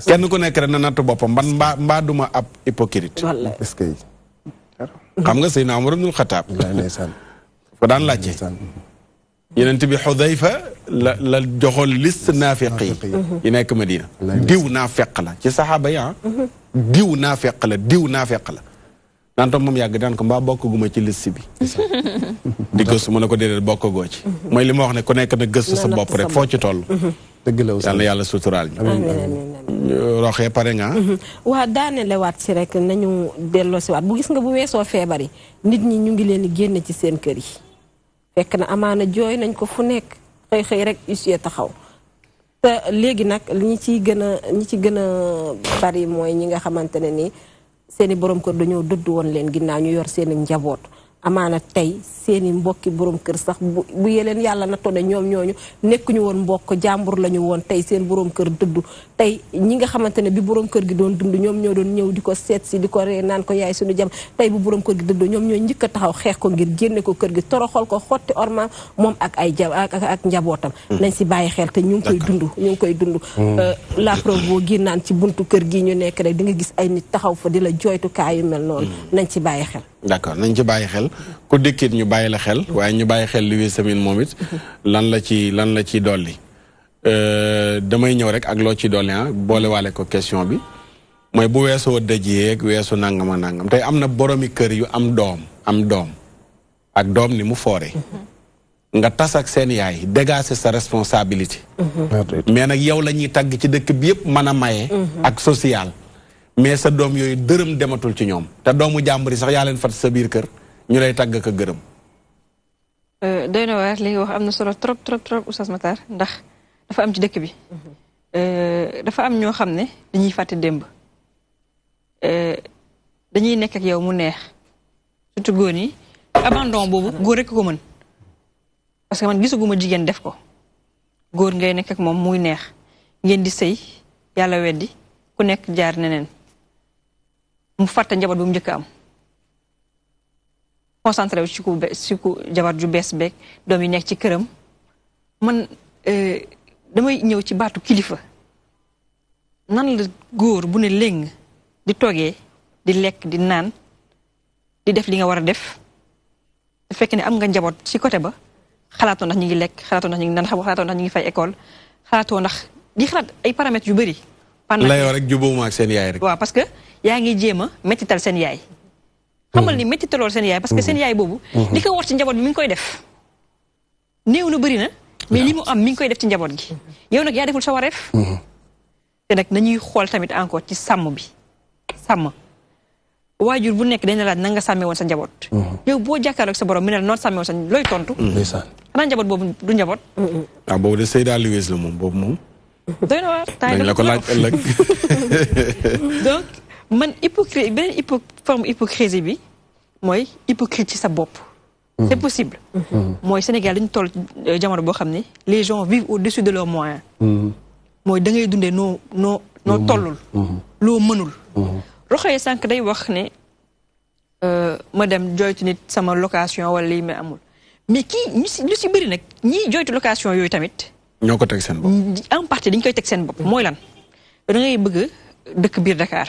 kenn ku nekk rek na nattu boppam man mbaa mbaa duma ab hypocrite xam nga Seydina Umar ibnul Xataab ko daan laajte yenent bi Xudayfa la la joxoon liste naafiq yi yi nekk Madina diw naa feq la ci saxaaba yi ah. mhm. diw naa feq la diw naa feq la nanto mom yag dan ko mbaa bokku guma ci liste bi. di geus mo ne ko déedéet bokk goo ci. moy li wax ne ko nek na geus sa bop rek fo ci tollu deug la yalla yalla sutural yàlla suturaal ñu. roxee pare nga. waa daane wat ci rek nañu delo ci wat bu gis nga bu weso feebar nit ñi ñu ngi leen genn ci seen kër yi. fekk na amana joy nañ ko fu nek xey xey rek huissier taxaw. te nak li ñi ci gëna ñi ci gëna bari moy ñi nga xamantene ni seeni borom kër dañoo dëdd woon leen ginnaaw ñu yor seen njaboot amaana tey seeni mbokki borom kër sax bu bu yeleen yàlla na tone ñoom ñooñu nekkuñu woon mbokk jàmbur la ñu woon tey seen boroom kër dëddu tey ñi nga xamante ne bi borom kër gi doon dundu ñoom ñoo doon ñëw di ko seet si di ko ree naan ko yaay suñu jam tey bu borom kër gi dëdd ñoom ñoo njëkk a taxaw xeex ko ngir génne ko kër gi toroxal ko xotti ormaam moom ak ay ja ak njabootam hmm. nañ si bàyyi xel te ñu ngi koy dund ñu ngi koy dund hmm. euh, la preuve boo naan ci buntu kër gi ñu nekk rek di nga gis ay nit taxaw fa di la jooytu kaa yu mel noonu hmm. nañ ci bàyyi xel d'accord nañ ci bàyyi xel ku dëkkit ñu bàyyi la xel waaye ñu bàyyi xel Lewis Hamilton moom it lan la ci lan la ci dolli euh, damay ñëw rek ak loo ci dolli ah boolewaale ko question bi mooy bu weesoo dëj weesu nangama nangam tey am na boromi kër yu am doom am doom ak doom ni mu foore nga tas ak seen yaay dégager sa responsabilité mais nag yow la ñuy tagg ci dëkk bi yëpp mën a maye ak social mais sa doom yooyu dërëm dematul ci ñoom te doomu jàmbur yi sax yaa leen fat sa biir kër ñu lay tàgg ak gërëm. Euh, doy na waar li wax am na solo trop trop trop Oustaz Matar ndax dafa am ci dëkk bi. Mhm. Euh, dafa am ñoo xam ne dañuy fàtte démb. Euh, dañuy nekk ak yow mu neex surtout góor ñi abandon boobu góor rekk ko mën parce que man gisaguma jigéen def ko góor ngay nekk moom muy neex ngeen di sëy yàlla weddi ku nekk jaar ne neneen mu fàtte njaboot bu mu njëkk am. concentré wu ci ku ci ku jabar ju bes bek doom yi ci kërëm man eh, damay ñëw ci batu kilifa nan la goor bu ne leng di togué di lek di nan di def li nga wara def su fekkee am nga njabot ci côté ba xalaato ndax ñi ngi lek xalaato ndax ñi ngi naan xalaato ndax ñi ngi fay école xalaato ndax di xalaat ay paramètres yu bari lay layoo rek jubuma ak seen yaay rek. wa parce que yaangi jema metti tal seen yaay. xamal ni métti lool seen yaay parce que seen yaay boobu li ko war njaboot bi mi ngi koy def néew na bëri na mais li mu am mi ngi koy def ci njaboot gi yow nag yaa deful sa wareef te nag nañuy xool tamit encore ci sàmm bi sàmm waajur bu nekk dañ la na nga sàmmee woon sa njaboot yow boo jàkkaarloog sa borom mi ne la noon sàmmee woon sa looy tontu xanaa njaboot boobu du njaboot ah boobu de Seyda Louise la moom boobu moom doy na waar dañ la ko laaj ëllëg donc man hypocrite ben hypo forme hypocrisie bi moy hypocrite ci sa bop mhm. c'est possible. moy mhm. Sénégal ñu toll euh, jamono bo xamni les gens vivent au-dessus de leurs moyens. moy mhm. da ngay dundé no no no tollul. lo mënul. roxoye sank day wax né euh madame joytu nit sama location wala li ma amul mais ki ñu si lu si bëri nag ñii joytu location yoy tamit. ñoko tek sen bop en partie dañ koy tek sen bop moy lan da ngay bëgg dëkk biir Dakar.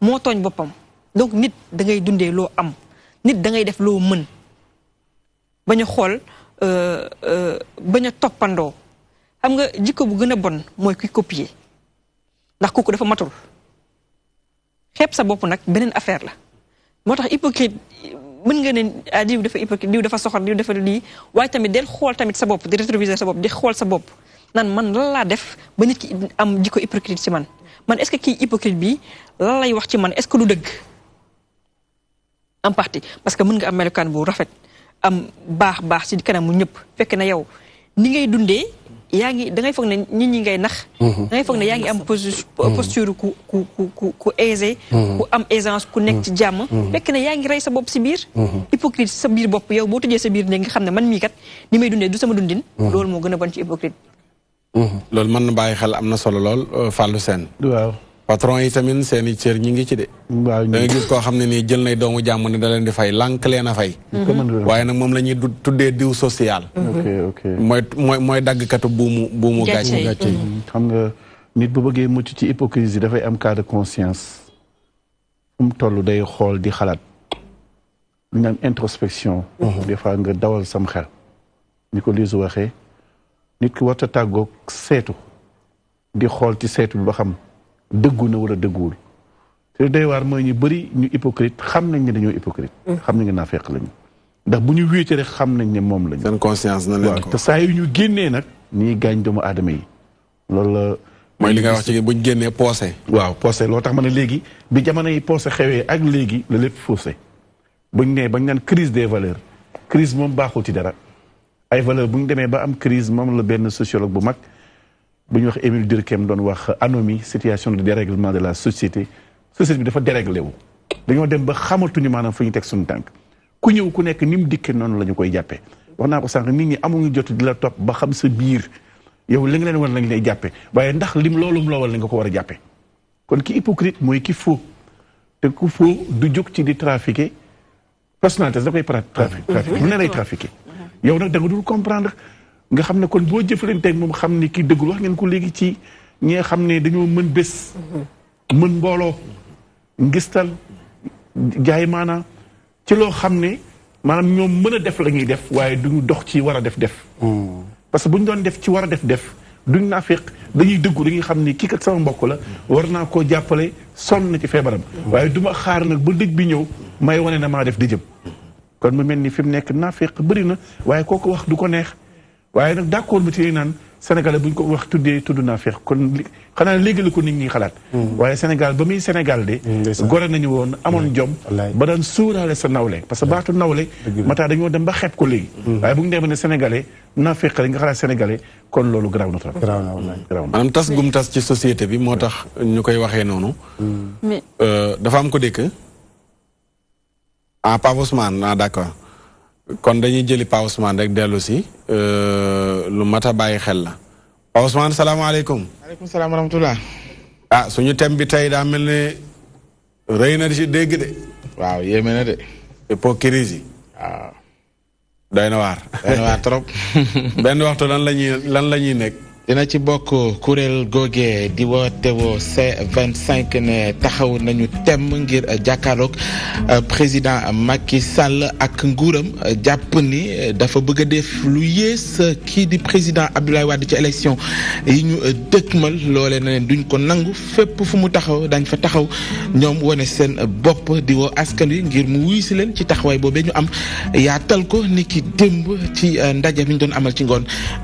moo tooñ boppam donc nit da ngay dundee loo am nit da ngay def loo mën bañ a xool euh, euh, bañ a toppandoo xam nga jikko bu gën a bon mooy kuy copier ndax kooku dafa matul xeeb sa bopp nag beneen affaire la moo tax hypocrite mën nga ne ah diw dafa hypocrite diw dafa soxor diw dafa lii waaye tamit del xool tamit sa bopp di rétroviser sa bopp di xool sa bopp naan man lan laa def ba nit ki am jikko hypocrite ci man man est-ce que kii hypocrite bi lan lay wax ci man est-ce que du dëgg en partie parce que mën nga am melokaan bu rafet am baax baax ci kanamu ñëpp fekk na yow ni ngay dundee yaa ngi da ngay foog na nit ñi ngay nax. Mhm. da foog ne yaa ngi am mhm. posture ku ku ku ku aisé. Mhm. ku am aisance ku nekk ci jàmm. fekk ne yaa ngi rey sa bopp si biir. hypocrite sa biir bopp yow boo tëjee sa biir ne nga xam ne man mii kat ni may dundee du sama dundin. loolu moo gën a bon ci hypocrite. loolu man na bàyyi xel am na solo lool euh, Fallou seen waaw patron yi tamit seen i ñi ngi ci de da gis koo xam ne nii jël nay doomu jàmm ne da leen di fay lànk leen a fay waaye nag moom la ñuy tuddee diw social mooy mooy mooy daggkatu buumu buumu gàcce gàcce mhm. xam nga nit bu bëggee mucc ci hypocrisie dafay am cas de conscience mu toll day xool di xalaat lu ñu am introspection mhm. des nga dawal sam xel ni ko Liisu waxee nit ki warta tàggook seetu di xool ci seetu bi ba xam dëggu na wala dëgguwul te day waar mooy ñu bëri ñu hypocrite xam nañ ne dañoo hypocrite mm. xam na ne naa fekk lañu ndax bu ñu wéete rek xam nañ ne moom lañu seen conscience na leen ko te saa yu ñu génnee nag ñuy gaañ doomu aadama yi loolu la mooy li nga wax ci buñ génnee poosé waaw poosé loo tax ma ne léegi bi jamono yi poosé xewee ak léegi la lépp faussé buñ nee bañ naan crise des valeurs crise moom baaxul ci dara ay valeur buñ ñu demee ba am crise moom la benn sociologue bu mag bu ñuy wax Émile Durkheim doon wax anomie situation de dérèglement de la société société bi dafa déréglé wu dañoo dem ba xamatuñu maanaam fu ñu teg suñu tànk ku ñëw ku nekk ni mu dikkee noonu la ñu koy jàppee wax naa ko sànq nit ñi amuñu jot di la topp ba xam sa biir yow li nga leen war lañ lay jàppee waaye ndax lim loolum loowal la nga ko war a jàppee kon ki hypocrite mooy ki faux te ku faux du jóg ci di trafiquer personnalité da koy trafiquer mu ne lay trafiquer yow nag da nga dul comprendre nga xam ne kon boo jëflanteeg moom xam ne kii dëggul wax ngeen ko léegi ci ñi nga xam ne dañoo mën bés. Mhm. mën mbooloo. ngistal jaay maanaa ci loo xam ne maanaam ñoom mën a def la ñuy def waaye duñu dox ci war a def def. Mhm. parce que bu ñu doon def ci war a def def duñ naa fekk dañuy dëggu dañuy xam ne kii kat sama mbokk la war naa koo jàppale sonn na ci feebaram. Mhm. waaye du xaar nag ba dëj bi ñëw may wane na maa def dëjëm. kon mu mel ni fi mu nekk naafeq bëri na waaye kooku wax du ko neex waaye nag d'accord ba ci naan Sénégal bu ko wax tuddee tudd naafeq kon xanaa léegi ko nit ñi xalaat. Mm. waaye Sénégal ba muy Sénégal de. Mm, gore nañu woon amoon mm. jom. ba daan suuraale sa nawle parce que baatu nawle. mataa dañoo dem ba xeeb ko léegi. waaye bu ñu demee ne Sénégalais naafeq la nga xalaat Sénégalais kon loolu garaaw na trop. garaaw na waaw maanaam tas gum tas ci société bi moo tax ñu koy waxee noonu. Euh, dafa am ko dëkk. ah Pape Ousmane ah d'accord kon dañuy jëli Pape Ousmane rek dellu si euh, lu mat a bàyyi xel la Pape Ousmane salaamaaleykum. maaleykum ah suñu thème bi tey daa mel ne rëy na di si dégg de. waaw yéeme na de. hypocrisie. doy na waar. doy na waar waxtu lan la ñuy lan la ñuy nekk. dina ci bokk kurel goge di woote C25 ne taxaw nañu tem ngir jàkkaarloog euh, président Macky Sall ak nguuram jàpp ni dafa bëgg def lu yées kii di président Abdoulaye Wade ci élection yi ñu dëkkmal na duñ ko nangu fépp fu mu taxaw dañ fa taxaw ñoom wane seen bopp di woo askan wi ngir mu wuy si leen ci taxawaay boobee ñu am yaatal ko ni ci euh, ndaje mi doon amal ci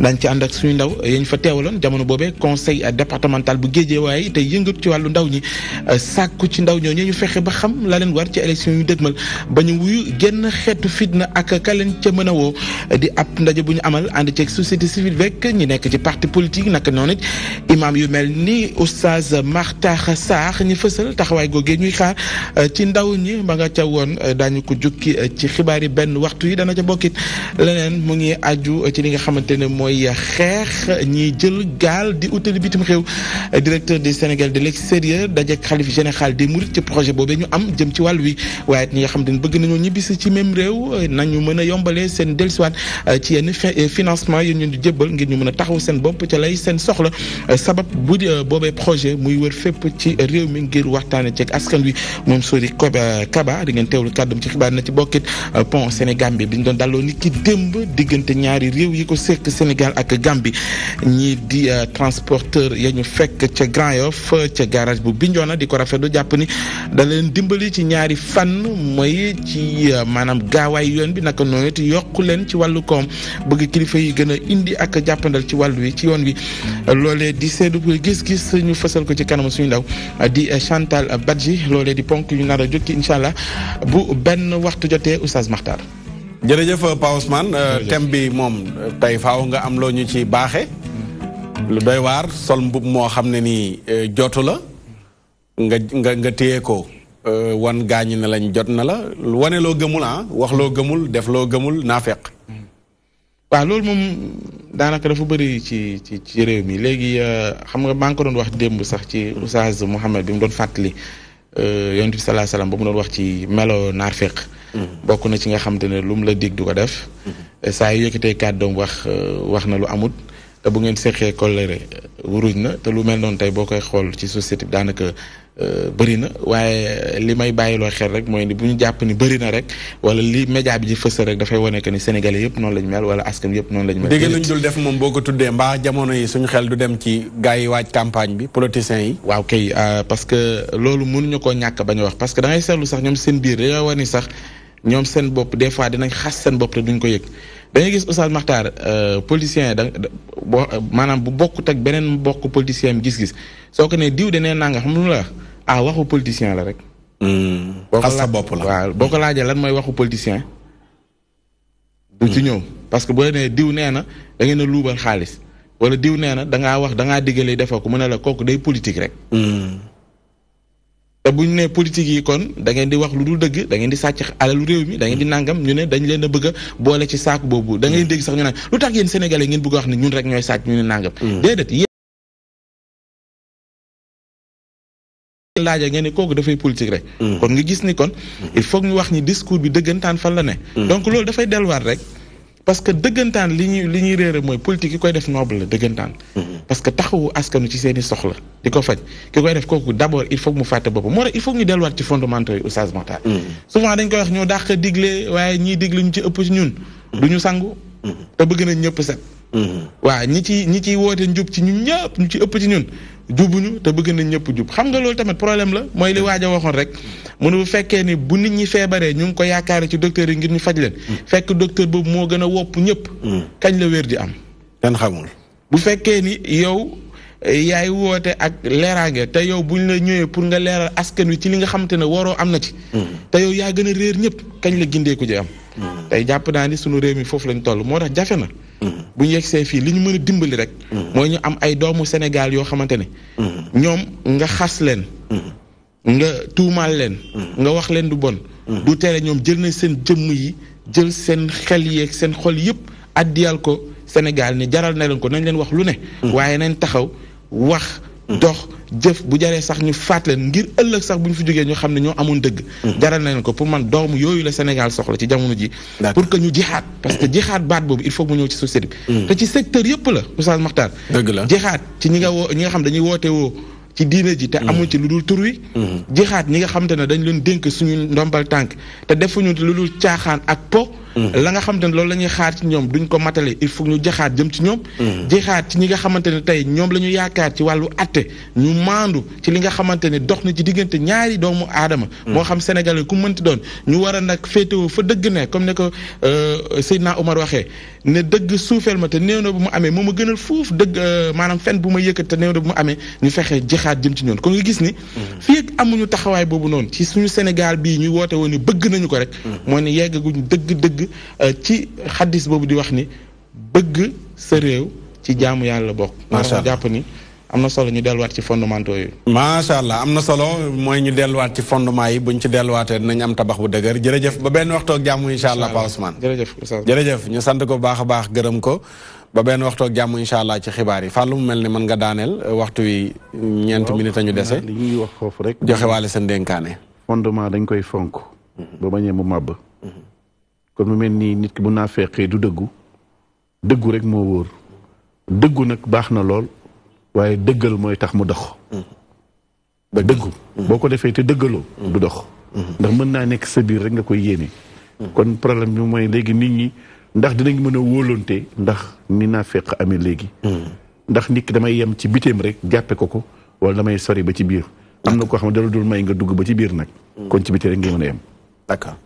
dañ ci ak suñu ndaw fa teewaloon jamono boobee conseil départemental bu Guédiawaye te yëngat ci wàllu ndaw ñi euh, sàkku ci ndaw ñooñu fexe ba xam la leen war ci élection yu dëgmal ba ñu wuyu genn xeetu fitna ak ka leen ca mën a woo di ab ndaje bu ñu amal ànd ceeg société civile beeg ñi nekk ci parti politique naka noonu it imaam yu mel ni oustaz Makhtar Sarr ñi fësal taxawaay googee ñuy xaar euh, ci ndaw ñi ba nga ca woon euh, daañu ko jukki ci xibaar yi benn waxtu yi dana ca bokkit leneen mu ngi aju ci li nga jël gaal di utali bitim réew directeur du Sénégal de l'extérieur daje xalif général des Mourides ci projet boobee ñu am jëm ci wàll wi waaye it ñi nga xam ne bëgg nañoo ñibbisi ci même réew nañu mën a yombalee seen euh, ci yenn euh, financement yi ñu jébbal ngir ñu mën a taxaw seen bopp ca lay seen soxla euh, sabab bu boobee projet muy wër fépp ci réew mi ngir waxtaane ceeg askan wi moom Sori Kaba di ngeen teewlu kàddum ci xibaar na ci bokkit pont Sénégal bi biñ doon dalloo nit ki démb diggante ñaari réew yi ko sekk Sénégal ak Gambie lii di euh, transporteur ya ñu fekk ca Grand Yoff ca garage bu Bignona di ko rafetlu jàpp ni da leen dimbali ci ñaari fan mooy ci euh, maanaam gaawaay yoon bi naka noonu it yokku leen ci wàllu koom bëgg kilifa yi gën a indi ak jàppandal ci wàllu wi ci yoon wi. loolee di seedu gis-gis ñu fësal ko ci kanam suñu ndaw di Chantal Badji loolee di ponk yu nar a jukki incha allah bu benn waxtu jotee Oustaz Makhtar. jërëjëf Pa Ousmane euh, bi moom tey faaw nga am loo ñu ci baaxe lu doy war sol mbub mo xamne ni eh, jotu la nga nga nga ko eh, wan gañ na lañ jot na la wane lo gëmul han ah, wax lo gëmul def lo gëmul naafeq waaw loolu moom daanaka dafa bëri ci ci ci rew mi léegi eh, xam nga maa ko doon wax demb sax ci oustaz mohammed bi mu doon fàttali yonent bi salaa salaam ba mu doon wax ci melo nafiq. Mm-hmm. bokku na ci nga xam te ne la deg du ko def mm-hmm. sa yekete yëkkatee wax wax na lu amut te bu ngeen seqee colère wuruj na te lu mel noonu tey boo koy xool ci société bi daanaka euh, bëri na waaye li may bàyyiloo xel rek mooy ni bu ñu jàpp ni bëri na rek wala li média bi di fësal rek dafay wane que ni sénégalais yëpp noonu lañ mel wala askam yëpp noonu lañ mel. dégg luñ dul def moom boo ko tuddee mbaa jamono yi suñu xel du dem ci gars yi waaj campagne bi politiciens yi. waaw kay euh, parce que loolu munuñu ko ñàkk bañ a wax parce que da seetlu sax ñoom seen biir dañoo wane sax ñoom seen bopp des fois dinañ xas seen bopp te duñ ko yëg. dañuy gis Oustaz Makhtar euh, politicien da boo maanaam bu bokkut ak beneen bokk politicien bi gis-gis soo ko nee diw de nee naa nga xam lu la ah waxu politicien la rek. Hmm. boo ko sa bopp la boo ko laajee lan mooy waxu politicien. bu ci hmm. ñëw parce que boo nee diw nee na da ngeen luubal xaalis wala diw nee na da ngaa wax dangaa ngaa diggale defoo ko mën ne la kooku day politique rek. Hmm. te bu ñu nee politique yi kon da ngeen di wax lu dul dëgg da ngeen di sàcc alalu réew mi da di nangam ñu ne dañ leen a bëgg a boole ci saak boobu da ngay dégg sax ñu naan lu tax yéen sénégalais ngeen bëgg a wax ne ñun rek ñooy sàcc ñu ne nàngam mm. déedéet laaja ngeen ni kooku dafay politique rek mm. kon nga gis ni kon mm. il faut ñu wax ni discours bi dëggantaan fan la ne donc loolu dafay delluwaat rek parce que dëggantaan li ñuy li ñuy réere mooy politique ki koy def noble la dëggantaan. Mm-hmm. parce que taxawu askanu ci seen i soxla. di ko faj ki koy def kooku d' abord il faut mu fàtte boppam moo tax il faut ñu delluwaat ci fondamentaux yi oustaz Makhtar. Mm-hmm. souvent dañ koy wax ñoo dàq digle waaye ñii digle ñu ci ëpp ci ñun. Mm-hmm. du ñu sangu. te bëgg nañ ñëpp set. Mm-hmm. waaw ñi ci ñi ciy woote njub ci ñun ñëpp ñu ci ëpp ci ñun jubuñu te bëgg nañ ñëpp jub xam nga loolu tamit problème la mooy li mm-hmm. waaja waxoon rek mu ne bu fekkee ni bu nit ñi feebaree ñu ngi ko yaakaare ci docteur yi ngir ñu faj leen mm-hmm. fekk docteur boobu moo gën a wopp ñëpp kañ la wér di am kenn xamul bu fekkee ni yow yaay woote ak leeraange te yow bu ñu la ñëwee pour nga leeral askan wi ci li nga xamante ne waroo am na ci. Mm. te yow yaa gën a réer ñëpp kañ la gindee ko ji am. Mm. tey jàpp naa ni sunu réew mi foofu lañ toll moo tax jafe na. Mm. bu ñu yegsee fii li ñu mën a dimbali rek. mooy ñu am ay doomu Sénégal yoo xamante ne. ñoom nga xas leen. nga tuumaal leen. nga wax leen du bon. du tere ñoom jël nañ seen jëmm yi jël seen xel yeeg seen xol yëpp addiyal ko Sénégal ne jaral na leen ko nañ leen wax lu ne. waaye nañ taxaw. wax dox jëf bu jaree sax ñu faat leen ngir ëllëg sax bu ñu fi jógee ñu xam ne ñoo amoon dëgg mm-hmm. jaral nañ ko pour man doomu yooyu la Sénégal soxla ci jamono ji pour que ñu jixaat parce jixaat baat boobu il faut mu ñëw ci société bi mm-hmm. te ci secteur yëpp la Oustaz Makhtar dëgg la jixaat ci ñi nga woo ñi nga xam dañuy woote woo ci diine ji te mm-hmm. amuñ ci lu dul tur wi jixaat ñi nga xam te ne dañ leen dénk suñu ndombal tànk te defuñu lu dul caaxaan ak po la nga xamante ne loolu la ñuy xaar ci ñoom duñ ko matale il faut ñu jaxaat jëm ci ñoom mm-hmm. jaxaat ci ñi nga xamante ne tey ñoom la ñu yaakaar ci wàllu atte ñu maandu ci li nga xamante ne dox na ci diggante ñaari doomu aadama mm-hmm. moo xam sénégalais ku mënti doon ñu war a nag féetewoo fa dëgg ne comme ne ko euh, Seydina Omar waxee ne dëgg suufeel ma te néew na bu mu amee moo ma gënal foofu dëgg euh, maanaam fen bu ma yëkk te néew na bu ma amee ñu fexe jaxaat jëm ci ñoom kon nga gis ni mm-hmm. fii ak amuñu taxawaay boobu noonu ci suñu Sénégal bii ñu woote woon ni bëgg nañu ko rek moo ne yeggaguñu dëgg dëgg dëgg euh, ci xaddis boobu di wax ni bëgg sa réew ci jaamu yàlla bokk. macha allah ni am na solo ñu delluwaat ci fondamentaux yooyu. macha allah am na solo mooy ñu delluwaat ci fondement yi buñ ci delluwaatee dinañ am tabax bu dëgër jërëjëf ba benn waxtu ak jàmm allah Pa Ousmane. jërëjëf jërëjëf ñu sant ko baax a baax gërëm ko. ba benn waxtu ak jàmm ci xibaar yi fàllu mu mel ni mën nga daaneel euh, waxtu wi ñeenti minutes ñu dese. li ñuy wax foofu rek. joxe seen dénkaane. fondement dañ koy fonk. Mhm. ba bañee màbb. kon mu mel nii nit ki bu naa fekkee du dëggu dëggu rek moo wóor dëggu nag baax na lool waaye dëggal mooy tax mu dox ba dëggu mm-hmm. boo ko defee te dëggaloo mm-hmm. du dox mm-hmm. ndax mën naa nekk sa biir rek nga koy yéene kon problème bi mooy léegi nit ñi ndax dinañ mën a wóolonte ndax ni naa fekk amee léegi ndax nit ki damay yem ci biteem rek jàppe ko ko wala damay sori ba ci biir am na koo xam ne dala dul may nga dugg ba ci biir nag kon ci biti rek ngay mën a yem d'accord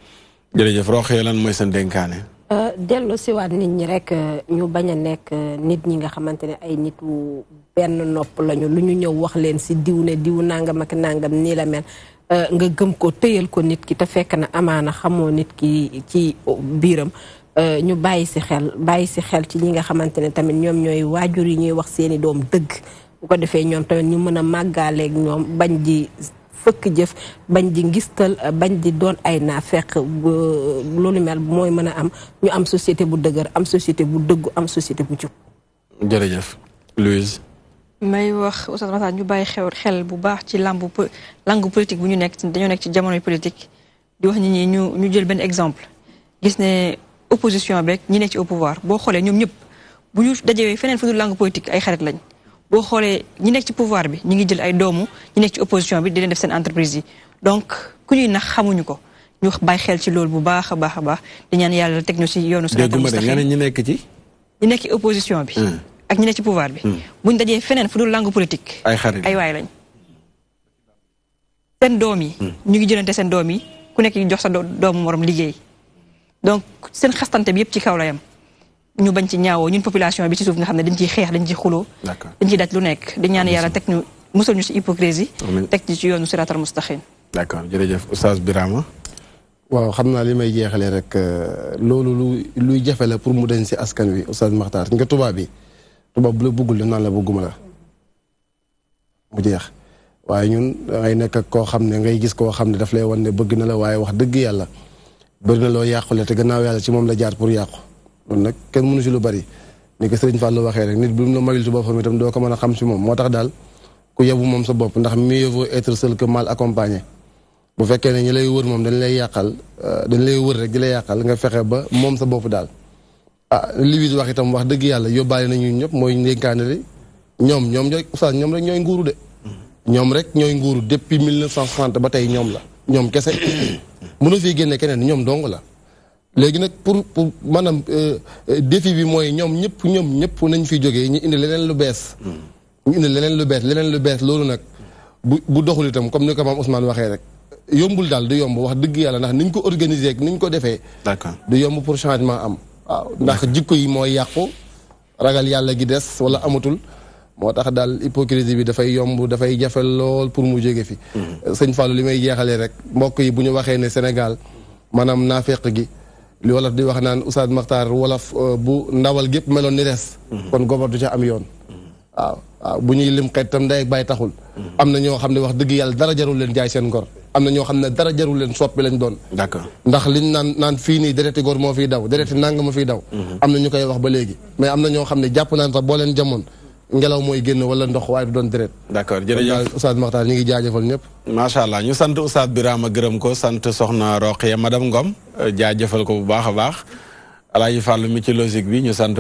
jërëjëf Roxee lan mooy seen dénkaane. Euh, dellu siwaat nit ñi rek euh, ñu bañ a nekk euh, nit ñi nga xamante ne ay nit wu benn nopp lañu lu ñu ñëw wax leen si diw ne diw nangam ak nangam nii la mel. nga gëm ko téyal ko nit ki te fekk na amaana xamoo nit ki ci biiram ñu bàyyi si xel bàyyi si xel ci ñi nga xamante ne tamit ñoom ñooy waajur yi ñuy wax seeni doom dëgg bu ko defee ñoom tamit ñu mën a màggaaleeg ñoom bañ ji fëkk jëf bañ di ngistal bañ di doon ay naafeq loolu mel mooy mën a am ñu am société bu dëgër am société bu dëggu am société bu jub. jërëjëf Louise. may wax Oustaz Makhtar ñu bàyyi xew xel bu baax ci làmbu langue politique bu ñu nekk dañoo nekk ci jamonoy politique di wax nit ñi ñu ñu jël benn exemple gis ne opposition beeg ñi nekk ci au pouvoir boo xoolee ñoom ñëpp bu ñu dajewee feneen fu dul langue politique ay xarit lañ boo xoolee ñi nekk ci pouvoir bi ñu ngi jël ay doomu ñi nekk ci opposition bi di leen def seen entreprise yi donc ku ñuy nax xamuñu ko ñu bàyyi xel ci loolu bu baax a baax a baax di ñaan yàlla teg ñu si yoonu siraatal mustaqiim nga ne ñi nekk ci ñi nekk ci opposition bi hmm. ak ñi nekk ci pouvoir bi hmm. buñ dajee feneen fu dul langue politique ay xarit ay waay lañ seen doom yi hmm. ñu ngi jëlante seen doom yi ku nekk jox sa doomu moroom liggéey donc seen xastante bi yëpp ci kaw la yam ñu bañ ci ñaawoo ñun population bi ci suuf nga xam ne dañ ciy xeex dañ ciy xuloo dañ ciy daj lu nekk di ñaan yàlla teg ñu musal ñu ci hypocrisie teg ci ci yoonu siratal mustaqim d' accord jërëjëf oustaz Birama waaw xam naa li may jeexalee rek loolu lu luy jafe la pour mu dañ si askan wi oustaz Maxtaar nga tubaab bi tubaab bu la buggul naan la bugguma la mu jeex waaye ñun dangay nekk ak koo xam ne ngay gis koo xam ne daf lay wan ne bëgg na la waaye wax dëgg yàlla bëri na loo yàqule te gannaaw yàlla ci moom la jaar pour yàqu loolu nag kenn mënu si lu bari ni ko sëriñ Fallou waxee rek nit bu mu la mayul si boppam itam doo ko mën a xam si moom moo tax daal ku yebu moom sa bopp ndax mieux vaut être seul que mal accompagné. bu fekkee ne ñi lay wër moom dañ lay yàqal euh, dañ lay wër rek di lay yàqal nga fexe ba moom sa bopp daal. ah li wis wax itam wax dëgg yàlla yóbbaale nañu ñëpp mooy ndénkaane li ñoom ñoom ñooy oustaz ñoom rek ñooy nguuru de. ñoom rek ñooy nguuru depuis 1960 ba tey ñoom la ñoom kese mënu fi génne keneen ñoom dong la. léegi nag pour pour maanaam euh, euh, défi bi mooy ñoom ñëpp ñoom ñëpp nañ fi jógee ñu indi leneen lu bees. Hmm. ñu indi leneen lu bees leneen lu bees loolu nag bu bu doxul itam comme ni ko maam Ousmane waxee rek yombul daal du yomb wax dëgg yàlla ndax niñ ko organiser ak niñ ko defee. d'accord du yomb pour changement am. waaw ndax jikko yi mooy yàqu ragal yàlla gi des wala amatul moo tax daal hypocrisie bi dafay yomb dafay jafe lool pour mu jóge fi. Hmm. sëñ Fallou li may jeexalee rek mbokk yi bu ñu waxee ne Sénégal maanaam naafeq gi. li wolof di wax naan Oustaz Makhtar wolof euh, bu ndawal gépp meloon ni res mhm. kon gobar du ca am yoon mhm. waaw bu ñuy lim xeet tam ndey ak baay taxul mhm. am na ñoo xam ne wax dëgg yàlla dara jarul leen jaay seen ngor am na ñoo xam ne dara jarul leen soppi lañ doon d'accord ndax liñ naan naan fii nii dereti góor moo fiy daw dereti nang ma fi daw am na ñu koy wax ba léegi mais am na ñoo xam ne jàpp naan sax boo leen jamoon ngelaw mooy génn wala ndox waaye du doon deret. d'accord jërëjëf Oustaz Makhtar ñu ngi jaajëfal ñëpp. macha allah ñu sant Oustaz Birama gërëm ko sant soxna Roqiya madame Ngom jaajëfal ko bu baax a baax Alaaji Fàllu mi ci logique bi ñu sant.